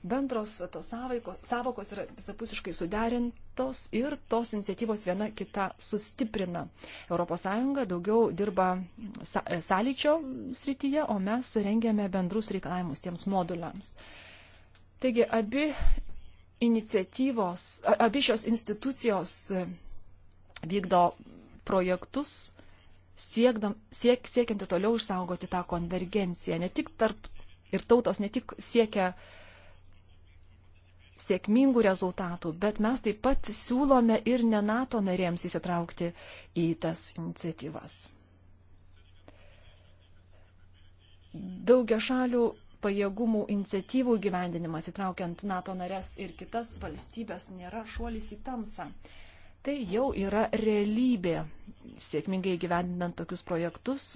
bendros tos savokos yra visapusiškai suderintos ir tos iniciatyvos viena kitą sustiprina. ES daugiau dirba sąlyčio srityje, o mes rengiame bendrus reikalavimus tiems moduliams. Taigi abi iniciatyvos, abi šios institucijos e, vykdo projektus siekdam, siek, siekiant ir toliau išsaugoti tą konvergenciją. Ne tik tarp ir tautos ne tik siekia uh, sėkmingų rezultatų, bet mes taip pat siūlome ir ne NATO narėms įsitraukti į tas iniciatyvas. Daugia šalių pajėgumų iniciatyvų gyvendinimas, įtraukiant NATO nares ir kitas valstybės, nėra šuolis į tamsą. Tai jau yra realybė, sėkmingai gyvendinant tokius projektus,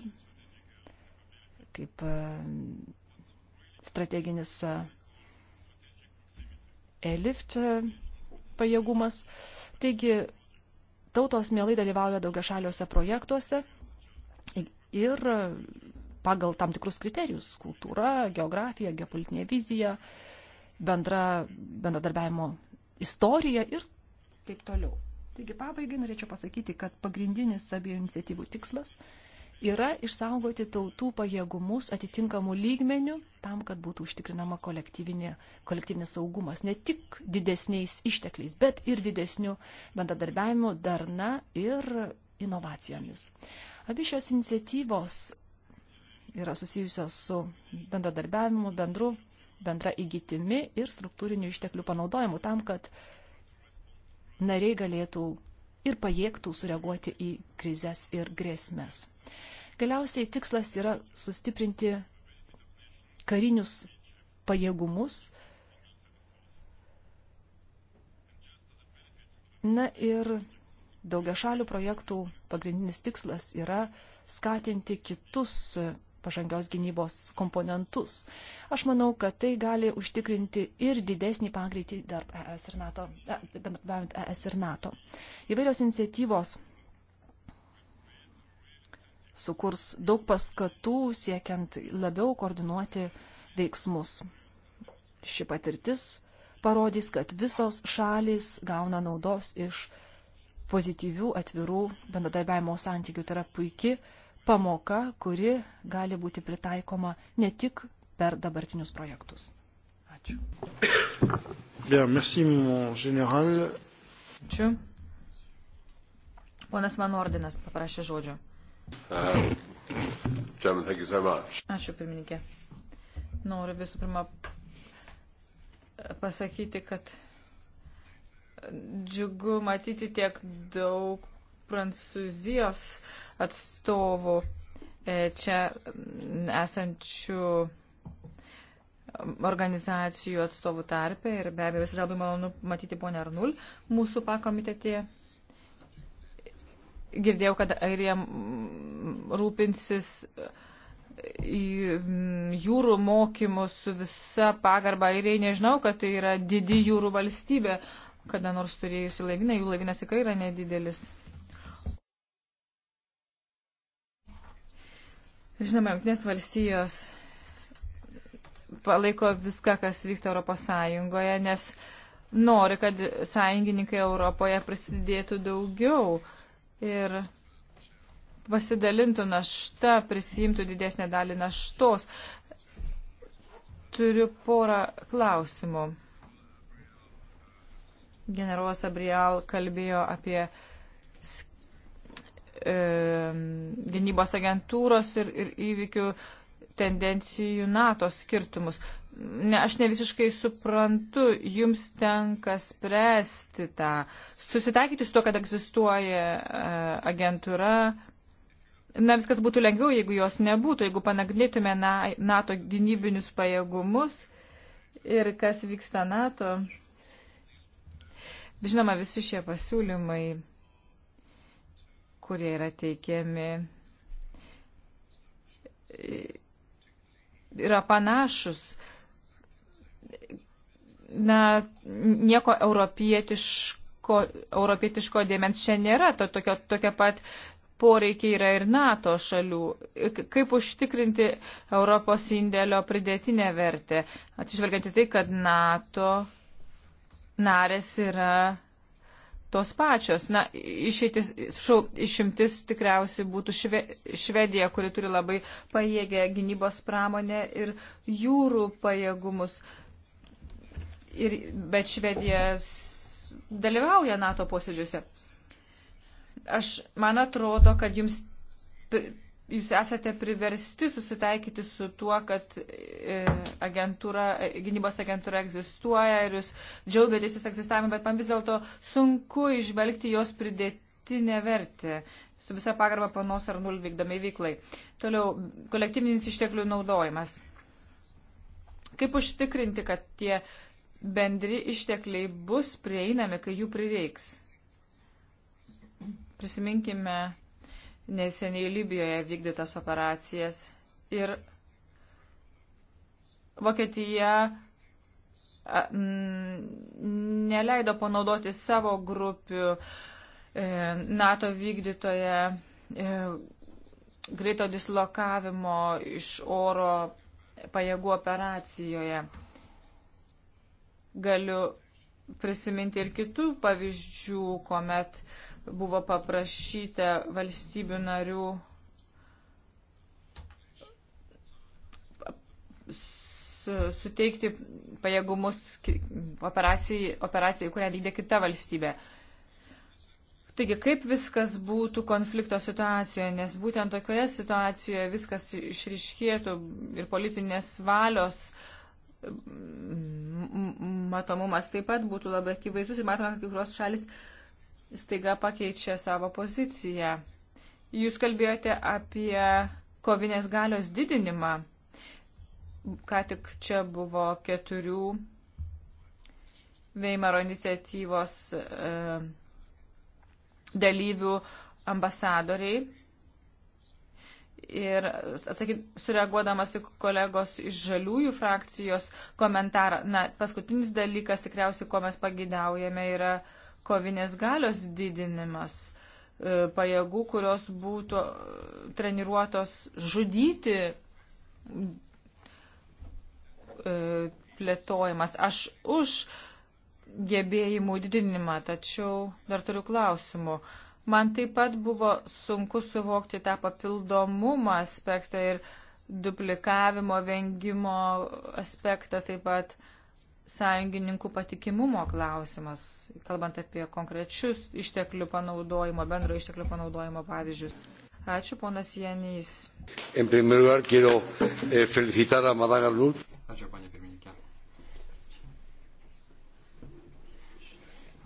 kaip e, strateginis e, ELIFT pajėgumas. Taigi, tautos mielai dalyvauja daugiašaliuose projektuose ir pagal tam tikrus kriterijus - kultūra, geografija, geopolitinė vizija, bendra, bendradarbiavimo istorija ir taip toliau. Taigi pabaigai norėčiau pasakyti, kad pagrindinis abiejų iniciatyvų tikslas - yra išsaugoti tautų pajėgumus atitinkamų lygmenių tam, kad būtų užtikrinama kolektyvinis saugumas. Ne tik didesniais ištekliais, bet ir didesniu bendradarbiavimu, darna ir inovacijomis. Abi šios iniciatyvos yra susijusios su bendradarbiavimu, bendru, bendra įgytimi ir struktūrinių išteklių panaudojimu tam, kad nariai galėtų ir pajėgtų sureaguoti į krizės ir grėsmės. Galiausiai tikslas yra sustiprinti karinius pajėgumus. Na ir daugia šalių projektų pagrindinis tikslas yra skatinti kitus pažangios gynybos komponentus. Aš manau, kad tai gali užtikrinti ir didesnį pagreitį tarp ES ir NATO, e, bendradarbiaujant ES ir NATO. Įvairios iniciatyvos sukurs daug paskatų siekiant labiau koordinuoti veiksmus. Ši patirtis parodys, kad visos šalys gauna naudos iš pozityvių, atvirų bendradarbiavimo santykių. Tai yra puikia pamoka, kuri gali būti pritaikoma ne tik per dabartinius projektus. Ačiū. Bien, merci, mon général. Ačiū. Ponas Van Ordinas paprašė žodžio. Um, uh, Chairman, thank you so much. Ačiū pirmininkė. Noriu visų pirma pasakyti, kad džiugu matyti tiek daug Prancūzijos atstovų e, čia esančių organizacijų atstovų tarpe ir be abejo visada labai malonu matyti ponę Arnul mūsų pakomitetėje girdėjau, kad airija rūpinsis e, jūrų mokymų su visa pagarba airijai. Nežinau, kad tai yra didi jūrų valstybė, kada nors turėjusi laivyną, jų laivynas tikrai yra nedidelis. Žinoma, Junktinės valstijos palaiko viską, kas vyksta Europos Sąjungoje, nes nori, kad sąjungininkai Europoje prisidėtų daugiau. Uh, ir pasidalintų naštą, prisijimtų didesnę dalį naštos. Turiu porą klausimų. Generolas Abrial kalbėjo apie e, gynybos agentūros ir, ir įvykių tendencijų NATO skirtumus ne, aš ne visiškai suprantu, jums tenka spręsti tą, susitaikyti su to, kad egzistuoja e, agentūra. Na, viskas būtų lengviau, jeigu jos nebūtų, jeigu panagrinėtume NATO gynybinius pajėgumus ir kas vyksta NATO. Žinoma, visi šie pasiūlymai, kurie yra teikiami, yra panašus na, nieko europietiško, europietiško dėmens čia nėra, to, tokio, tokia pat poreikiai yra ir NATO šalių. Kaip užtikrinti Europos indėlio pridėtinę vertę, atsižvelgiant į tai, kad NATO narės yra tos pačios. Na, išeitis, šau, išimtis tikriausiai būtų šve, Švedija, kuri turi labai pajėgę gynybos pramonę ir jūrų pajėgumus. Uh, ir, bet Švedija dalyvauja NATO posėdžiuose. Aš, man atrodo, kad jums, jūs esate priversti susitaikyti su tuo, kad e, agentūra, e, gynybos agentūra egzistuoja ir jūs džiaugiatės jos egzistavimu, bet man vis dėlto sunku išvelgti jos pridėtinę vertę su visa pagarba panos ar nul vykdomai veiklai. Toliau, kolektyvinis išteklių naudojimas. Kaip užtikrinti, kad tie uh, bendri ištekliai bus prieinami, kai jų prireiks. Prisiminkime neseniai Libijoje vykdytas operacijas ir Vokietija neleido panaudoti savo grupių e, NATO vykdytoje e, greito dislokavimo iš oro pajėgų operacijoje. Galiu prisiminti ir kitų pavyzdžių, kuomet buvo paprašyta valstybių narių suteikti pajėgumus operacijai, operacijai kurią vykdė kita valstybė. Taigi, kaip viskas būtų konflikto situacijoje, nes būtent tokioje situacijoje viskas išriškėtų ir politinės valios uh, matomumas taip pat būtų labai akivaizdus ir matome, kad kai kurios šalis staiga pakeičia savo poziciją. Jūs kalbėjote apie kovinės galios didinimą. Ką tik čia buvo keturių Veimaro iniciatyvos e, dalyvių ambasadoriai ir atsakyt, sureaguodamas į kolegos iš žaliųjų frakcijos komentarą. Na, paskutinis dalykas tikriausiai, ko mes pagidaujame, yra kovinės galios didinimas e, pajėgų, kurios būtų e, treniruotos žudyti e, plėtojimas. Aš už gebėjimų didinimą, tačiau dar turiu klausimų. E, Man taip pat buvo sunku suvokti tą papildomumą aspektą ir duplikavimo, vengimo aspektą, taip pat sąjungininkų patikimumo klausimas, kalbant apie konkrečius išteklių panaudojimo, bendro išteklių panaudojimo pavyzdžius. Ačiū, ponas Janys. Eh, Ačiū, panė pirmininkė.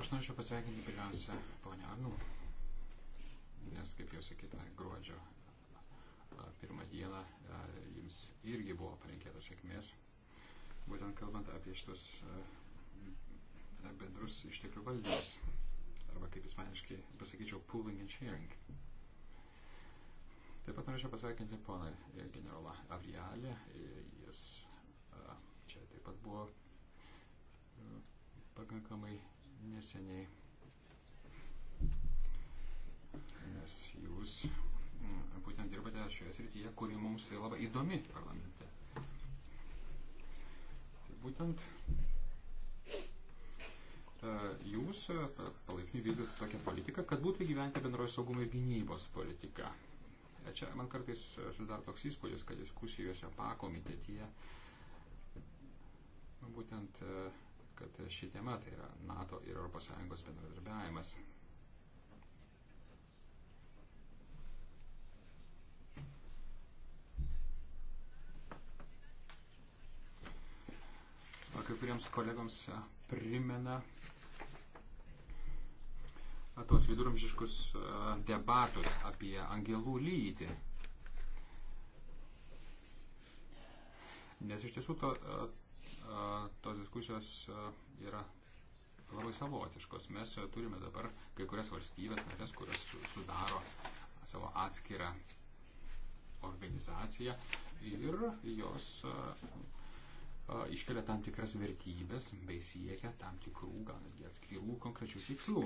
Aš norėčiau pasveikinti pirmiausia ponę Arnų nes, kaip jau sakyta, gruodžio pirmą dieną jums irgi buvo palinkėta sėkmės, būtent kalbant apie šitus bendrus išteklių valdymus, arba kaip ispaniškai pasakyčiau, pooling and sharing. Taip pat norėčiau pasveikinti poną e, generolą Avrialį, e, jis čia taip pat buvo e, pakankamai neseniai nes jūs mm, būtent dirbate šioje srityje, kuri mums labai įdomi parlamente. Tai būtent e, jūs e, palaipsniui vykdote tokią politiką, kad būtų gyventi bendrojo saugumo ir gynybos politika. E, čia man kartais susidaro toks įspūdis, kad diskusijose pakomitetyje būtent, kad ši tema tai yra NATO ir ES bendradarbiavimas tiems kolegams e, primena tos viduramžiškus e, debatus apie angelų lygį. Nes iš tiesų to, e, tos diskusijos yra labai savotiškos. Mes turime dabar kai kurias valstybės narės, kurias sudaro savo atskirą organizaciją ir jos iškelia tam tikras vertybės bei siekia tam tikrų, gal netgi atskirų konkrečių tikslų.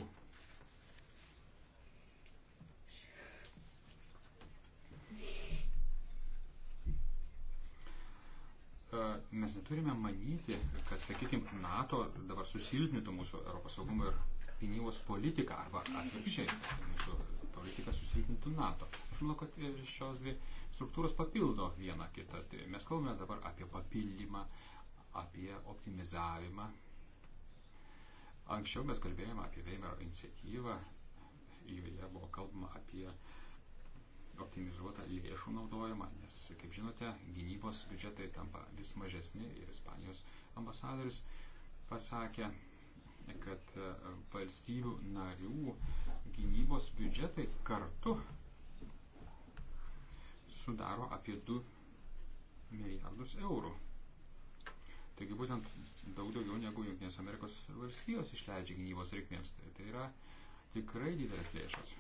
Mes neturime manyti, kad, sakykime, NATO dabar susilpnytų mūsų Europos saugumo ir gynybos politiką arba atvirkščiai mūsų politika susilpnintų NATO. Aš manau, kad šios dvi struktūros papildo vieną kitą. Tai mes kalbame dabar apie papildymą, apie optimizavimą. Anksčiau mes kalbėjome apie Veimero iniciatyvą, joje buvo kalbama apie optimizuotą lėšų naudojimą, nes, kaip žinote, gynybos biudžetai tampa vis mažesni ir Ispanijos ambasadoris pasakė, kad e, valstybių narių gynybos biudžetai kartu sudaro apie 2 milijardus eurų. Taigi būtent daug daugiau negu Junktinės Amerikos valstijos išleidžia gynybos reikmėms. Tai, tai yra tikrai didelis lėšas.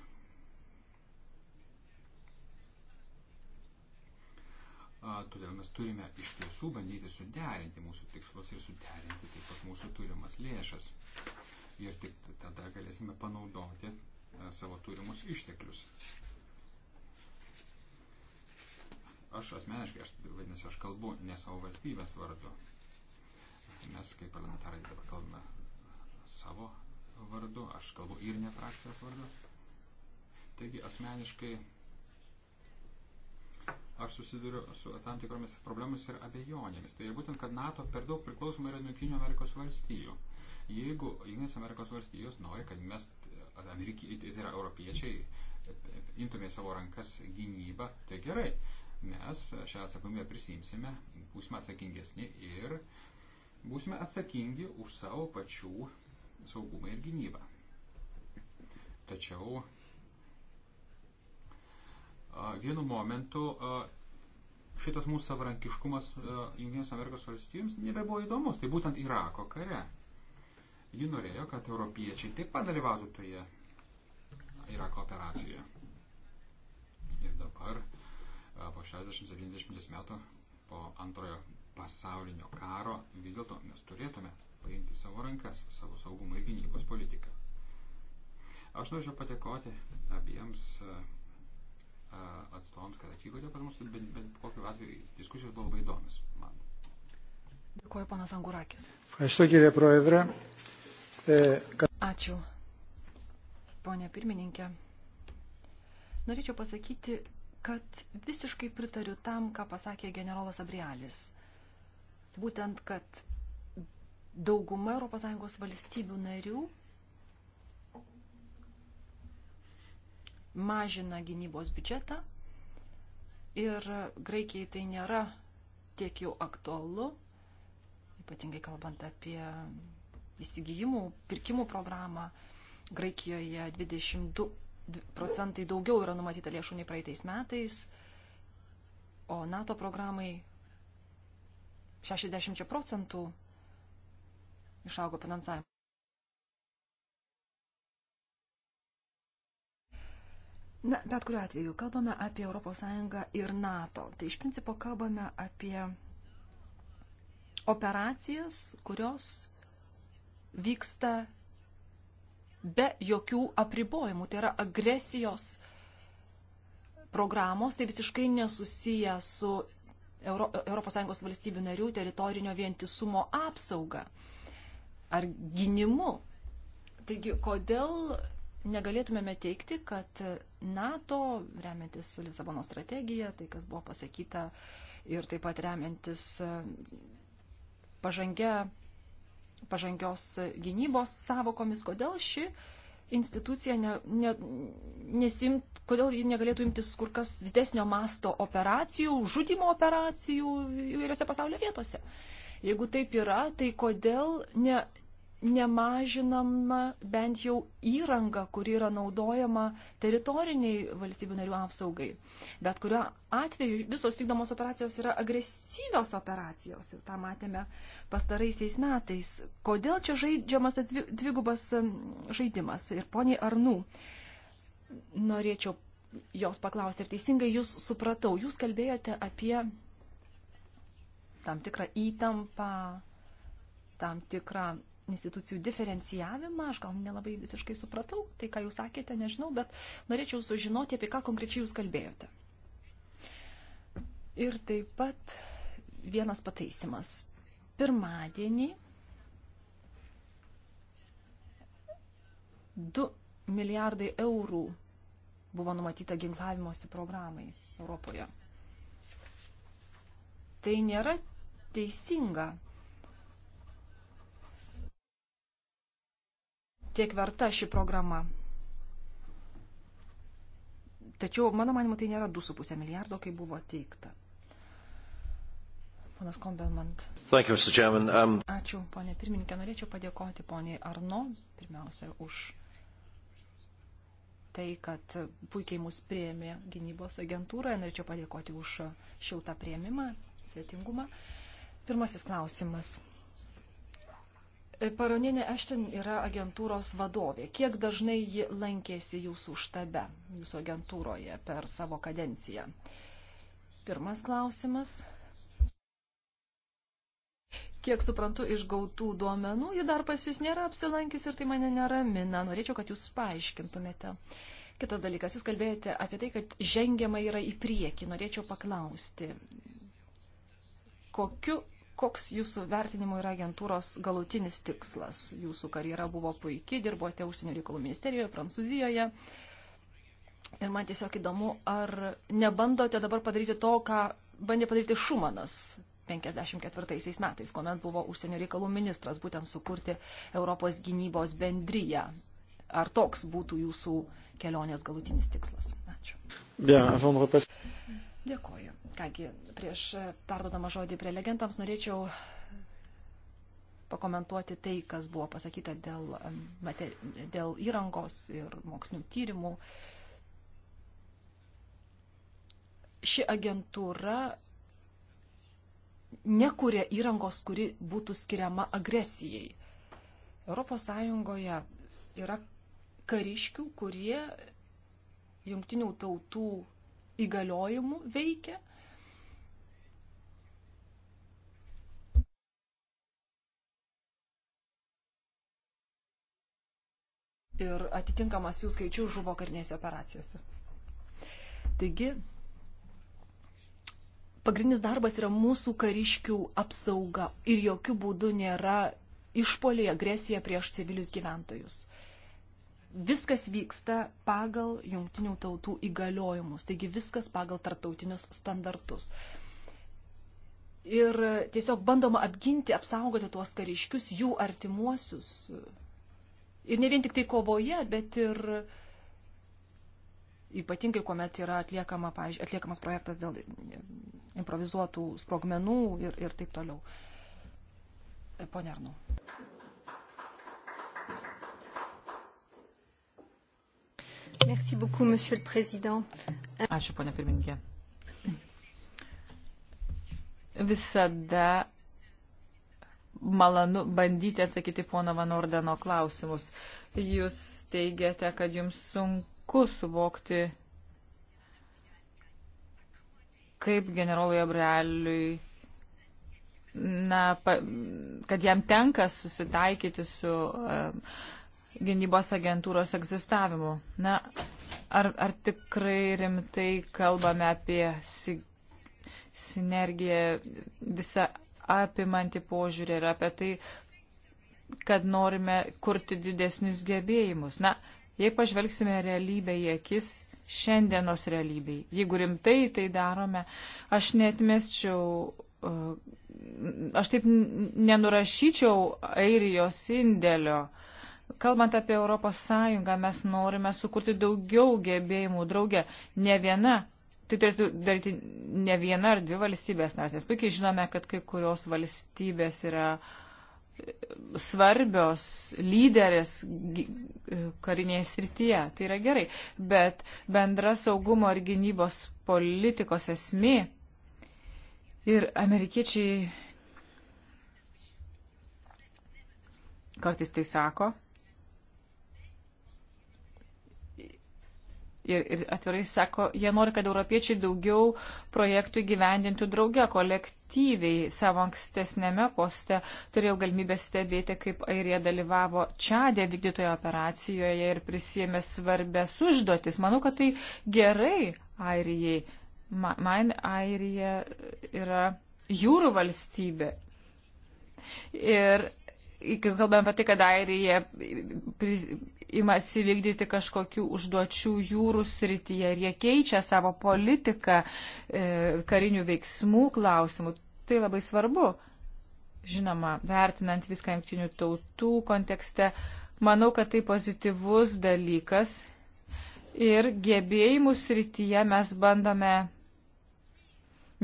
Todėl mes turime iš tiesų bandyti suderinti mūsų tikslus ir suderinti taip pat mūsų turimas lėšas. Ir tik tada galėsime panaudoti e, savo turimus išteklius. Aš asmeniškai, aš, vadinasi, aš kalbu ne savo valstybės vardu. Mes kaip parlamentarai dabar kalbame savo vardu, aš kalbu ir ne frakcijos vardu. Taigi asmeniškai aš susiduriu su tam tikromis problemus ir abejonėmis. Tai būtent, kad NATO per daug priklausoma yra nuo Junktinių Amerikos valstijų. Jeigu Junktinės Amerikos valstijos nori, kad mes, amerikiečiai, tai yra europiečiai, e, imtume į savo rankas gynybą, tai gerai, mes šią atsakomybę prisimsime, būsime atsakingesni ir būsime atsakingi už savo pačių saugumą ir gynybą. Tačiau vienu momentu šitas mūsų savarankiškumas Junktinės Amerikos valstijoms nebebuvo įdomus, tai būtent Irako kare. Ji norėjo, kad europiečiai taip pat dalyvautų toje Irako operacijoje. Ir dabar, po 60-70 metų, po antrojo pasaulinio karo, vis dėlto mes turėtume paimti savo rankas, savo saugumo ir gynybos politiką. Aš norėčiau padėkoti abiems uh, atstovams, kad atvykote pas mus, bet, bet kokiu atveju diskusijos buvo labai įdomios man. Dėkuoju, panas Angurakis. Aš sakyrė proedrą. E, Ačiū, ponė pirmininkė. Norėčiau pasakyti, kad visiškai pritariu tam, ką pasakė generolas Abrialis. Būtent, kad dauguma ES valstybių narių mažina gynybos biudžetą ir Graikijai tai nėra tiek jau aktualu, ypatingai kalbant apie įsigijimų, pirkimų programą. Graikijoje 22 procentai daugiau yra numatyta lėšų nei praeitais metais, o NATO programai 60 procentų išaugo finansavimą. Na, bet kuriuo atveju, kalbame apie ES ir NATO. Tai iš principo kalbame apie operacijas, kurios vyksta be jokių apribojimų. Tai yra agresijos programos, tai visiškai nesusiję su Euro, ES valstybių narių teritorinio vientisumo apsauga ar gynimu. Taigi, kodėl negalėtumėme teikti, kad NATO, remiantis Lisabono strategiją, tai kas buvo pasakyta ir taip pat remiantis e, pažangia, pažangios gynybos savokomis, kodėl ši institucija ne, ne, nesimt, kodėl ji negalėtų imtis kur kas didesnio masto operacijų, žudimo operacijų įvairiose pasaulio vietose. Jeigu taip yra, tai kodėl ne, nemažinama bent jau įranga, kuri yra naudojama teritoriniai valstybių narių apsaugai. Bet kuriuo atveju visos vykdomos operacijos yra agresyvios operacijos ir tą matėme pastaraisiais metais. Kodėl čia žaidžiamas tas dvigubas žaidimas? Ir poniai Arnų, norėčiau jos paklausti ir teisingai jūs supratau. Jūs kalbėjote apie tam tikrą įtampą tam tikrą institucijų diferencijavimą. Aš gal nelabai visiškai supratau tai, ką jūs sakėte, nežinau, bet norėčiau sužinoti, apie ką konkrečiai jūs kalbėjote. Ir taip pat vienas pataisimas. Pirmadienį 2 milijardai eurų buvo numatyta ginklavimosi programai Europoje. Tai nėra teisinga tiek verta ši programa. Tačiau, mano manimo, tai nėra 2,5 milijardo, kai buvo teikta. Ponas Kombelmant. You, um... Ačiū, ponė pirmininkė. Norėčiau padėkoti poniai Arno, pirmiausia, už tai, kad puikiai mus prieėmė gynybos agentūroje. Norėčiau padėkoti už šiltą prieimimą, svetingumą. Pirmasis klausimas. Paroninė Ešten yra agentūros vadovė. Kiek dažnai ji lankėsi jūsų štabe, jūsų agentūroje per savo kadenciją? Pirmas klausimas. Kiek suprantu iš gautų duomenų, ji dar pas jūs nėra apsilankius ir tai mane neramina. Norėčiau, kad jūs paaiškintumėte. Kitas dalykas, jūs kalbėjote apie tai, kad žengiama yra į priekį. Norėčiau paklausti, kokiu koks jūsų vertinimu yra agentūros galutinis tikslas? Jūsų karjera buvo puikiai, dirbote užsienio reikalų ministerijoje, Prancūzijoje. Ir man tiesiog įdomu, ar nebandote dabar padaryti to, ką bandė padaryti Šumanas 54 metais, kuomet buvo užsienio reikalų ministras, būtent sukurti Europos gynybos bendryją. Ar toks būtų jūsų kelionės galutinis tikslas? Ačiū. Bien, Dėkoju. Kągi, prieš perdodama žodį prelegentams norėčiau pakomentuoti tai, kas buvo pasakyta dėl, dėl įrangos ir mokslinių tyrimų. Ši agentūra nekuria įrangos, kuri būtų skiriama agresijai. ES yra kariškių, kurie jungtinių tautų įgaliojimų veikia. ir atitinkamas jų skaičių žuvo karinėse operacijose. Taigi, pagrindinis darbas yra mūsų kariškių apsauga ir jokių būdų nėra išpoliai agresija prieš civilius gyventojus viskas vyksta pagal jungtinių tautų įgaliojimus, taigi viskas pagal tarptautinius standartus. Ir tiesiog bandoma apginti, apsaugoti tuos kariškius, jų artimuosius. Ir ne vien tik tai kovoje, bet ir ypatingai, kuomet yra atliekama, pavyzdžiui, atliekamas projektas dėl improvizuotų sprogmenų ir, ir taip toliau. E, Pone Arnu. Merci beaucoup, monsieur le président. Ačiū, ponia pirmininkė. Visada malonu bandyti atsakyti pono Van Ordeno klausimus. Jūs teigiate, kad jums sunku suvokti, kaip generolui Abreliui na, pa, kad jam tenka susitaikyti su gynybos agentūros egzistavimu. Na, ar, ar tikrai rimtai kalbame apie si sinergiją, visą apimantį požiūrį ir apie tai, kad norime kurti didesnius gebėjimus. Na, jei pažvelgsime realybę į akis, šiandienos realybei. Jeigu rimtai tai darome, aš netmesčiau, uh, aš taip nenurašyčiau Airijos indėlio uh, Kalbant apie Europos Sąjungą, mes norime sukurti daugiau gebėjimų draugę. Ne viena, tai turėtų daryti ne viena ar dvi valstybės narės, nes puikiai žinome, kad kai kurios valstybės yra e, svarbios lyderės e, karinėje srityje. Tai yra gerai. Bet bendra saugumo ir gynybos politikos esmė ir amerikiečiai kartais tai sako, ir, ir atvirai sako, jie nori, kad europiečiai daugiau projektų gyvendintų drauge, kolektyviai. Savo ankstesnėme poste turėjau galimybę stebėti, kaip Airija dalyvavo Čadė vykdytoje operacijoje ir prisėmė svarbės užduotis. Manau, kad tai gerai Airijai. Man Airija yra jūrų valstybė. Ir kai kalbame apie tai, kad Airija imasi vykdyti kažkokių užduočių jūrų srityje ir jie keičia savo politiką e, karinių veiksmų klausimų, tai labai svarbu. Žinoma, vertinant viską jungtinių tautų kontekste, manau, kad tai pozityvus dalykas ir gebėjimų srityje mes bandome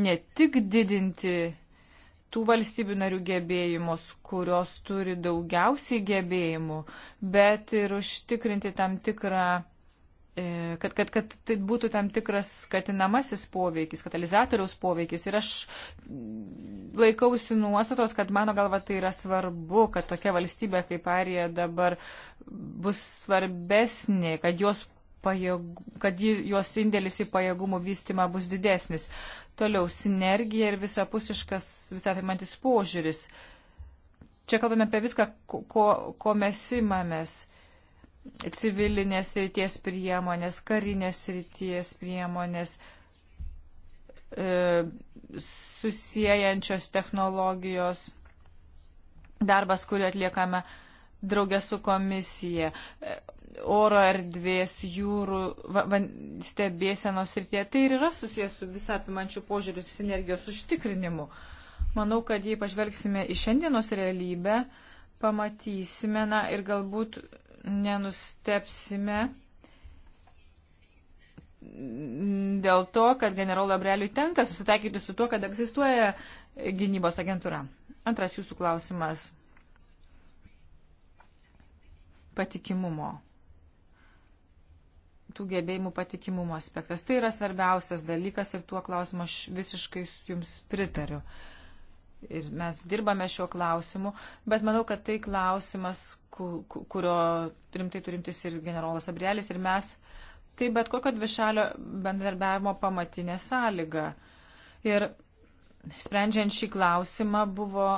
ne tik didinti tų valstybių narių gebėjimus, kurios turi daugiausiai gebėjimų, bet ir užtikrinti tam tikrą, e, kad, kad, kad tai būtų tam tikras skatinamasis poveikis, katalizatoriaus poveikis. Ir aš laikausi nuostatos, kad mano galva tai yra svarbu, kad tokia valstybė kaip Arija dabar bus svarbesnė, kad jos pajėg, kad jos indėlis į pajėgumų vystimą bus didesnis. Toliau sinergija ir visapusiškas, visapimantis požiūris. Čia kalbame apie viską, ko, ko mes imamės. Civilinės ryties priemonės, karinės ryties priemonės, e, susijęjančios technologijos, darbas, kurį atliekame draugę su komisija, e, oro erdvės, jūrų, van, stebėsenos srityje. Tai ir yra susijęs su visą apimančių požiūrių sinergijos užtikrinimu. Manau, kad jei pažvelgsime į šiandienos realybę, pamatysime na, ir galbūt nenustepsime dėl to, kad generolui Abreliui tenka susitaikyti su tuo, kad egzistuoja gynybos agentūra. Antras jūsų klausimas patikimumo tų gebėjimų patikimumo aspektas. Tai yra svarbiausias dalykas ir tuo klausimu aš visiškai jums pritariu. Ir mes dirbame šiuo klausimu, bet manau, kad tai klausimas, kurio rimtai turimtis ir generolas Abrielis, ir mes, tai bet kokio dvišalio bendarbiavimo pamatinė sąlyga. Ir sprendžiant šį klausimą buvo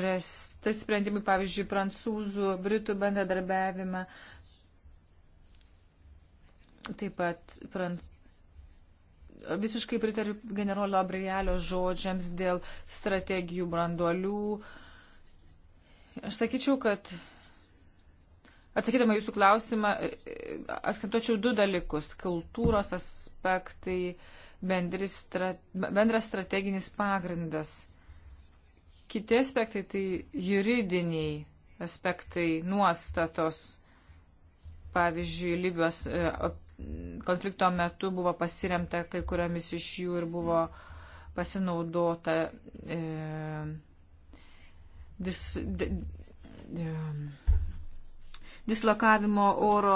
rasti sprendimai, pavyzdžiui, prancūzų, britų bendradarbiavime Taip pat prant... visiškai pritariu generolo Abrielio žodžiams dėl strategijų branduolių. Aš sakyčiau, kad atsakydama jūsų klausimą, e, e, atskantočiau du dalykus - kultūros aspektai, stra... bendras strateginis pagrindas. Kiti aspektai tai juridiniai aspektai, nuostatos pavyzdžiui, Libijos e, konflikto metu buvo pasiremta kai kuriomis iš jų ir buvo pasinaudota e, dis, de, de, dislokavimo oro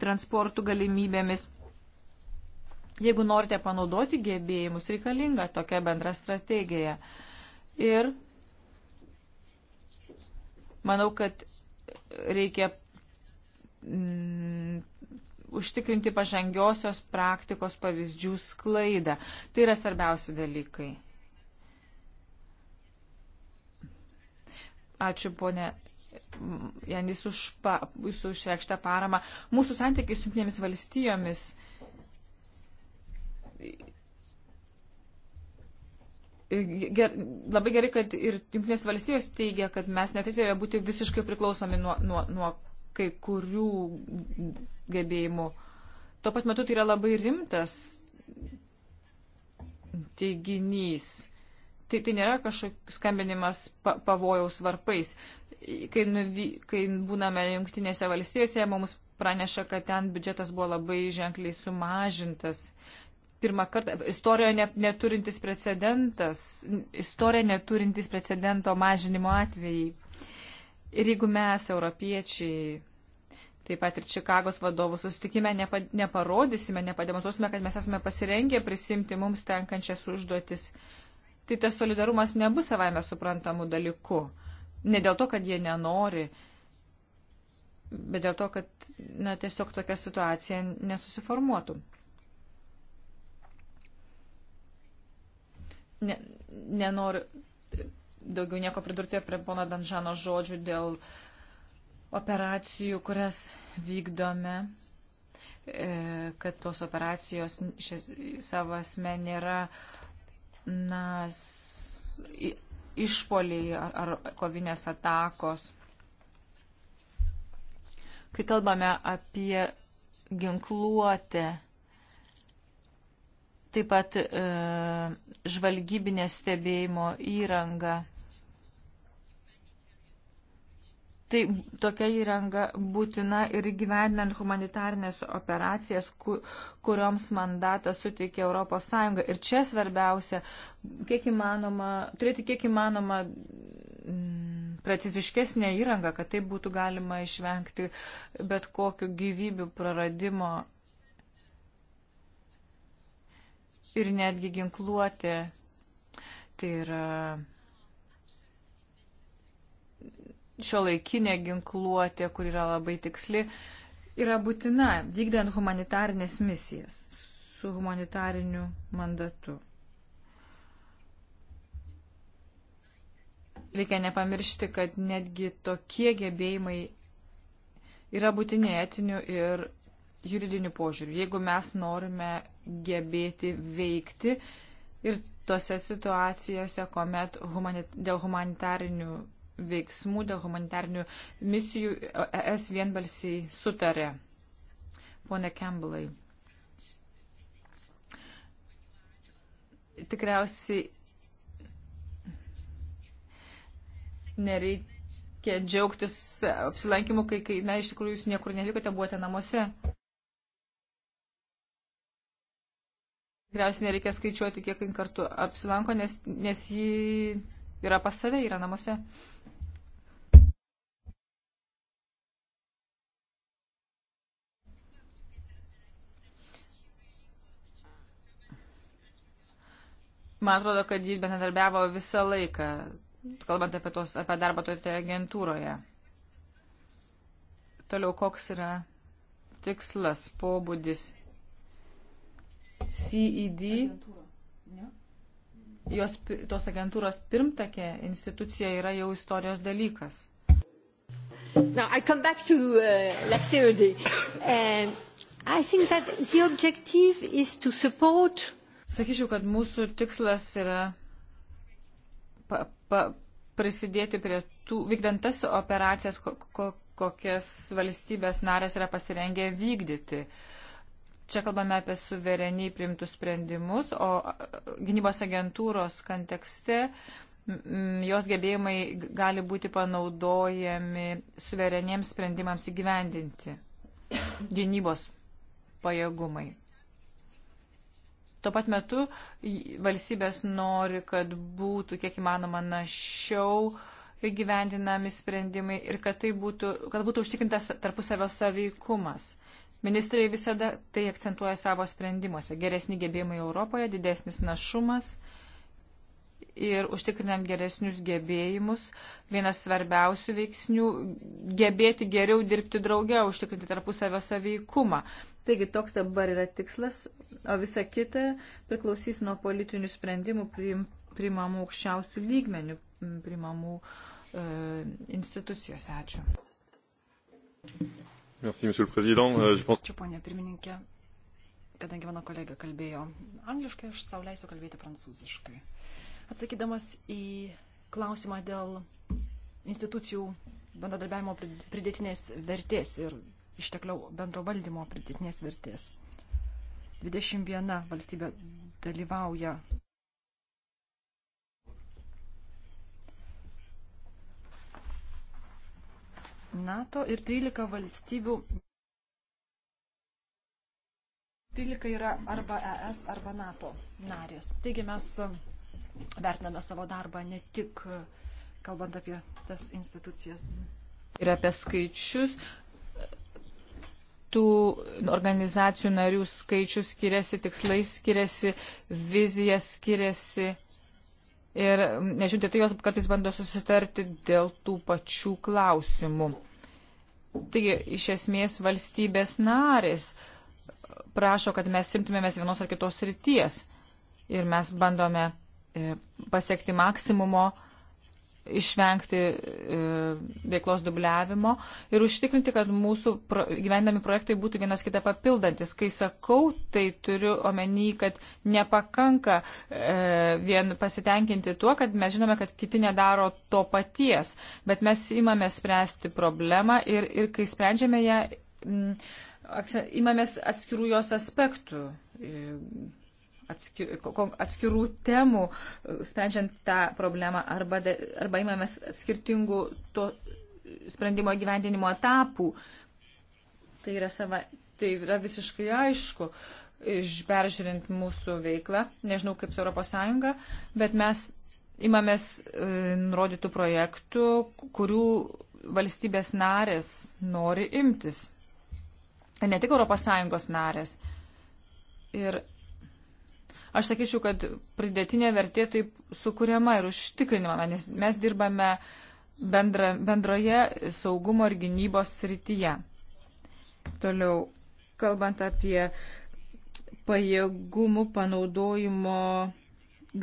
transportų galimybėmis. Jeigu norite panaudoti gebėjimus, reikalinga tokia bendra strategija. Ir manau, kad reikia užtikrinti pažangiosios praktikos pavyzdžių sklaidą. Tai yra svarbiausi dalykai. Ačiū, ponė Janis, už pa, jūsų išreikštą paramą. Mūsų santykiai su jungtinėmis valstijomis ger, labai gerai, kad ir Junktinės valstijos teigia, kad mes neturėtume būti visiškai priklausomi nuo, nuo, nuo kai kurių gebėjimų. Tuo pat metu tai yra labai rimtas teiginys. Tai, tai nėra kažkoks skambinimas pa, pavojaus varpais. Kai, nuvy, kai būname jungtinėse valstijose, mums praneša, kad ten biudžetas buvo labai ženkliai sumažintas. Pirmą kartą istorijoje ne, neturintis precedentas, istorija neturintis precedento mažinimo atvejai. Ir jeigu mes, europiečiai, taip pat ir Čikagos vadovų susitikime nepa, neparodysime, nepademonstruosime, kad mes esame pasirengę prisimti mums tenkančias užduotis, tai tas solidarumas nebus savaime suprantamų dalykų. Ne dėl to, kad jie nenori, bet dėl to, kad na, tiesiog tokia situacija nesusiformuotų. Ne, nenoriu daugiau nieko pridurti prie pono Danžano žodžių dėl operacijų, kurias vykdome, e, kad tos operacijos savasme nėra na, išpoliai ar, ar kovinės atakos. Kai kalbame apie ginkluotę, taip pat e, žvalgybinė stebėjimo įranga. Tai tokia įranga būtina ir gyvendinant humanitarnės operacijas, kur, kurioms mandatą suteikia ES. Ir čia svarbiausia, kiek įmanoma, turėti kiek įmanoma mm, preciziškesnę įrangą, kad tai būtų galima išvengti bet kokiu gyvybių praradimo ir netgi ginkluoti. Tai yra šio laikinė ginkluotė, kur yra labai tiksli, yra būtina vykdant humanitarnės misijas su humanitariniu mandatu. Reikia nepamiršti, kad netgi tokie gebėjimai yra būtini etiniu ir juridiniu požiūriu. Jeigu mes norime gebėti veikti ir tose situacijose, kuomet humanit, dėl humanitarinių veiksmų, dėl humanitarinių misijų ES vienbalsiai sutarė. Pone Campbellai. Tikriausiai nereikia džiaugtis apsilankimu, kai, kai na, iš tikrųjų jūs niekur nevykote, buvote namuose. Tikriausiai nereikia skaičiuoti, kiek kartų apsilanko, nes, nes ji yra pas save, yra namuose. Man atrodo, kad jį bendradarbiavo visą laiką, kalbant apie, tos, apie darbą toje agentūroje. Toliau, koks yra tikslas, pobūdis CED, jos, tos agentūros pirmtakė institucija yra jau istorijos dalykas. Now I come back to uh, la CED. Um, uh, I think that the objective is to support. Sakyčiau, kad mūsų tikslas yra pa, pa, prisidėti prie tų, vykdant tas operacijas, ko, ko, kokias valstybės narės yra pasirengę vykdyti. Uh, Čia kalbame apie suvereniai priimtus sprendimus, o gynybos agentūros kontekste jos gebėjimai gali būti panaudojami suvereniems sprendimams įgyvendinti. Gynybos pajėgumai. Tuo pat metu valstybės nori, kad būtų kiek įmanoma našiau įgyvendinami sprendimai ir kad, tai būtų, kad būtų užtikrintas tarpusavio saveikumas. Ministrai visada tai akcentuoja savo sprendimuose. Geresni gebėjimai Europoje, didesnis našumas ir užtikrinant geresnius gebėjimus, vienas svarbiausių veiksnių - gebėti geriau dirbti drauge, užtikrinti tarpusavio saveikumą. Taigi toks dabar yra tikslas, o visa kita priklausys nuo politinių sprendimų priimamų aukščiausių lygmenių, priimamų e, institucijose. Ačiū. Merci, monsieur le président. Euh, je pense... Ačiū, ponė pirmininkė. Kadangi mano kolega kalbėjo angliškai, aš savo leisiu kalbėti prancūziškai. Atsakydamas į klausimą dėl institucijų bendradarbiavimo pridėtinės vertės ir ištekliau bendro valdymo pridėtinės vertės. 21 valstybė dalyvauja NATO ir 13 valstybių. 13 yra arba ES, arba NATO narės. Taigi mes e, vertiname savo darbą ne tik e, kalbant apie tas institucijas. Ir apie skaičius tų organizacijų narių skaičius skiriasi, tikslai skiriasi, vizija skiriasi ir nežiūrėti, tai jos kartais bando susitarti dėl tų pačių klausimų. Taigi, iš esmės, valstybės narės prašo, kad mes simtumėmės vienos ar kitos ryties ir mes bandome e, pasiekti maksimumo, išvengti e, veiklos dubliavimo ir užtikrinti, kad mūsų gyvendami projektai būtų vienas kitą papildantis. Kai sakau, tai turiu omeny, kad nepakanka e, vien pasitenkinti tuo, kad mes žinome, kad kiti nedaro to paties, bet mes įmame spręsti problemą ir, ir kai sprendžiame ją, imamės atskirų jos aspektų e, atskirų temų, e, sprendžiant tą problemą, arba, arba imamės skirtingų to sprendimo gyvendinimo etapų. Tai yra, sava, tai yra visiškai aišku, peržiūrint mūsų veiklą, nežinau kaip su ES, bet mes imamės e, nurodytų projektų, kurių valstybės narės nori imtis. Ne tik ES narės. Ir Aš sakyčiau, kad pridėtinė vertė taip sukūriama ir užtikrinama, nes mes dirbame bendra, bendroje saugumo ir gynybos srityje. Toliau, kalbant apie pajėgumų panaudojimo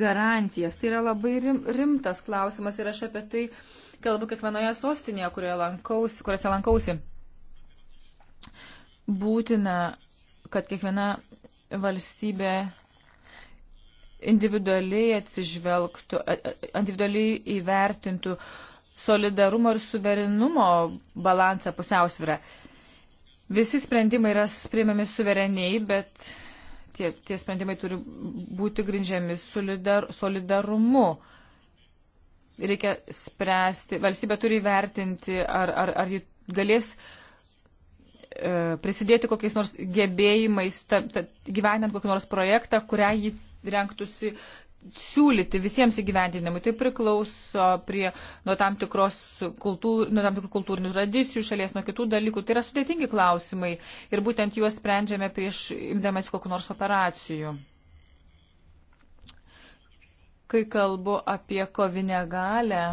garantijas. Tai yra labai rim, rimtas klausimas ir aš apie tai kalbu kiekvienoje sostinėje, kurioje lankausi, kuriuose lankausi. Būtina, kad kiekviena valstybė individualiai atsižvelgtų, individualiai įvertintų solidarumo ir suverenumo balansą pusiausvyrą. Visi sprendimai yra priimami suvereniai, bet tie, tie sprendimai turi būti grindžiami solidar, solidarumu. Reikia spręsti, valstybė turi vertinti, ar, ar, ar ji galės e, prisidėti kokiais nors gebėjimais, ta, ta, gyvenant kokį nors projektą, kurią ji rengtųsi siūlyti visiems įgyvendinimui. Tai priklauso prie, nuo, tam tikros kultūr, nuo tam tikrų kultūrinių tradicijų šalies, nuo kitų dalykų. Tai yra sudėtingi klausimai ir būtent juos sprendžiame prieš imdamės kokiu nors operacijų. Kai kalbu apie kovinę galę,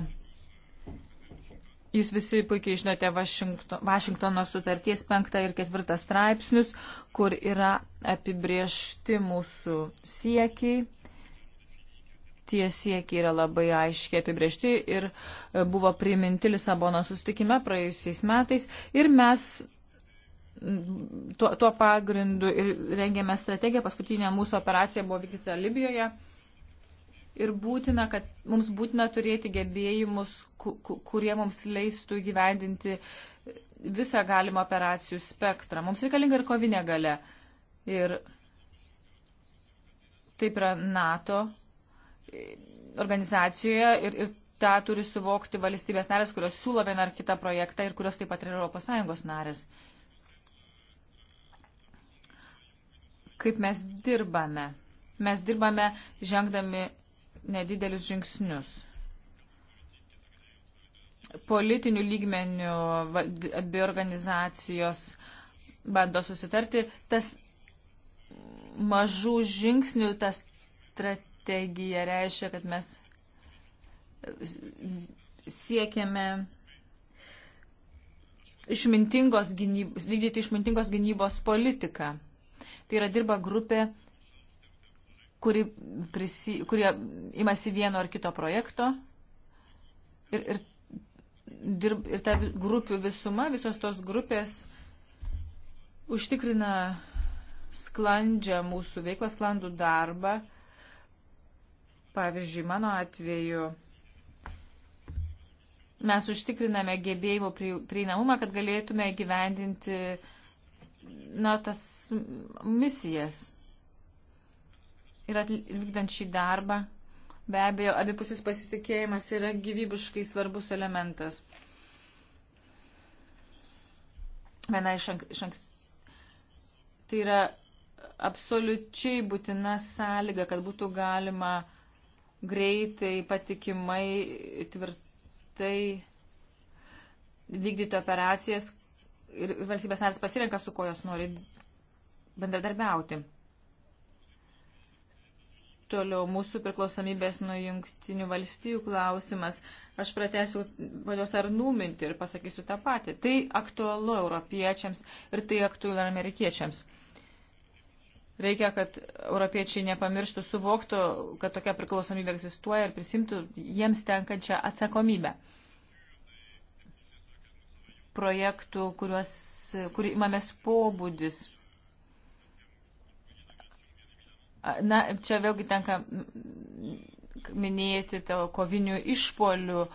Jūs visi puikiai žinote Vašingto, Vašingtono sutarties penktą ir ketvirtą straipsnius, kur yra apibriešti mūsų siekiai. Tie siekiai yra labai aiškiai apibriešti ir e, buvo priminti Lisabono sustikime praėjusiais metais. Ir mes tuo, tuo pagrindu ir rengėme strategiją. Paskutinė mūsų operacija buvo vykdyta Libijoje ir būtina, kad mums būtina turėti gebėjimus, kurie mums leistų gyvendinti visą galimą operacijų spektrą. Mums reikalinga ir kovinė gale. Ir taip yra NATO organizacijoje ir, ir tą turi suvokti valstybės narės, kurios siūlo vieną ar kitą projektą ir kurios taip pat yra ES narės. Kaip mes dirbame? Mes dirbame žengdami nedidelius žingsnius. Politinių lygmenių abi organizacijos bando susitarti. Tas mažų žingsnių ta strategija reiškia, kad mes siekiame išmintingos gynybos, vykdyti išmintingos gynybos politiką. Tai yra dirba grupė kuri prisi, kurie imasi vieno ar kito projekto. Ir, ir, dirb, ir ta grupių visuma, visos tos grupės užtikrina sklandžią mūsų veiklą, sklandų darbą. Pavyzdžiui, mano atveju mes užtikriname gebėjimo prieinamumą, kad galėtume gyvendinti na, tas misijas ir vykdant šį darbą, be abejo, abipusis pasitikėjimas yra gyvybiškai svarbus elementas. Viena iš, ank, iš anks, tai yra absoliučiai būtina sąlyga, kad būtų galima greitai, patikimai, tvirtai vykdyti operacijas ir valstybės narės pasirenka, su ko jos nori bendradarbiauti. Toliau mūsų priklausomybės nuo jungtinių valstybių klausimas. Aš pratęsiu ponios Arnų mintį ir pasakysiu tą patį. Tai aktualu europiečiams ir tai aktualu amerikiečiams. Reikia, kad europiečiai nepamirštų, suvoktų, kad tokia priklausomybė egzistuoja ir prisimtų jiems tenkančią atsakomybę. Projektų, kuriuos, kur imamės pobūdis Na, čia vėlgi tenka minėti tavo kovinių išpolių e,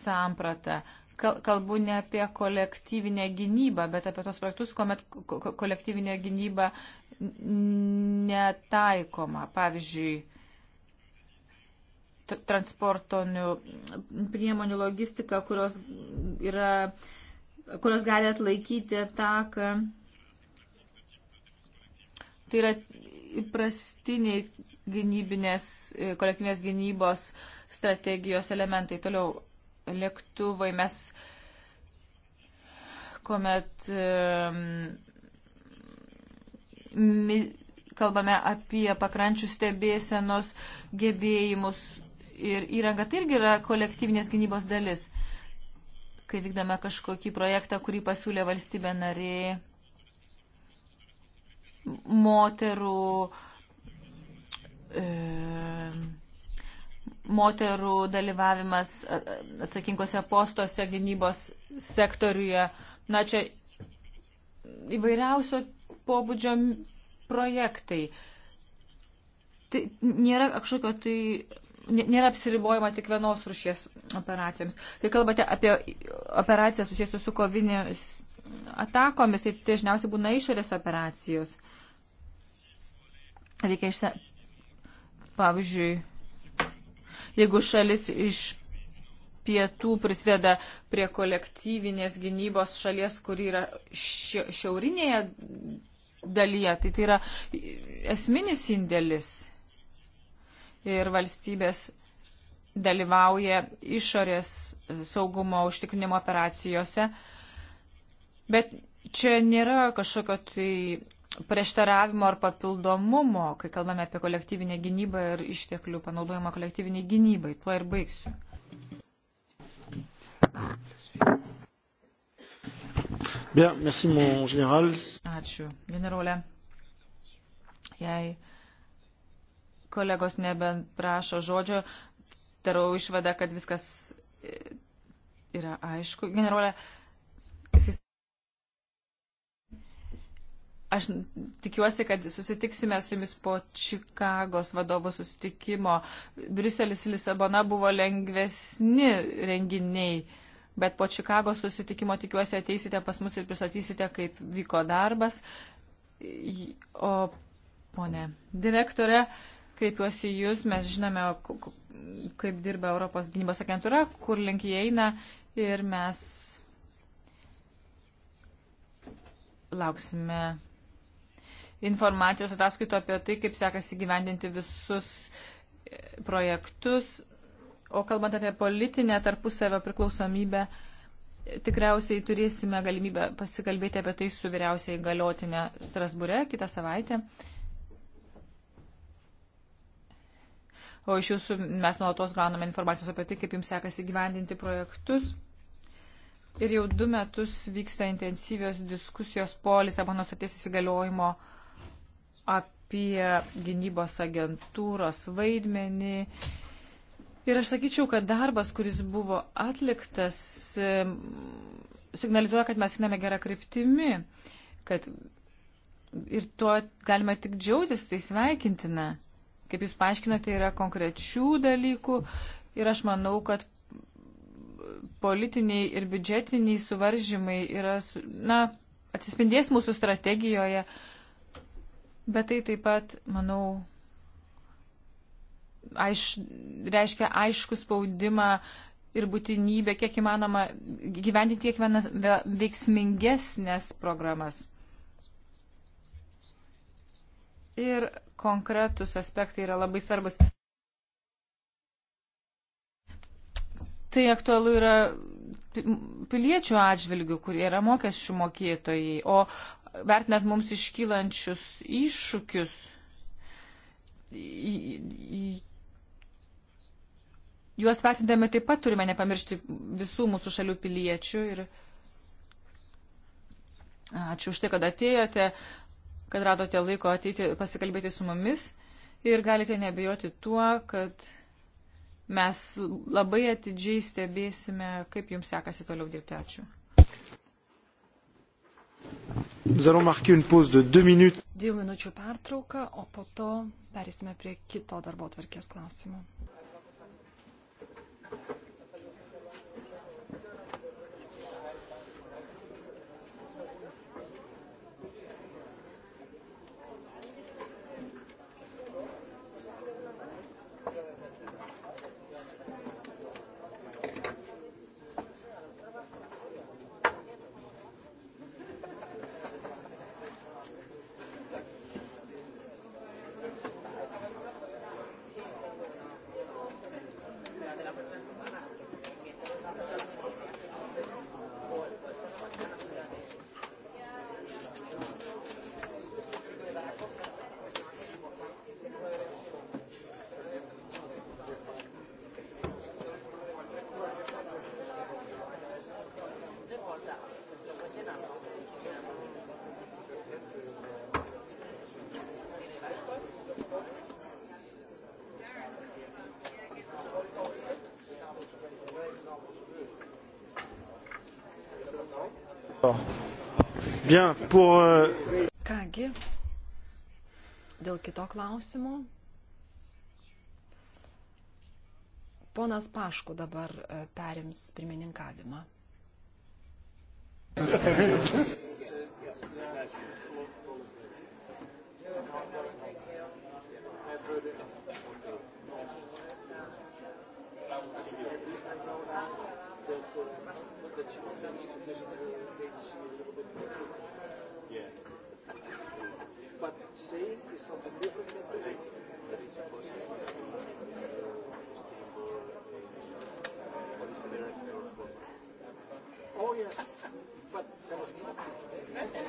sampratą. Kalbu ne apie kolektyvinę gynybą, bet apie tos projektus, kuomet kolektyvinė gynyba netaikoma. Pavyzdžiui, transportonių priemonių logistika, kurios, yra, kurios gali atlaikyti ataką. Tai yra įprastiniai gynybinės, e, kolektyvinės gynybos strategijos elementai. Toliau lėktuvai mes, kuomet mi, kalbame apie pakrančių stebėsenos gebėjimus ir įrangą, tai irgi yra kolektyvinės gynybos dalis. Kai vykdame kažkokį projektą, kurį pasiūlė valstybė narė moterų, e, moterų dalyvavimas e, atsakingose postuose gynybos sektoriuje. Na čia įvairiausio pobūdžio projektai. Tai nėra kažkokio tai. Nėra apsiribojama tik vienos rušies operacijoms. Kai kalbate apie operacijas susijusius su kovinėmis atakomis, tai dažniausiai būna išorės operacijos. Uh, Reikia išsia... Pavyzdžiui, jeigu šalis iš pietų prisideda prie kolektyvinės gynybos šalies, kuri yra šiaurinėje dalyje, tai tai yra esminis indėlis. Ir valstybės dalyvauja išorės saugumo užtikrinimo operacijose. Bet čia nėra kažkokio tai prieštaravimo ar papildomumo, kai kalbame apie kolektyvinę gynybą ir išteklių panaudojimą kolektyviniai gynybai. Tuo ir baigsiu. Bien, merci, mon général. Ačiū, generolė. Jei kolegos nebent prašo žodžio, darau išvadą, kad viskas e, yra aišku. Generolė, uh, Aš tikiuosi, kad susitiksime su jumis po Čikagos vadovų susitikimo. Briuselis Lisabona buvo lengvesni renginiai, bet po Čikagos susitikimo tikiuosi ateisite pas mus ir pristatysite, kaip vyko darbas. O, ponė, direktorė, kreipiuosi jūs, mes žinome, kaip dirba Europos gynybos agentūra, kur link jie eina ir mes lauksime informacijos ataskaitų apie tai, kaip sekasi gyvendinti visus e, projektus. O kalbant apie politinę tarpusavio priklausomybę, tikriausiai turėsime galimybę pasikalbėti apie tai su vyriausiai galiotinė Strasbūre kitą savaitę. O iš jūsų mes nuolatos gauname informacijos apie tai, kaip jums sekasi gyvendinti projektus. Ir jau du metus vyksta intensyvios diskusijos po Lisabonos atės įsigaliojimo uh, apie gynybos agentūros vaidmenį. Ir aš sakyčiau, kad darbas, kuris buvo atliktas, signalizuoja, kad mes einame gerą kryptimį, kad ir tuo galima tik džiautis, tai sveikintina. Kaip jūs paaiškinote, yra konkrečių dalykų ir aš manau, kad politiniai ir biudžetiniai suvaržymai yra, na, atsispindės mūsų strategijoje, uh, Bet tai taip pat, manau, aiš, reiškia aišku spaudimą ir būtinybę, kiek įmanoma, gyvendinti kiek vienas veiksmingesnės programas. Ir konkretus aspektai yra labai svarbus. Tai aktualu yra piliečių atžvilgių, kurie yra mokesčių mokėtojai, o vertinant mums iškylančius iššūkius, juos vertindami taip pat turime nepamiršti visų mūsų šalių piliečių ir ačiū už tai, kad atėjote, kad radote laiko ateiti pasikalbėti su mumis ir galite nebijoti tuo, kad mes labai atidžiai stebėsime, kaip jums sekasi toliau dirbti. Ačiū. Dviejų minučių pertrauką, o po to perėsime prie kito darbo tvarkės klausimo. Thank you. Bien, pour... Euh, Kągi, dėl kito klausimo. Ponas Pašku dabar e, perims pirmininkavimą. Yes. But saying is something different than doing. That is possible. What is the director for? Oh yes, but there was nothing.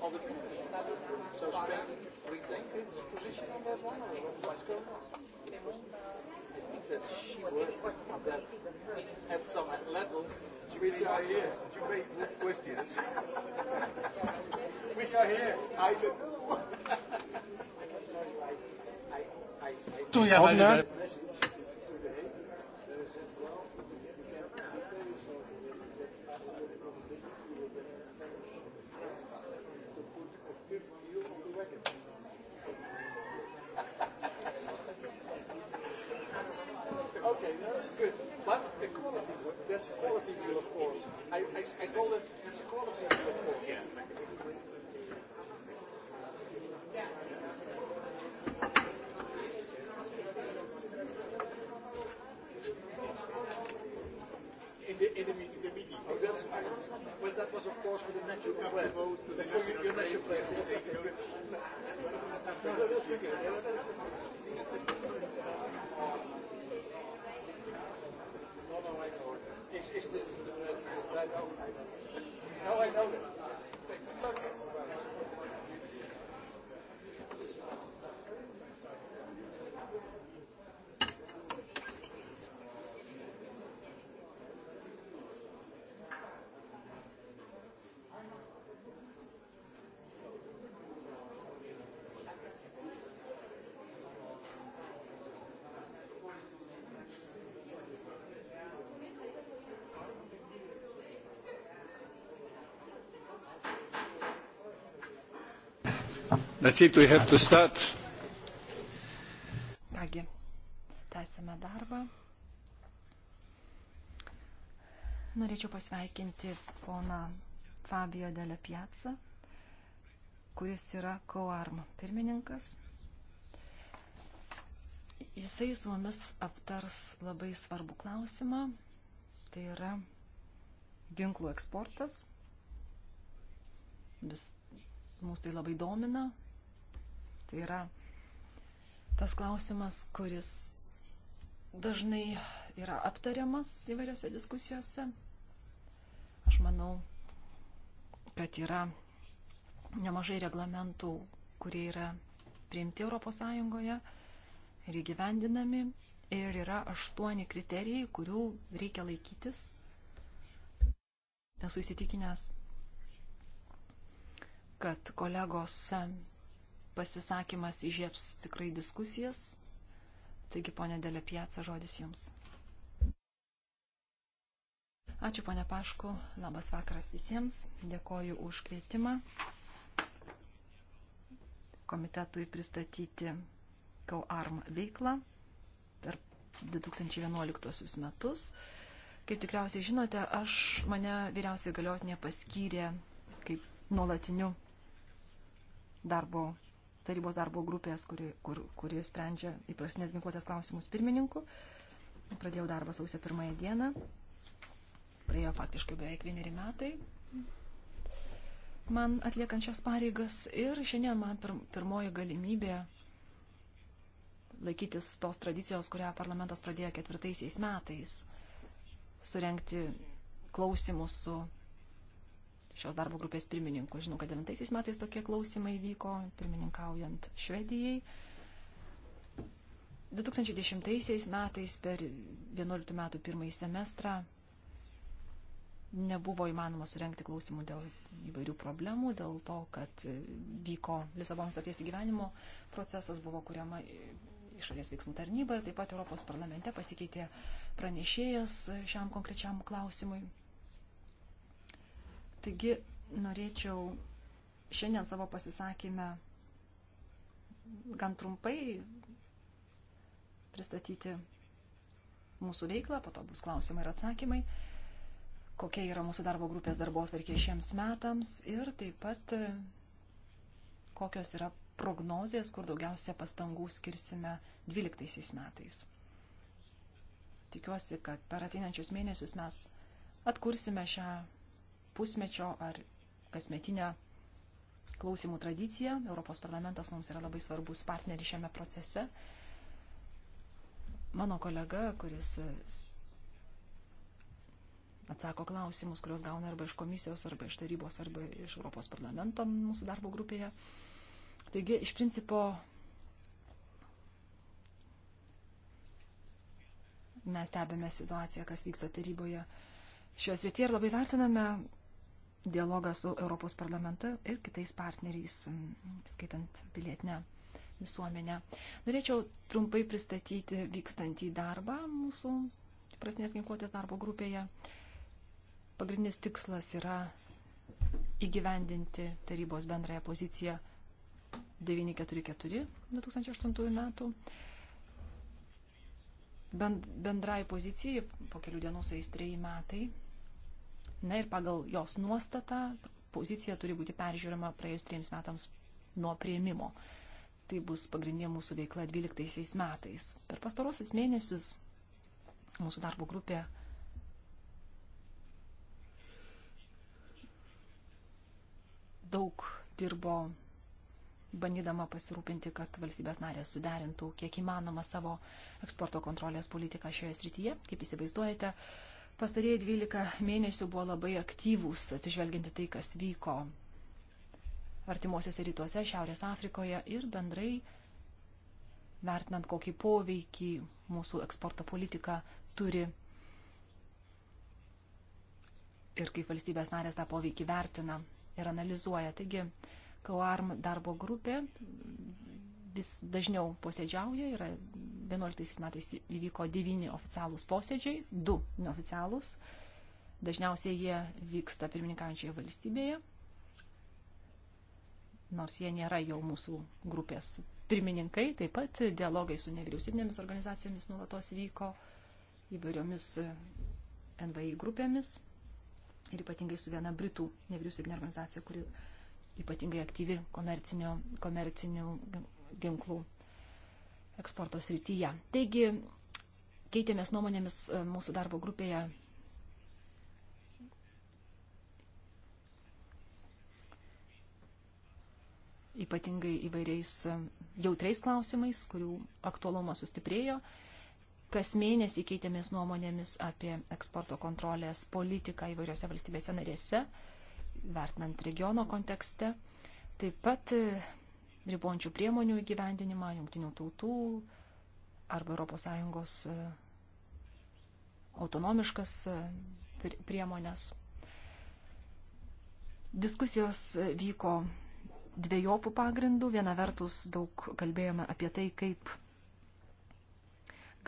All the people. So Spain retained its position on that one, or what was going on? that she worked that at some level which are here. You make good questions. which are here. I don't know. I can tell you I I I, I, I, I, I, I, I, I, I that's a quality deal, of course. I, I, I told him that's a quality deal, of course. Yeah. yeah. In the, in the meeting, the meeting. Oh, that's fine. But that was, of course, for the national you plan. Vote to the for national your national plan. Yes, okay. No, no, that's okay. is, is de, de, de, de, zijn ook. Nou, I know that. Thank you. That's it, we have to start. Kągi, tęsime darbą. Norėčiau pasveikinti poną Fabio Dele Piazza, kuris yra COARM pirmininkas. Jisai su mumis aptars labai svarbų klausimą, tai yra ginklų eksportas. Vis, mūsų tai labai domina, Tai yra tas klausimas, kuris dažnai yra aptariamas įvairiose diskusijose. Aš manau, kad yra nemažai reglamentų, kurie yra priimti ES ir įgyvendinami. Ir yra aštuoni kriterijai, kurių reikia laikytis. Esu įsitikinęs, kad kolegos pasisakymas įžieps tikrai diskusijas. Taigi, ponė Dėlė Piaca, žodis jums. Ačiū, ponė Pašku. Labas vakaras visiems. Dėkoju už kvietimą komitetui pristatyti COARM veiklą per 2011 metus. Kaip tikriausiai žinote, aš mane vyriausiai galiotinė paskyrė kaip nuolatiniu darbo tarybos darbo grupės, kuri, kur, kuri sprendžia įprasinės ginkluotės klausimus pirmininku. Pradėjau darbą sausio pirmąją dieną. Praėjo faktiškai beveik vieneri metai man atliekant šias pareigas ir šiandien man pir, pirmoji galimybė laikytis tos tradicijos, kurią parlamentas pradėjo ketvirtaisiais metais, surenkti klausimus su šios darbo grupės pirmininku. Žinau, kad 9 metais tokie klausimai vyko, pirmininkaujant Švedijai. 2010 metais per 11 metų pirmąjį semestrą nebuvo įmanoma surenkti klausimų dėl įvairių problemų, dėl to, kad vyko Lisabonos starties įgyvenimo procesas, buvo kuriama išorės veiksmų tarnyba ir taip pat Europos parlamente pasikeitė pranešėjas šiam konkrečiam klausimui. Taigi norėčiau šiandien savo pasisakymę gan trumpai pristatyti mūsų veiklą, po to bus klausimai ir atsakymai, kokia yra mūsų darbo grupės darbo atverkė šiems metams ir taip pat kokios yra prognozijas, kur daugiausia pastangų skirsime 12 metais. Tikiuosi, kad per ateinančius mėnesius mes atkursime šią pusmečio ar kasmetinę klausimų tradiciją. Europos parlamentas mums yra labai svarbus partneris šiame procese. Mano kolega, kuris atsako klausimus, kuriuos gauna arba iš komisijos, arba iš tarybos, arba iš Europos parlamento mūsų darbo grupėje. Taigi, iš principo, mes stebėme situaciją, kas vyksta taryboje šioje srityje ir labai vertiname dialogą su Europos parlamentu ir kitais partneriais, skaitant pilietinę visuomenę. Norėčiau trumpai pristatyti vykstantį darbą mūsų prasnės ginkluotės darbo grupėje. Pagrindinis tikslas yra įgyvendinti tarybos bendrąją poziciją 944 2008 metų. Bend, bendrai pozicijai po kelių dienų sais treji metai Na ir pagal jos nuostatą pozicija turi būti peržiūrima praėjus triems metams nuo prieimimo. Tai bus pagrindinė mūsų veikla 12 metais. Per pastarosius mėnesius mūsų darbo grupė daug dirbo bandydama pasirūpinti, kad valstybės narės suderintų kiek įmanoma savo eksporto kontrolės politiką šioje srityje. Kaip įsivaizduojate, uh, Pastarėjai 12 mėnesių buvo labai aktyvūs, atsižvelginti tai, kas vyko artimuosiuose rytuose, Šiaurės Afrikoje ir bendrai vertinant, kokį poveikį mūsų eksporto politika turi ir kaip valstybės narės tą poveikį vertina ir analizuoja. Taigi, KOARM darbo grupė vis dažniau posėdžiauja, yra 2011 metais įvyko devyni oficialūs posėdžiai, du neoficialūs. Dažniausiai jie vyksta pirmininkaujančioje valstybėje, nors jie nėra jau mūsų grupės pirmininkai. Taip pat dialogai su nevyriausybinėmis organizacijomis nuolatos vyko įvairiomis NVI grupėmis ir ypatingai su viena Britų nevyriausybinė organizacija, kuri ypatingai aktyvi komercinių ginklų eksporto srityje. Taigi, keitėmės nuomonėmis e, mūsų darbo grupėje. Ypatingai įvairiais e, jautriais klausimais, kurių aktualumas sustiprėjo. Kas mėnesį keitėmės nuomonėmis apie eksporto kontrolės politiką įvairiose valstybėse narėse, vertinant regiono kontekste. Taip pat e, ribončių priemonių įgyvendinimą, jungtinių tautų arba ES e, autonomiškas e, priemonės. Diskusijos e, vyko dviejopų pagrindų. Viena vertus daug kalbėjome apie tai, kaip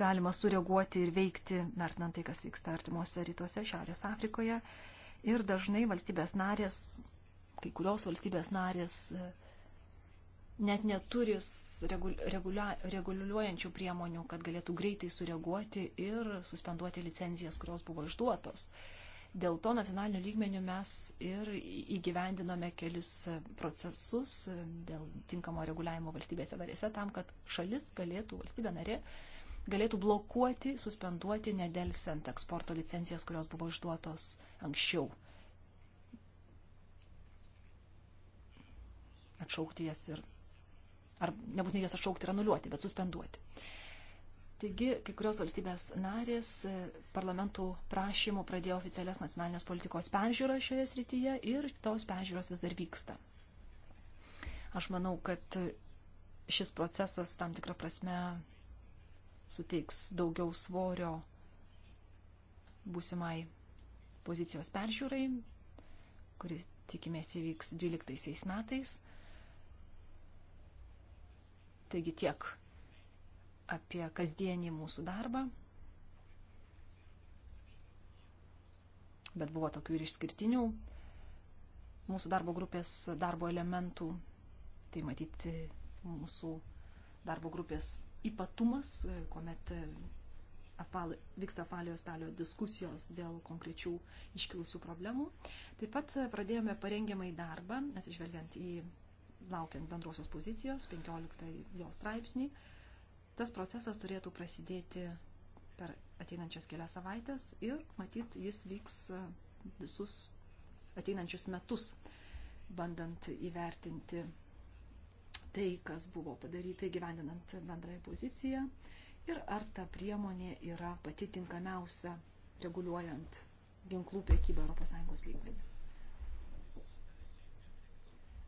galima sureaguoti ir veikti, vertinant tai, kas vyksta artimuose rytuose, Šiaurės Afrikoje. Ir dažnai valstybės narės, kai kurios valstybės narės, uh, net neturi reguliuojančių priemonių, kad galėtų greitai sureaguoti ir suspenduoti licenzijas, kurios buvo išduotos. Dėl to nacionaliniu lygmeniu mes ir įgyvendinome kelis procesus e, dėl tinkamo reguliavimo valstybėse narėse tam, kad šalis galėtų, valstybė narė, galėtų blokuoti, suspenduoti nedelsiant eksporto licencijas, kurios buvo išduotos anksčiau. atšaukti jas ir ar nebūtinai jas atšaukti ir anuliuoti, bet suspenduoti. Taigi, kai kurios valstybės narės e, parlamentų prašymų pradėjo oficialias nacionalinės politikos peržiūras šioje srityje ir tos peržiūros vis dar vyksta. Aš manau, kad šis procesas tam tikrą prasme suteiks daugiau svorio būsimai pozicijos peržiūrai, kuris tikimės įvyks 12 metais. Taigi tiek apie kasdienį mūsų darbą. Bet buvo tokių ir išskirtinių mūsų darbo grupės darbo elementų. Tai matyti mūsų darbo grupės ypatumas, kuomet apal, vyksta Falijos talio diskusijos dėl konkrečių iškilusių problemų. Taip pat pradėjome parengiamai darbą, atsižvelgiant į laukiant bendrosios pozicijos, 15 jo straipsnį. Tas procesas turėtų prasidėti per ateinančias kelias savaitės ir matyt, jis vyks e, visus ateinančius metus, bandant įvertinti tai, kas buvo padaryta gyvendinant bendrąją poziciją ir ar ta priemonė yra pati tinkamiausia reguliuojant ginklų priekybą ES lygmenį.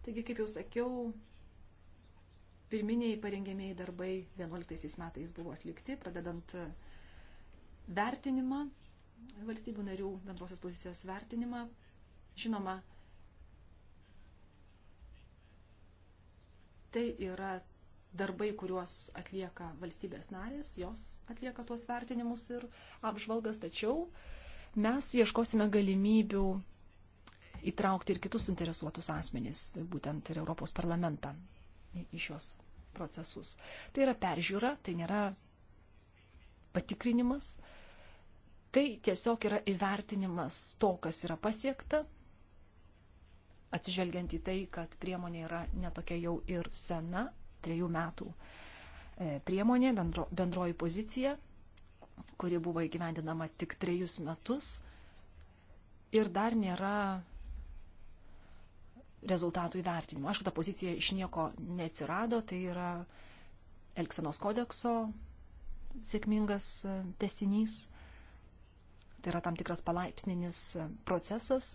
Taigi, kaip jau sakiau, pirminiai parengėmiai darbai 11 metais buvo atlikti, pradedant e, vertinimą, valstybių narių bendrosios pozicijos vertinimą. Žinoma, tai yra darbai, kuriuos atlieka valstybės narės, jos atlieka tuos vertinimus ir apžvalgas, tačiau mes ieškosime galimybių įtraukti ir kitus interesuotus asmenys, būtent ir Europos parlamentą į šios procesus. Tai yra peržiūra, tai nėra patikrinimas, tai tiesiog yra įvertinimas to, kas yra pasiekta, atsižvelgiant į tai, kad priemonė yra netokia jau ir sena, trejų metų e, priemonė, bendro, bendroji pozicija, kuri buvo įgyvendinama tik trejus metus ir dar nėra rezultatų įvertinimo. Aišku, ta pozicija iš nieko neatsirado, tai yra Elksenos kodekso sėkmingas e, tesinys, tai yra tam tikras palaipsninis e, procesas,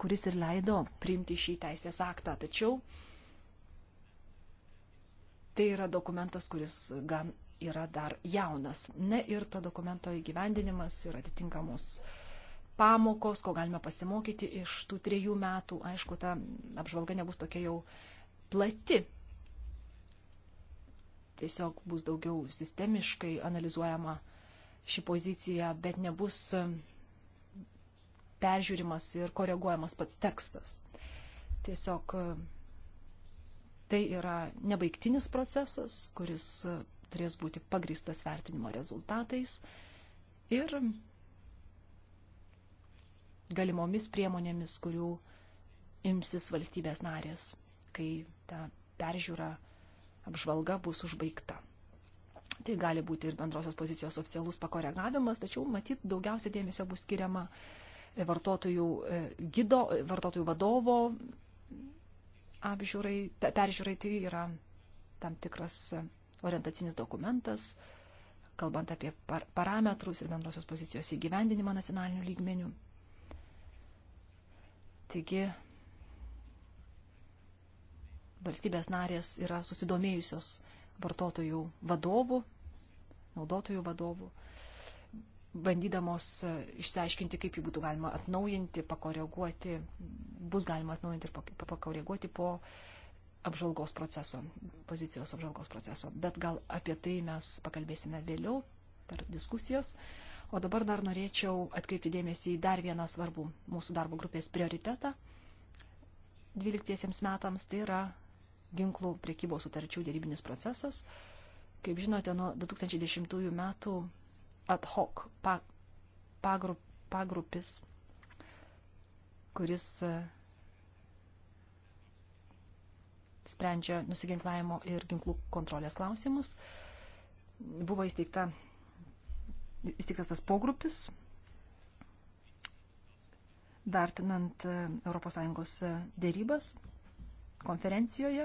kuris ir leido priimti šį teisės aktą. Tačiau tai yra dokumentas, kuris gan yra dar jaunas. Ne ir to dokumento įgyvendinimas ir atitinkamos uh, pamokos, ko galime pasimokyti iš tų trejų metų. Aišku, ta apžvalga nebus tokia jau plati. Tiesiog bus daugiau sistemiškai analizuojama ši pozicija, bet nebus um, peržiūrimas ir koreguojamas pats tekstas. Tiesiog um, tai yra nebaigtinis procesas, kuris uh, turės būti pagristas vertinimo rezultatais. Ir um, galimomis priemonėmis, kurių imsis valstybės narės, kai ta peržiūra apžvalga bus užbaigta. Tai gali būti ir bendrosios pozicijos oficialus pakoregavimas, tačiau matyt daugiausia dėmesio bus skiriama e, vartotojų e, gido, e, vartotojų vadovo mm, apžiūrai, peržiūrai. Tai yra tam tikras orientacinis dokumentas, kalbant apie par parametrus ir bendrosios pozicijos įgyvendinimą nacionaliniu lygmeniu. Taigi valstybės narės yra susidomėjusios vartotojų vadovų, naudotojų vadovų, bandydamos išsiaiškinti, kaip jį būtų galima atnaujinti, pakoreguoti, bus galima atnaujinti ir pakoreguoti po apžvalgos proceso, pozicijos apžvalgos proceso. Bet gal apie tai mes pakalbėsime vėliau per diskusijos. Uh, O dabar dar norėčiau atkreipti dėmesį į dar vieną svarbų mūsų darbo grupės prioritetą 12 metams, tai yra ginklų priekybos sutarčių dėrybinis procesas. Kaip žinote, nuo 2010 metų ad hoc pagrup, pagrupis, kuris e, sprendžia nusiginklavimo ir ginklų kontrolės klausimus, buvo įsteigta įsteigtas tas pogrupis, vertinant ES e, dėrybas konferencijoje.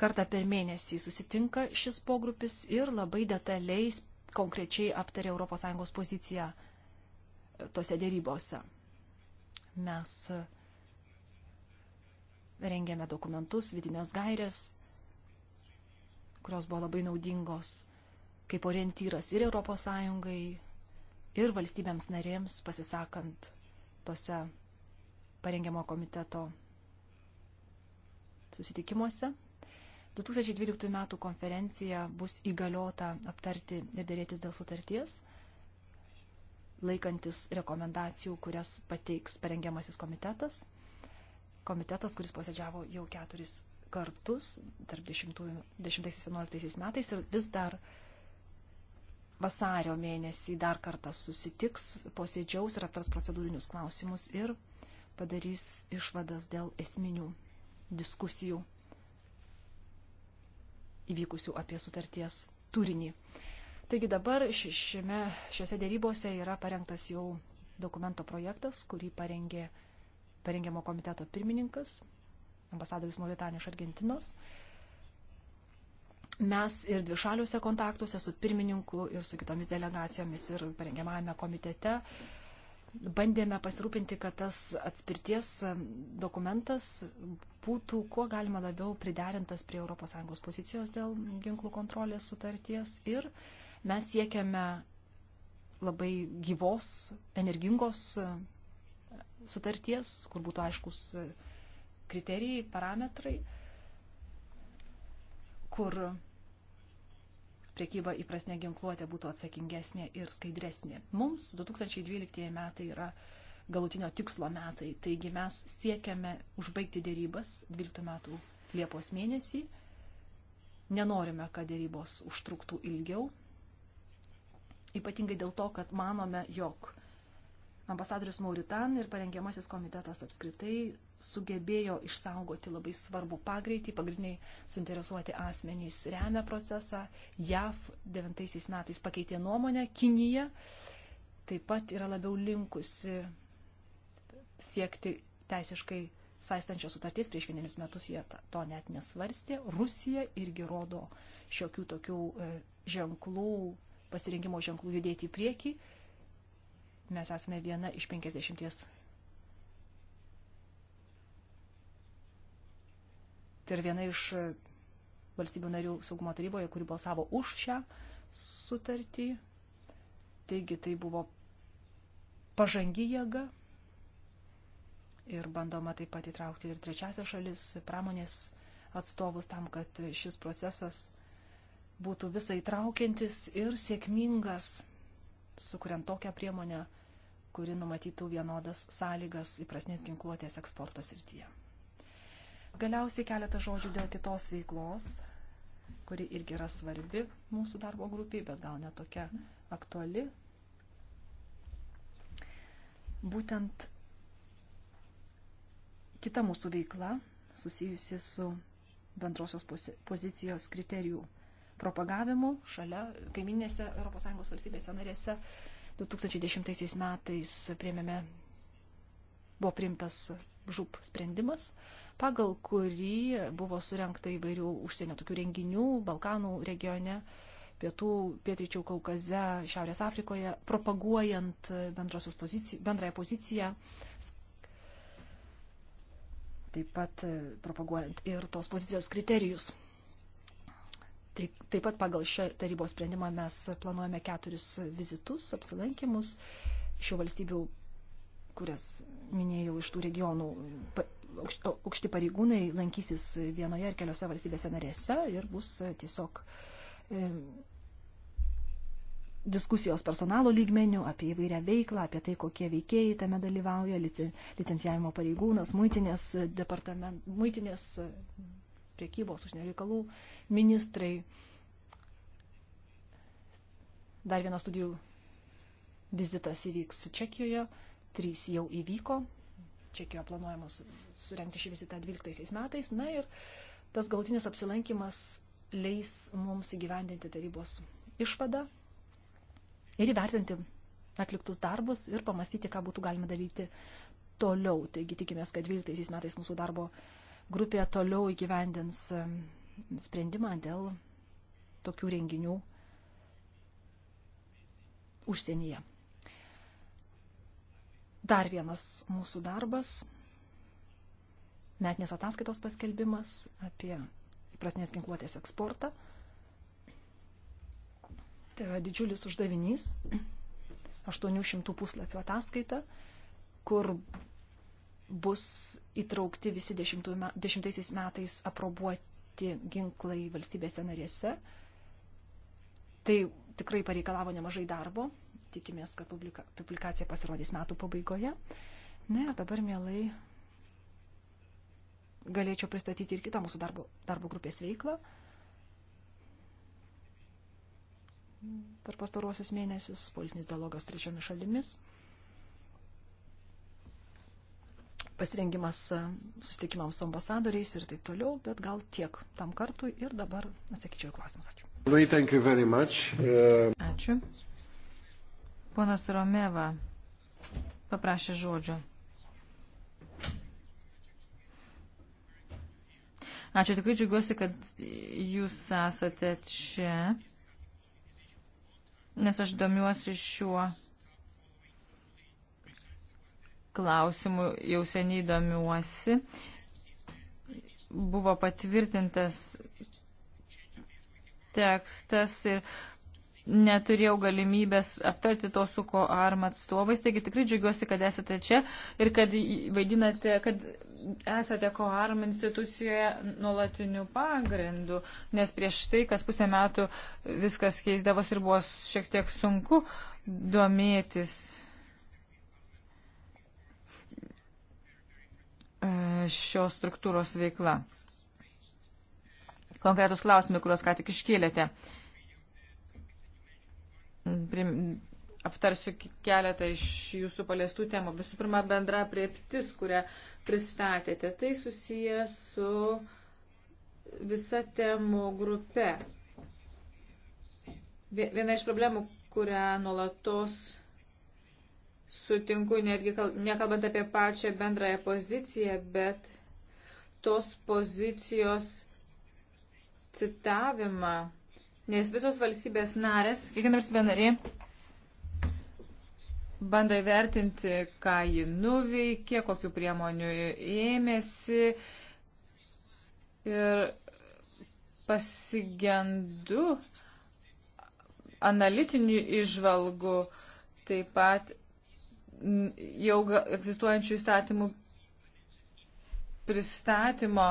Kartą per mėnesį susitinka šis pogrupis ir labai detaliai, konkrečiai aptarė ES poziciją e, tose dėrybose. Mes e, rengėme dokumentus, vidinės gairės, kurios buvo labai naudingos kaip orientyras ir ES, ir valstybėms narėms pasisakant tose parengiamo komiteto susitikimuose. 2012 m. konferencija bus įgaliota aptarti ir dėrėtis dėl sutarties, laikantis rekomendacijų, kurias pateiks parengiamasis komitetas. Komitetas, kuris posėdžiavo jau keturis kartus tarp 10-11 metais ir vis dar uh, vasario mėnesį dar kartą susitiks, posėdžiaus ir aptars procedūrinius klausimus ir padarys išvadas dėl esminių diskusijų įvykusių apie sutarties turinį. Taigi dabar šiame, šiuose dėrybose yra parengtas jau dokumento projektas, kurį parengė parengiamo komiteto pirmininkas, ambasadorius Mauritanė iš Argentinos. Uh, mes ir dvišaliuose kontaktuose su pirmininku ir su kitomis delegacijomis ir parengiamajame komitete bandėme pasirūpinti, kad tas atspirties dokumentas būtų kuo galima labiau priderintas prie ES pozicijos dėl ginklų kontrolės sutarties ir mes siekiame labai gyvos, energingos e, sutarties, kur būtų aiškus e, kriterijai, parametrai, kur priekyba įprasnė ginkluotė būtų atsakingesnė ir skaidresnė. Mums 2012 metai yra galutinio tikslo metai, taigi mes siekiame užbaigti dėrybas 12 metų Liepos mėnesį. Nenorime, kad dėrybos užtruktų ilgiau, ypatingai dėl to, kad manome, jog ambasadorius Mauritan ir parengiamasis komitetas apskritai sugebėjo išsaugoti labai svarbų pagreitį, pagrindiniai suinteresuoti asmenys remia procesą, JAV 9 metais pakeitė nuomonę, Kinija taip pat yra labiau linkusi siekti teisiškai saistančios sutarties, prieš vienerius metus jie to net nesvarstė, Rusija irgi rodo šiokių tokių e, ženklų, pasirinkimo ženklų judėti į priekį, Mes esame viena iš 50. Tai yra viena iš valstybių narių saugumo taryboje, kuri balsavo už šią sutartį. Taigi tai buvo pažangi jėga ir bandoma taip pat įtraukti ir trečiasias šalis, pramonės atstovus tam, kad šis procesas būtų visai traukiantis ir sėkmingas, sukuriant tokią priemonę, kuri numatytų vienodas sąlygas įprasnės ginkluotės eksporto srityje. Galiausiai keletą žodžių dėl kitos veiklos, kuri irgi yra svarbi mūsų darbo grupiai, bet gal netokia aktuali. Būtent kita mūsų veikla susijusi su bendrosios pozicijos kriterijų propagavimu šalia kaiminėse ES valstybėse narėse 2010 metais priėmėme, buvo priimtas žūp sprendimas, pagal kurį buvo surinkta įvairių užsienio tokių renginių Balkanų regione, pietų, pietryčių Kaukaze, Šiaurės Afrikoje, propaguojant poziciją, bendrąją poziciją, taip pat propaguojant ir tos pozicijos kriterijus. Taip, taip pat pagal šią tarybos sprendimą mes planuojame keturis vizitus, apsilankimus šių valstybių, kurias minėjau iš tų regionų. Aukšti pareigūnai lankysis vienoje ar keliose valstybėse narėse ir bus tiesiog diskusijos personalo lygmenių apie įvairią veiklą, apie tai, kokie veikėjai tame dalyvauja, licencijavimo pareigūnas, muitinės, departament, muitinės priekybos užsienio reikalų ministrai. Dar vienas studijų vizitas įvyks Čekijoje, trys jau įvyko. Čekijoje planuojamas surengti šį vizitą 12 metais. Na ir tas galutinis apsilankimas leis mums įgyvendinti tarybos išvadą ir įvertinti atliktus darbus ir pamastyti, ką būtų galima daryti toliau. Taigi tikimės, kad 12 metais mūsų darbo grupė toliau įgyvendins sprendimą dėl tokių renginių užsienyje. Dar vienas mūsų darbas - metinės ataskaitos paskelbimas apie įprasnės ginkluotės eksportą. Tai yra didžiulis uždavinys - 800 puslapio ataskaita, kur bus įtraukti visi dešimtaisiais metais aprobuoti ginklai valstybėse narėse. Tai tikrai pareikalavo nemažai darbo. Tikimės, kad publika, publikacija pasirodys metų pabaigoje. Na ir dabar, mielai, galėčiau pristatyti ir kitą mūsų darbo, darbo grupės veiklą. Per pastarosius mėnesius politinis dialogas trečiomis šalimis pasirengimas e, susitikimams su ambasadoriais ir taip toliau, bet gal tiek tam kartui ir dabar atsakyčiau į klausimus. Ačiū. Uh... Ačiū. Ponas Romeva paprašė žodžio. Ačiū, tikrai džiugiuosi, kad jūs esate čia, nes aš domiuosi šiuo klausimų jau seniai domiuosi. Buvo patvirtintas tekstas ir neturėjau galimybės aptarti to su ko arm atstovais, taigi tikrai džiaugiuosi, kad esate čia ir kad vaidinate, kad esate ko arm institucijoje nuolatiniu pagrindu, nes prieš tai, kas pusę metų viskas keisdavos ir buvo šiek tiek sunku domėtis E, šios struktūros veikla. Konkretus klausimai, kuriuos ką tik iškėlėte. Aptarsiu keletą iš jūsų paliestų temų. Visų pirma, bendra prieptis, kurią pristatėte, tai susiję su visa temų grupe. Viena iš problemų, kurią nuolatos sutinku, netgi kal, nekalbant apie pačią bendrąją poziciją, bet tos pozicijos citavimą, nes visos valstybės narės, kiekviena valstybė narė, bando įvertinti, ką ji nuveikė, kokiu priemonių ėmėsi ir pasigendu analitinių išvalgų, taip pat jau egzistuojančių įstatymų pristatymo,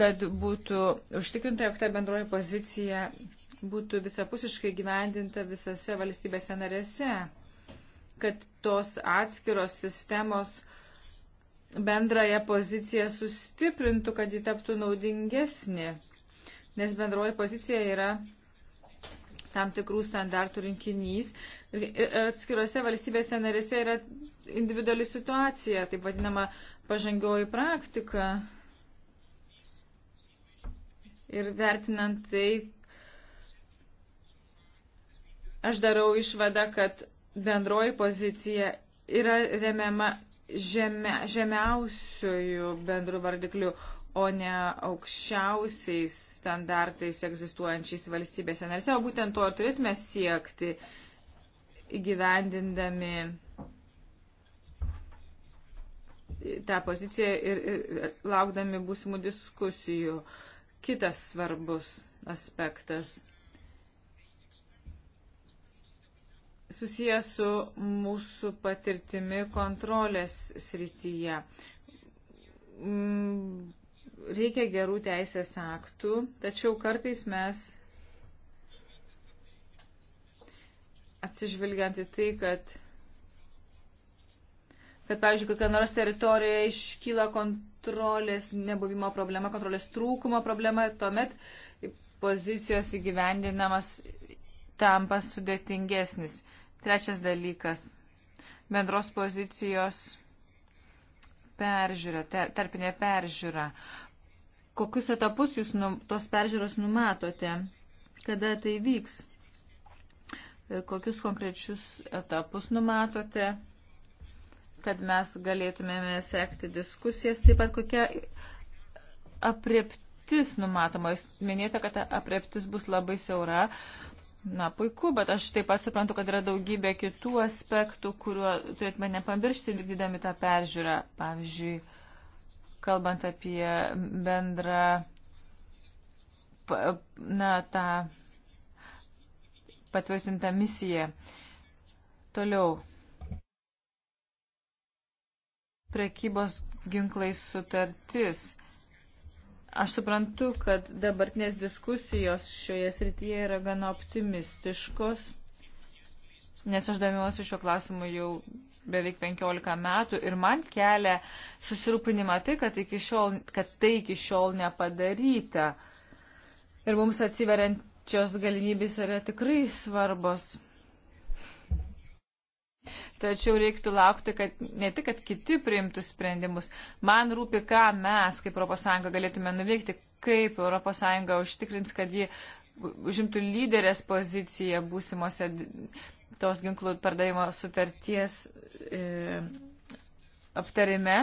kad būtų užtikrinta, jog ta bendroji pozicija būtų visapusiškai gyvendinta visose valstybėse narėse, kad tos atskiros sistemos bendrąją poziciją sustiprintų, kad ji taptų naudingesnė, nes bendroji pozicija yra tam tikrų standartų rinkinys. Ir atskirose valstybėse narėse yra individuali situacija, taip vadinama pažangioji praktika. Ir vertinant tai, aš darau išvadą, kad bendroji pozicija yra remiama žemia, žemiausiųjų bendrų vardiklių, o ne aukščiausiais standartais egzistuojančiais valstybėse narse, o būtent to ir turėtume siekti įgyvendindami tą poziciją ir, ir laukdami būsimų diskusijų. Kitas svarbus aspektas susijęs su mūsų patirtimi kontrolės srityje mm, reikia gerų teisės aktų, tačiau kartais mes atsižvelgiant į tai, kad, kad pavyzdžiui, kokia nors teritorija iškyla kontrolės nebuvimo problema, kontrolės trūkumo problema, tuomet pozicijos įgyvendinamas tampa sudėtingesnis. Trečias dalykas - bendros pozicijos peržiūra, tarpinė peržiūra kokius etapus jūs nu, tos peržiūros numatote, kada tai vyks ir kokius konkrečius etapus numatote, kad mes galėtumėme sekti diskusijas, taip pat kokia apreptis numatoma. Jūs minėjote, kad apreptis bus labai siaura. Na, puiku, bet aš taip pat suprantu, kad yra daugybė kitų aspektų, kuriuo turėtume nepamiršti vykdydami tą peržiūrą. Pavyzdžiui, kalbant apie bendrą na, tą patvirtintą misiją. Toliau. Prekybos ginklais sutartis. Aš suprantu, kad dabartinės diskusijos šioje srityje yra gana optimistiškos nes aš domiuosi šiuo klausimu jau beveik 15 metų ir man kelia susirūpinimą tai, kad, iki šiol, kad tai iki šiol nepadaryta. Ir mums atsiveriančios galimybės yra tikrai svarbos. Tačiau reiktų laukti, kad ne tik, kad kiti priimtų sprendimus. Man rūpi, ką mes kaip ES galėtume nuveikti, kaip ES užtikrins, kad ji užimtų lyderės poziciją būsimose tos ginklų pardavimo sutarties e, aptarime.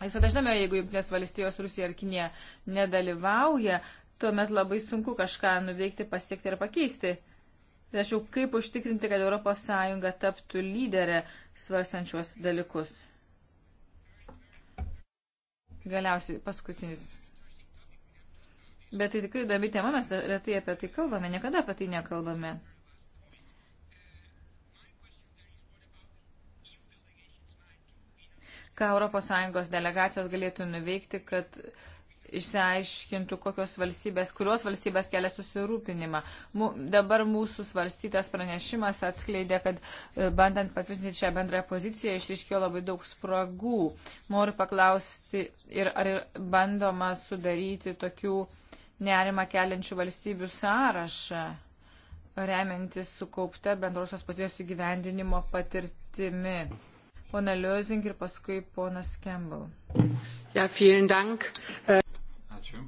Visada žinome, jeigu Junktinės valstijos, Rusija ar Kinė nedalyvauja, tuomet labai sunku kažką nuveikti, pasiekti ir pakeisti. Tačiau kaip užtikrinti, kad ES taptų lyderę svarstančios dalykus? Galiausiai paskutinis. Bet tai tikrai įdomi tema, mes retai apie tai kalbame, niekada apie tai nekalbame. ką ES delegacijos galėtų nuveikti, kad išsiaiškintų, kokios valstybės, kurios valstybės kelia susirūpinimą. Mū, dabar mūsų svarstytas pranešimas atskleidė, kad e, bandant patvirtinti šią bendrąją poziciją išriškėjo labai daug spragų. Noriu paklausti, ir, ar bandoma sudaryti tokių nerima keliančių valstybių sąrašą, remiantis sukaupta bendrosios pozicijos įgyvendinimo patirtimi pona Liozing ir paskui ponas Campbell. Ja, dank. Ačiū.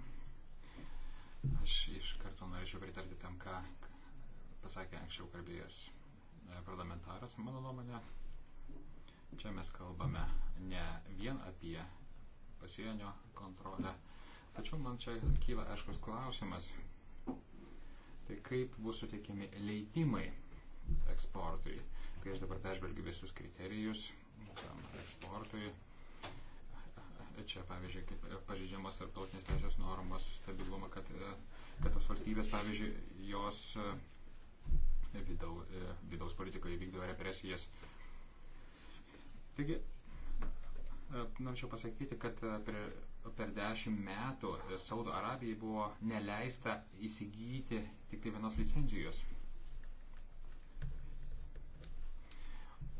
Aš iš karto norėčiau pritarti tam, ką pasakė anksčiau kalbėjęs e, parlamentaras, mano nuomonė. Čia mes kalbame ne vien apie pasienio kontrolę, tačiau man čia kyla aiškus klausimas, tai kaip bus suteikiami leidimai eksportui, kai aš dabar peržvelgiu visus kriterijus, tam eksportui. E, čia, pavyzdžiui, kaip pažydžiamos tarptautinės teisės normos stabilumą, kad, e, kad tos valstybės, pavyzdžiui, jos e, vidau, vidaus politikoje vykdo represijas. Taigi, norėčiau pasakyti, kad prie, per dešimt metų Saudo Arabijai buvo neleista įsigyti tik tai vienos licencijos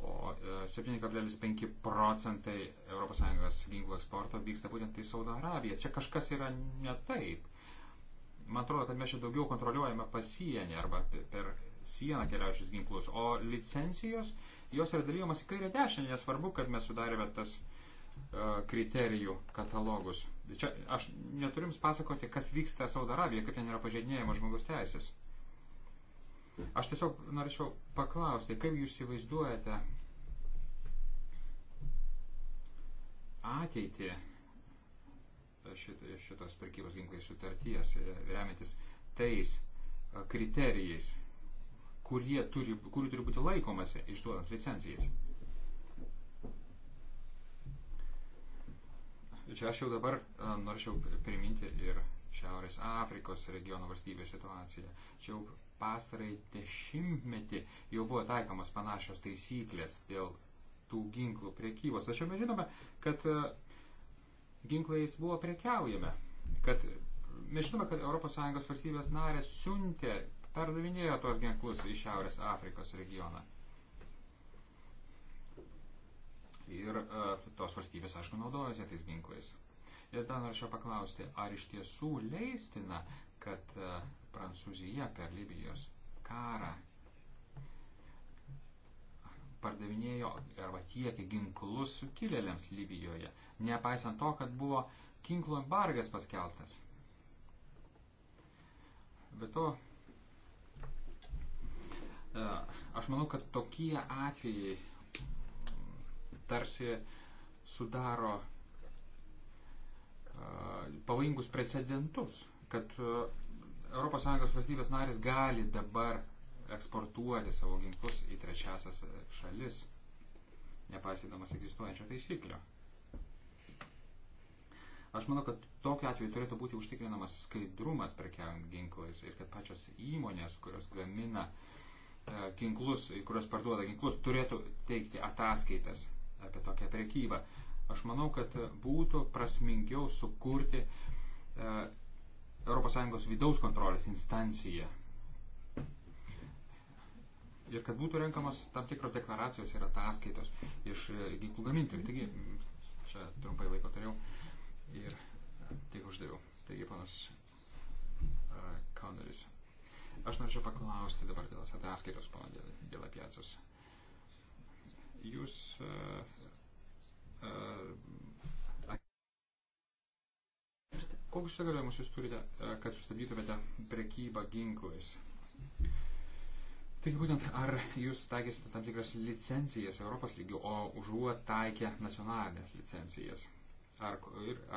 o 7,5 e, procentai ES ginklų eksporto vyksta būtent į Saudo Arabiją. Čia kažkas yra ne taip. Man atrodo, kad mes čia daugiau kontroliuojame pasienį arba per sieną keliaujančius ginklus, o licencijos, jos yra dalyjamas į kairę dešinę, nesvarbu, kad mes sudarėme tas uh, kriterijų katalogus. Čia aš neturiu jums pasakoti, kas vyksta Saudo Arabijoje, kaip ten yra pažeidinėjama žmogus teisės. Aš tiesiog norėčiau paklausti, kaip jūs įsivaizduojate ateitį šitos prekybos ginklais sutarties, e, remiantis tais e, kriterijais, kurie turi, kurių turi būti laikomasi išduodant licencijas. Čia aš jau dabar e, norėčiau priminti ir Šiaurės Afrikos regiono valstybės situaciją. Čia jau pasarai dešimtmetį jau buvo taikomas panašios taisyklės dėl tų ginklų priekybos. Tačiau mes žinome, kad e, ginklais buvo prekiaujama, kad mes žinome, kad ES valstybės narės siuntė, perdavinėjo tuos ginklus į Šiaurės Afrikos regioną. Ir uh, tos valstybės, aišku, naudojasi tais ginklais. Ir dar norėčiau paklausti, ar iš tiesų leistina, kad e, Prancūzija per Libijos karą pardavinėjo arba tiekė ginklus sukilėliams Libijoje, nepaisant to, kad buvo ginklų embargas paskeltas. Be to, e, aš manau, kad tokie atvejai tarsi sudaro e, pavojingus precedentus kad ES valstybės narės gali dabar eksportuoti savo ginklus į trečiasias e, šalis, nepaisydamas egzistuojančio taisyklių. Aš manau, kad tokiu atveju turėtų būti užtikrinamas skaidrumas prekiaujant ginklais ir kad pačios įmonės, kurios gamina e, ginklus, kurios parduoda ginklus, turėtų teikti ataskaitas apie tokią prekybą. Aš manau, kad būtų prasmingiau sukurti e, ES vidaus kontrolės instancija. Ir kad būtų renkamos tam tikros deklaracijos ir ataskaitos iš e, ginklų gamintojų. Taigi, čia trumpai laiko turėjau ir e, tik uždaviau. Taigi, panas Kauneris. E, Aš norėčiau paklausti dabar dėl ataskaitos, pana dėl, dėl apiacijos. Jūs uh, uh, Kokius įgaliojimus jūs turite, e, kad sustabdytumėte prekybą ginklais? Taigi būtent, ar jūs taikysite tam tikras licencijas Europos lygių, o užuot taikę nacionalinės licencijas? Ar,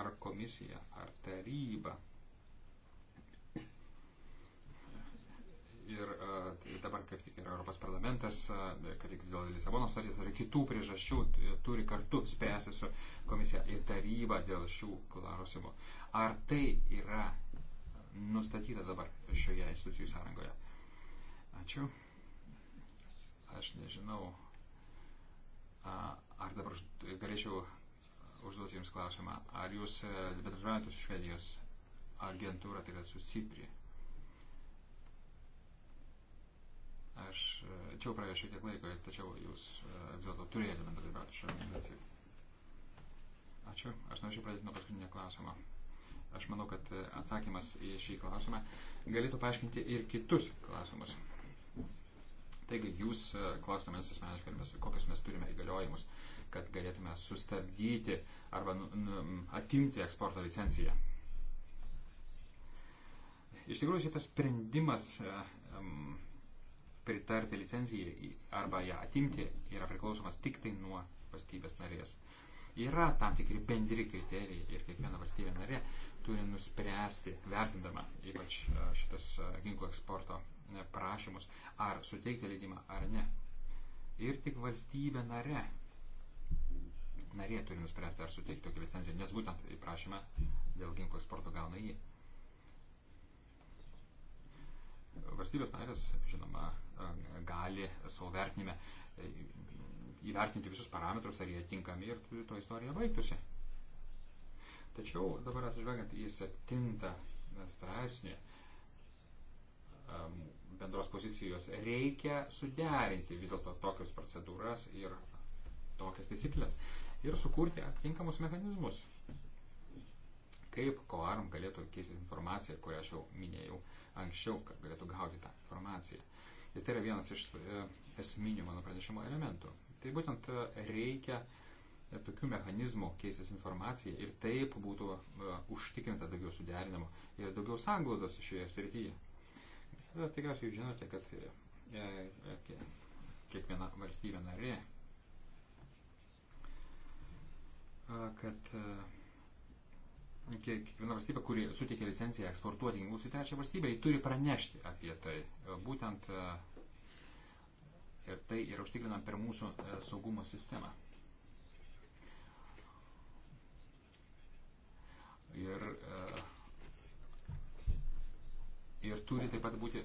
ar komisija, ar taryba ir e, tai dabar kaip tik ir Europos parlamentas, e, kaip tik dėl Lisabono sutarties ar kitų priežasčių e, turi kartu spręsti su komisija ir taryba dėl šių klausimų. Ar tai yra nustatyta dabar šioje institucijų sąrangoje? Ačiū. Aš nežinau, ar dabar galėčiau užduoti Jums klausimą. Ar Jūs bendradarbiaujate su Švedijos agentūra, tai yra su Ciprija? Aš e, čia jau praėjo šiek tiek laiko, tačiau jūs e, vis dėlto turėjote bendradarbiauti šioje organizacijoje. Ačiū. Aš norėčiau pradėti nuo paskutinio klausimo. Aš manau, kad e, atsakymas į šį klausimą galėtų paaiškinti ir kitus klausimus. Taigi jūs klausomės asmeniškai, kokius mes turime įgaliojimus, kad galėtume sustabdyti arba nu, nu, atimti eksporto licenciją. Iš tikrųjų, šitas sprendimas um, pritarti licenzijai arba ją atimti yra priklausomas tik tai nuo valstybės narės. Yra tam tikri bendri kriterijai ir kiekviena valstybė narė turi nuspręsti, vertindama ypač e, šitas e, ginklų eksporto e, prašymus, ar suteikti leidimą ar ne. Ir tik valstybė narė, narė turi nuspręsti, ar suteikti tokią licenciją, nes būtent prašymą dėl ginklų eksporto gauna jį. Valstybės narės, žinoma, e, gali savo vertinime e, įvertinti visus parametrus, ar jie tinkami ir to istorija baigtųsi. Tačiau dabar atsižvelgiant į septintą straipsnį e, bendros pozicijos, reikia suderinti vis dėlto tokias procedūras ir tokias taisyklės ir sukurti atitinkamus mechanizmus kaip Koarum galėtų keistis informaciją, kurią aš jau minėjau anksčiau, kad galėtų gauti tą informaciją. Ir tai yra vienas iš e, esminių mano pranešimo elementų. Tai būtent e, reikia e, tokių mechanizmų keistis informacija ir taip būtų uh, užtikrinta daugiau suderinimo ir daugiau sanglaudos šioje srityje. Bet tikriausiai jūs žinote, kad uh, kiekviena valstybė narė, uh, kad uh, kiekviena valstybė, kuri suteikia licenciją eksportuoti ginklus į trečią valstybę, jį turi pranešti apie tai. E, būtent e, ir tai yra užtikrinama per mūsų e, saugumo sistemą. Ir, ir turi taip pat būti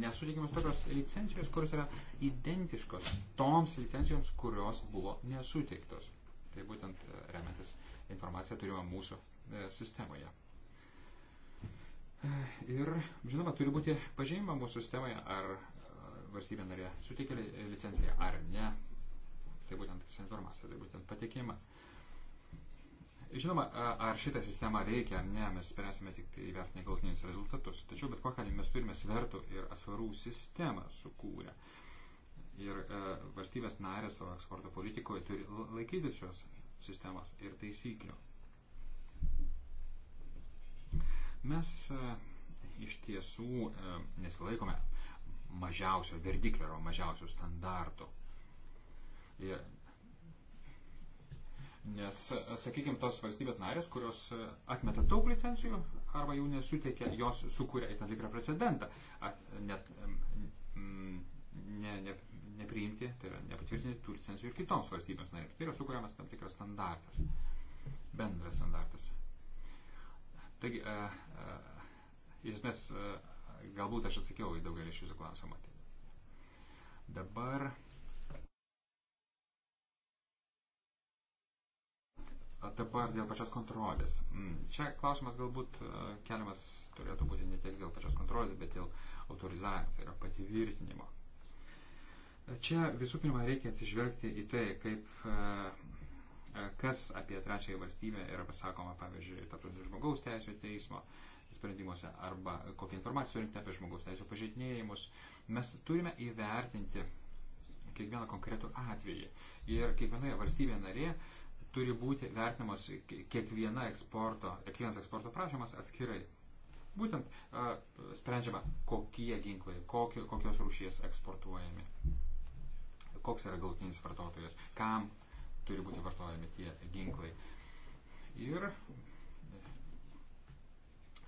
nesuteikiamas tokios licencijos, kurios yra identiškos toms licencijoms, kurios buvo nesuteiktos. Tai būtent remiantis informacija turima mūsų E, sistemoje. E, ir, žinoma, turi būti pažymima mūsų sistemoje, ar e, valstybė narė suteikia licenciją ar ne. Tai būtent visa informacija, tai būtent patikima. Žinoma, ar šitą sistemą veikia ar ne, mes spręsime tik tai įvertinę galutinius rezultatus. Tačiau bet kokią mes turime svertų ir atsvarų sistemą sukūrę. Ir e, valstybės narės savo eksporto politikoje turi laikytis šios sistemos ir taisyklių. Mes e, iš tiesų e, nesilaikome mažiausio verdiklio arba mažiausio standarto. Ir Nes, e, sakykime, tos valstybės narės, kurios atmeta daug licencijų arba jų nesuteikia, jos sukuria tam tikrą precedentą. At, net mm, ne, ne, nepriimti, tai yra nepatvirtinti tų licencijų ir kitoms valstybėms narėms. Tai yra sukūriamas tam tikras standartas. Bendras standartas. Taigi, e, e, iš esmės, e, galbūt aš atsakiau į daugelį iš jūsų klausimų. Dabar. Dabar dėl pačios kontrolės. Mm, čia klausimas galbūt keliamas turėtų būti ne tiek dėl pačios kontrolės, bet dėl autorizavimo, tai yra patvirtinimo. Čia visų pirma reikia atsižvelgti į tai, kaip kas apie trečiąją valstybę yra pasakoma, pavyzdžiui, tarptautinio žmogaus teisų teismo sprendimuose arba kokią informaciją surinkti apie žmogaus teisų pažeidinėjimus. Mes turime įvertinti kiekvieną konkretų atvejį. Ir kiekvienoje valstybėje narėje turi būti vertinamas kiekviena eksporto, kiekvienas eksporto prašymas atskirai. Būtent uh, sprendžiama, kokie ginklai, kokio, kokios rūšies eksportuojami, koks yra galutinis vartotojas, kam turi būti vartojami tie ginklai. Ir,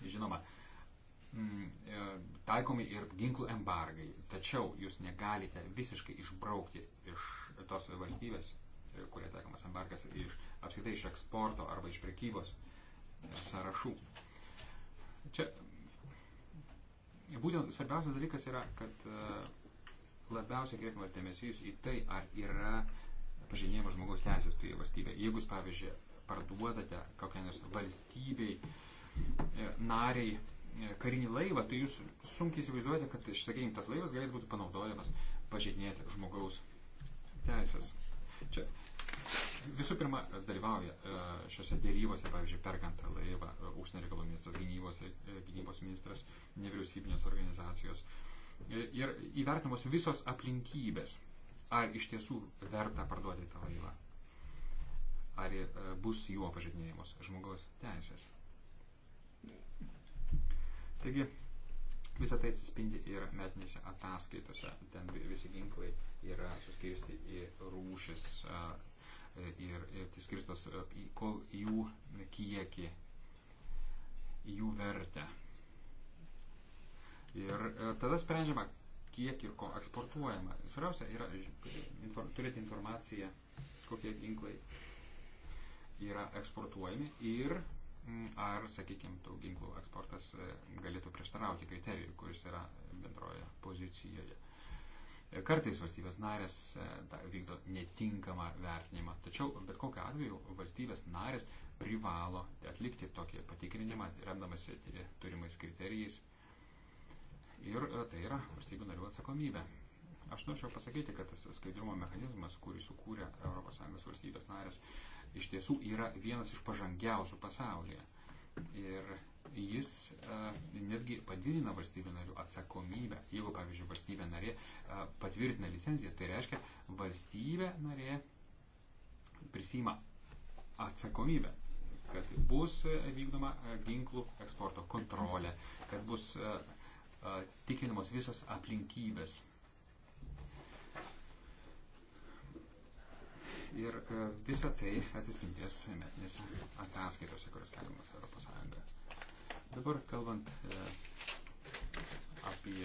žinoma, mm, e, taikomi ir ginklų embargai, tačiau jūs negalite visiškai išbraukti iš tos valstybės, e, kuria taikomas embargas, iš apskritai iš eksporto arba iš prekybos e, sąrašų. Čia būtent svarbiausias dalykas yra, kad labiausiai kreipiamas dėmesys į tai, ar yra pažinėjama žmogaus teisės toje valstybėje. Jeigu jūs, pavyzdžiui, parduodate kokią nors valstybei e, nariai e, karinį laivą, tai jūs sunkiai įsivaizduojate, kad, tai, sakykime, tas laivas galės būti panaudojamas pažeidinėti žmogaus teisės. Čia visų pirma dalyvauja e, šiuose dėrybose, pavyzdžiui, perkant laivą, užsienio reikalų ministras, gynybos, gynybos ministras, nevyriausybinės organizacijos. Ir įvertinamos visos aplinkybės, ar iš tiesų verta parduoti tą laivą, ar e, bus juo pažydinėjamos žmogaus teisės. Taigi, visą tai atsispindi ir metinėse ataskaitose. Ten visi ginklai yra suskirsti į rūšis e, ir, ir tai skirstos e, į kol jų kiekį, jų vertę. Ir tada sprendžiama, kiek ir ko eksportuojama. Svarbiausia yra inform, turėti informaciją, kokie ginklai yra eksportuojami ir mm, ar, sakykime, tų ginklų eksportas e, galėtų prieštarauti kriterijui, kuris yra bendroje pozicijoje. E, kartais valstybės narės e, vykdo netinkamą vertinimą, tačiau bet kokiu atveju valstybės narės privalo atlikti tokį patikrinimą, remdamasi turimais kriterijais Ir e, tai yra valstybių narių atsakomybė. Aš norėčiau pasakyti, kad tas skaidrumo mechanizmas, kurį sukūrė ES valstybės narės, iš tiesų yra vienas iš pažangiausių pasaulyje. Ir jis uh, netgi padidina valstybių narių atsakomybę. Jeigu, pavyzdžiui, valstybė narė uh, patvirtina licenciją, tai reiškia, valstybė narė prisima atsakomybę kad bus vykdoma ginklų eksporto kontrolė, kad bus uh, tikrinamos visos aplinkybės. Ir e, visa tai atsispindės metinėse ataskaitose, kurios keliamos Europos Sąjunga. Dabar kalbant e, apie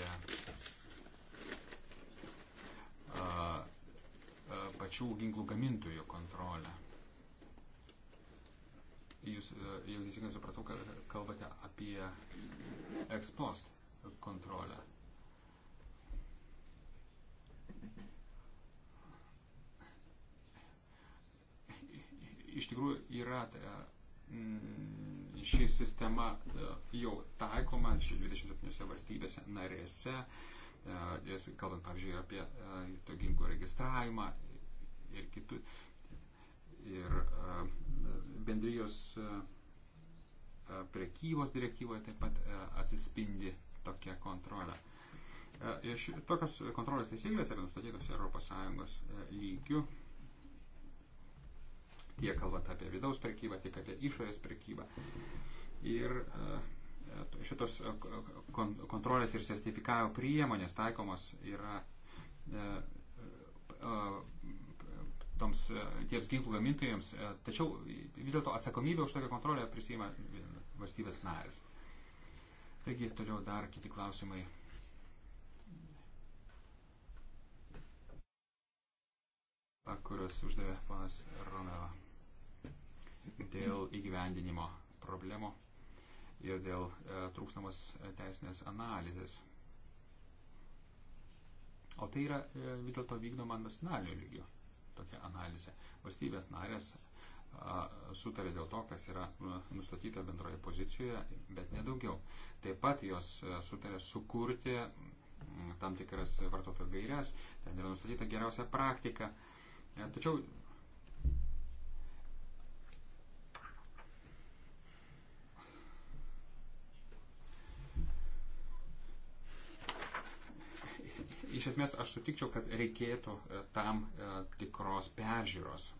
pačių ginklų gamintojų kontrolę. Jūs, e, jeigu teisingai supratau, kalbate apie ekspost kontrolę. Iš tikrųjų yra e, mm, ši sistema e, jau taikoma 27 valstybėse narėse, e, kalbant pavyzdžiui apie to ginklo registravimą ir kitus. Ir bendrijos prekybos direktyvoje taip pat atsispindi tokia kontrolė. E, ir ši, tokios kontrolės taisyklės yra nustatytos ES e, lygių, tiek kalbant apie vidaus prekybą, tiek apie išorės prekybą. Ir e, šitos kontrolės ir sertifikavimo priemonės taikomos yra toms, tiems ginklų gamintojams, tačiau vis dėlto atsakomybę už tokią kontrolę prisima valstybės narės. Taigi toliau dar kiti klausimai. kuriuos uždavė panas Romeva. Dėl įgyvendinimo problemų ir dėl e, trūkstamos teisinės analizės. O tai yra e, vis dėlto vykdoma nacionaliniu lygiu, tokia analizė. Valstybės narės sutarė dėl to, kas yra nustatyta bendroje pozicijoje, bet nedaugiau. Taip pat jos e, sutarė sukurti tam tikras vartotojų gairias, ten yra nustatyta geriausia praktika. E, tačiau iš esmės aš sutikčiau, kad reikėtų e, tam tikros peržiūros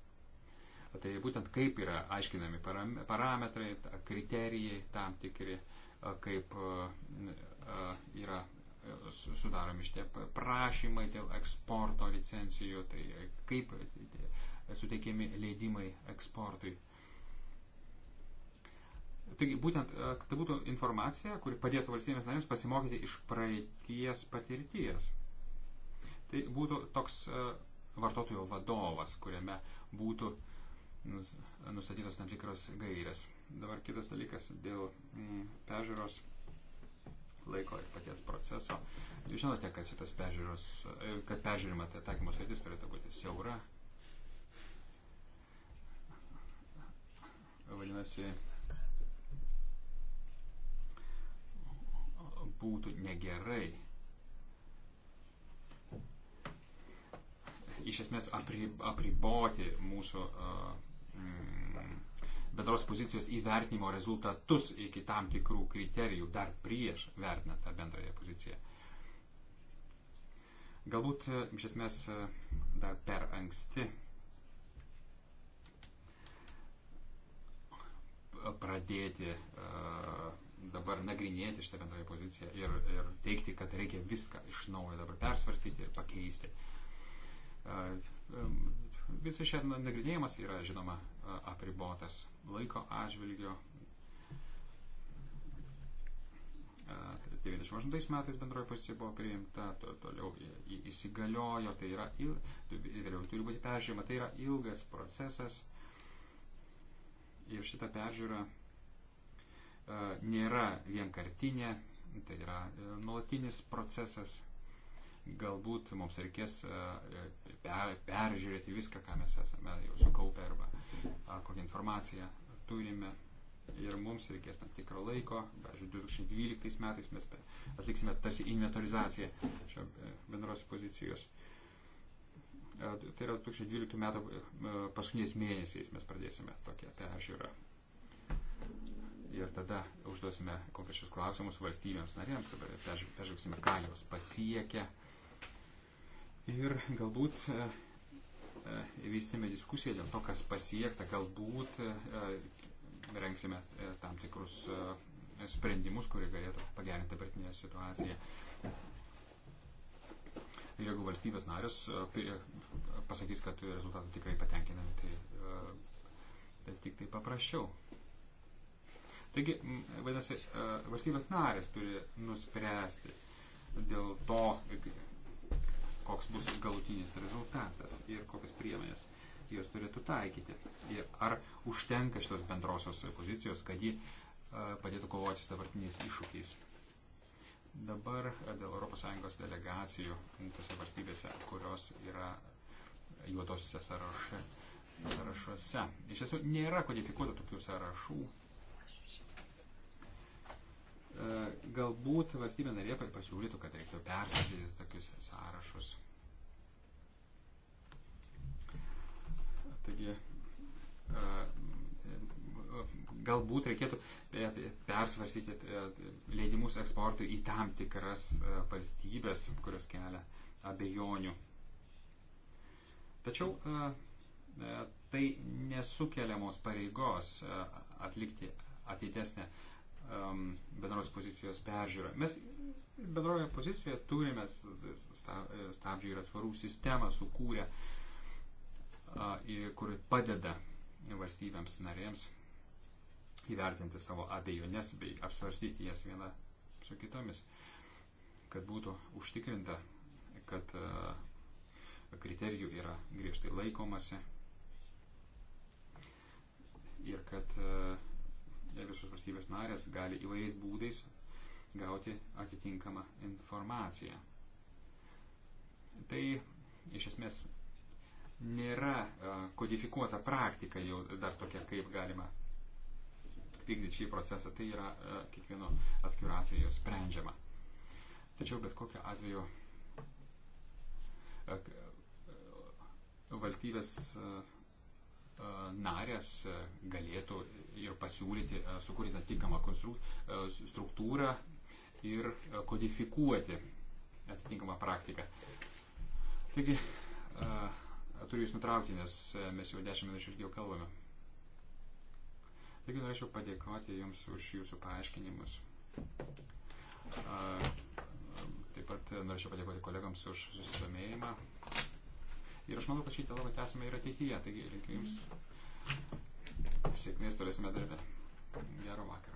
Tai būtent kaip yra aiškinami parametrai, kriterijai tam tikri, kaip yra e, sudaromi šitie prašymai dėl eksporto licencijų, tai kaip e, suteikiami leidimai eksportui. Taigi būtent, kad tai būtų informacija, kuri padėtų valstybės narėms pasimokyti iš praeities patirties. Tai būtų toks vartotojo vadovas, kuriame būtų uh, nustatytos tam tikros gairės. Dabar kitas dalykas dėl mm, pežiūros laiko ir paties proceso. Jūs žinote, kad šitas pežiūros, e, kad pežiūrima ta taikymo sritis turėtų būti siaura. Vadinasi, būtų negerai. Iš esmės apri, apriboti mūsų uh, Mm. bendros pozicijos įvertinimo rezultatus iki tam tikrų kriterijų dar prieš vertinant tą bendrąją poziciją. Galbūt e, iš esmės e, dar per anksti pradėti e, dabar nagrinėti šitą bendrąją poziciją ir, ir teikti, kad reikia viską iš naujo dabar persvarstyti ir pakeisti visas šią nagrinėjimas yra, žinoma, apribotas laiko atžvilgio. 98 tai metais bendroji pozicija buvo priimta, to, toliau įsigaliojo, tai yra, il, tai vėliau turi būti peržiūrima, tai yra ilgas procesas ir šita peržiūra e, nėra vienkartinė, tai yra e, nuolatinis procesas, galbūt mums reikės e, e, peržiūrėti viską, ką mes esame jau sukaupę arba kokią informaciją turime. Ir mums reikės tam tikro laiko, pavyzdžiui, 2012 metais mes atliksime tarsi inventorizaciją šio e, bendros pozicijos. Tai yra 2012 metų paskutiniais mėnesiais mes pradėsime tokią peržiūrą ir tada užduosime konkrečius klausimus valstybėms narėms, peržvelgsime, ką jos pasiekia, Ir galbūt e, e, vystėme diskusiją dėl to, kas pasiekta, galbūt e, rengsime tam tikrus sprendimus, kurie galėtų pagerinti dabartinę situaciją. Ir jeigu valstybės narius pasakys, kad rezultatų tikrai patenkinami, tai, tai tik tai paprasčiau. Taigi, vadinasi, valstybės narės turi nuspręsti dėl to, koks bus galutinis rezultatas ir kokias priemonės jos turėtų taikyti. Ir ar užtenka šitos bendrosios pozicijos, kad ji padėtų kovoti su dabartiniais iššūkiais. Dabar dėl ES delegacijų tose valstybėse, kurios yra juodosiuose sąraše, sąrašuose. Iš tiesų nėra kodifikuota tokių sąrašų, E, galbūt valstybė narė pasiūlytų, kad reiktų perstatyti tokius sąrašus. Taigi, e, galbūt reikėtų persvarstyti e, leidimus eksportui į tam tikras valstybės, kurios kelia abejonių. Tačiau tai nesukeliamos pareigos atlikti ateitesnę um, bendros pozicijos peržiūrą. Mes bendroje pozicijoje turime stabdžių ir atsvarų sistemą sukūrę, uh, kuri padeda valstybėms narėms įvertinti savo abejonės bei apsvarstyti jas vieną su kitomis, kad būtų užtikrinta, kad kriterijų yra griežtai laikomasi ir kad visos valstybės narės gali įvairiais būdais gauti atitinkamą informaciją. Tai iš esmės nėra kodifikuota praktika jau dar tokia, kaip galima vykdyti šį procesą, tai yra kiekvieno atskiro atveju sprendžiama. Tačiau bet kokiu atveju valstybės E, narės e, galėtų ir pasiūlyti, e, sukurti atitinkamą struktūrą ir kodifikuoti atitinkamą praktiką. Taigi, turiu Jūs nutraukti, nes mes jau dešimt minučių ilgiau kalbame. Taigi, norėčiau padėkoti Jums už Jūsų paaiškinimus. Taip pat norėčiau padėkoti kolegams už susidomėjimą. Ir aš manau, kad šį dialogą tęsime ir ateityje. Taigi linkiu Jums sėkmės tolesime darbe. Gero vakaro.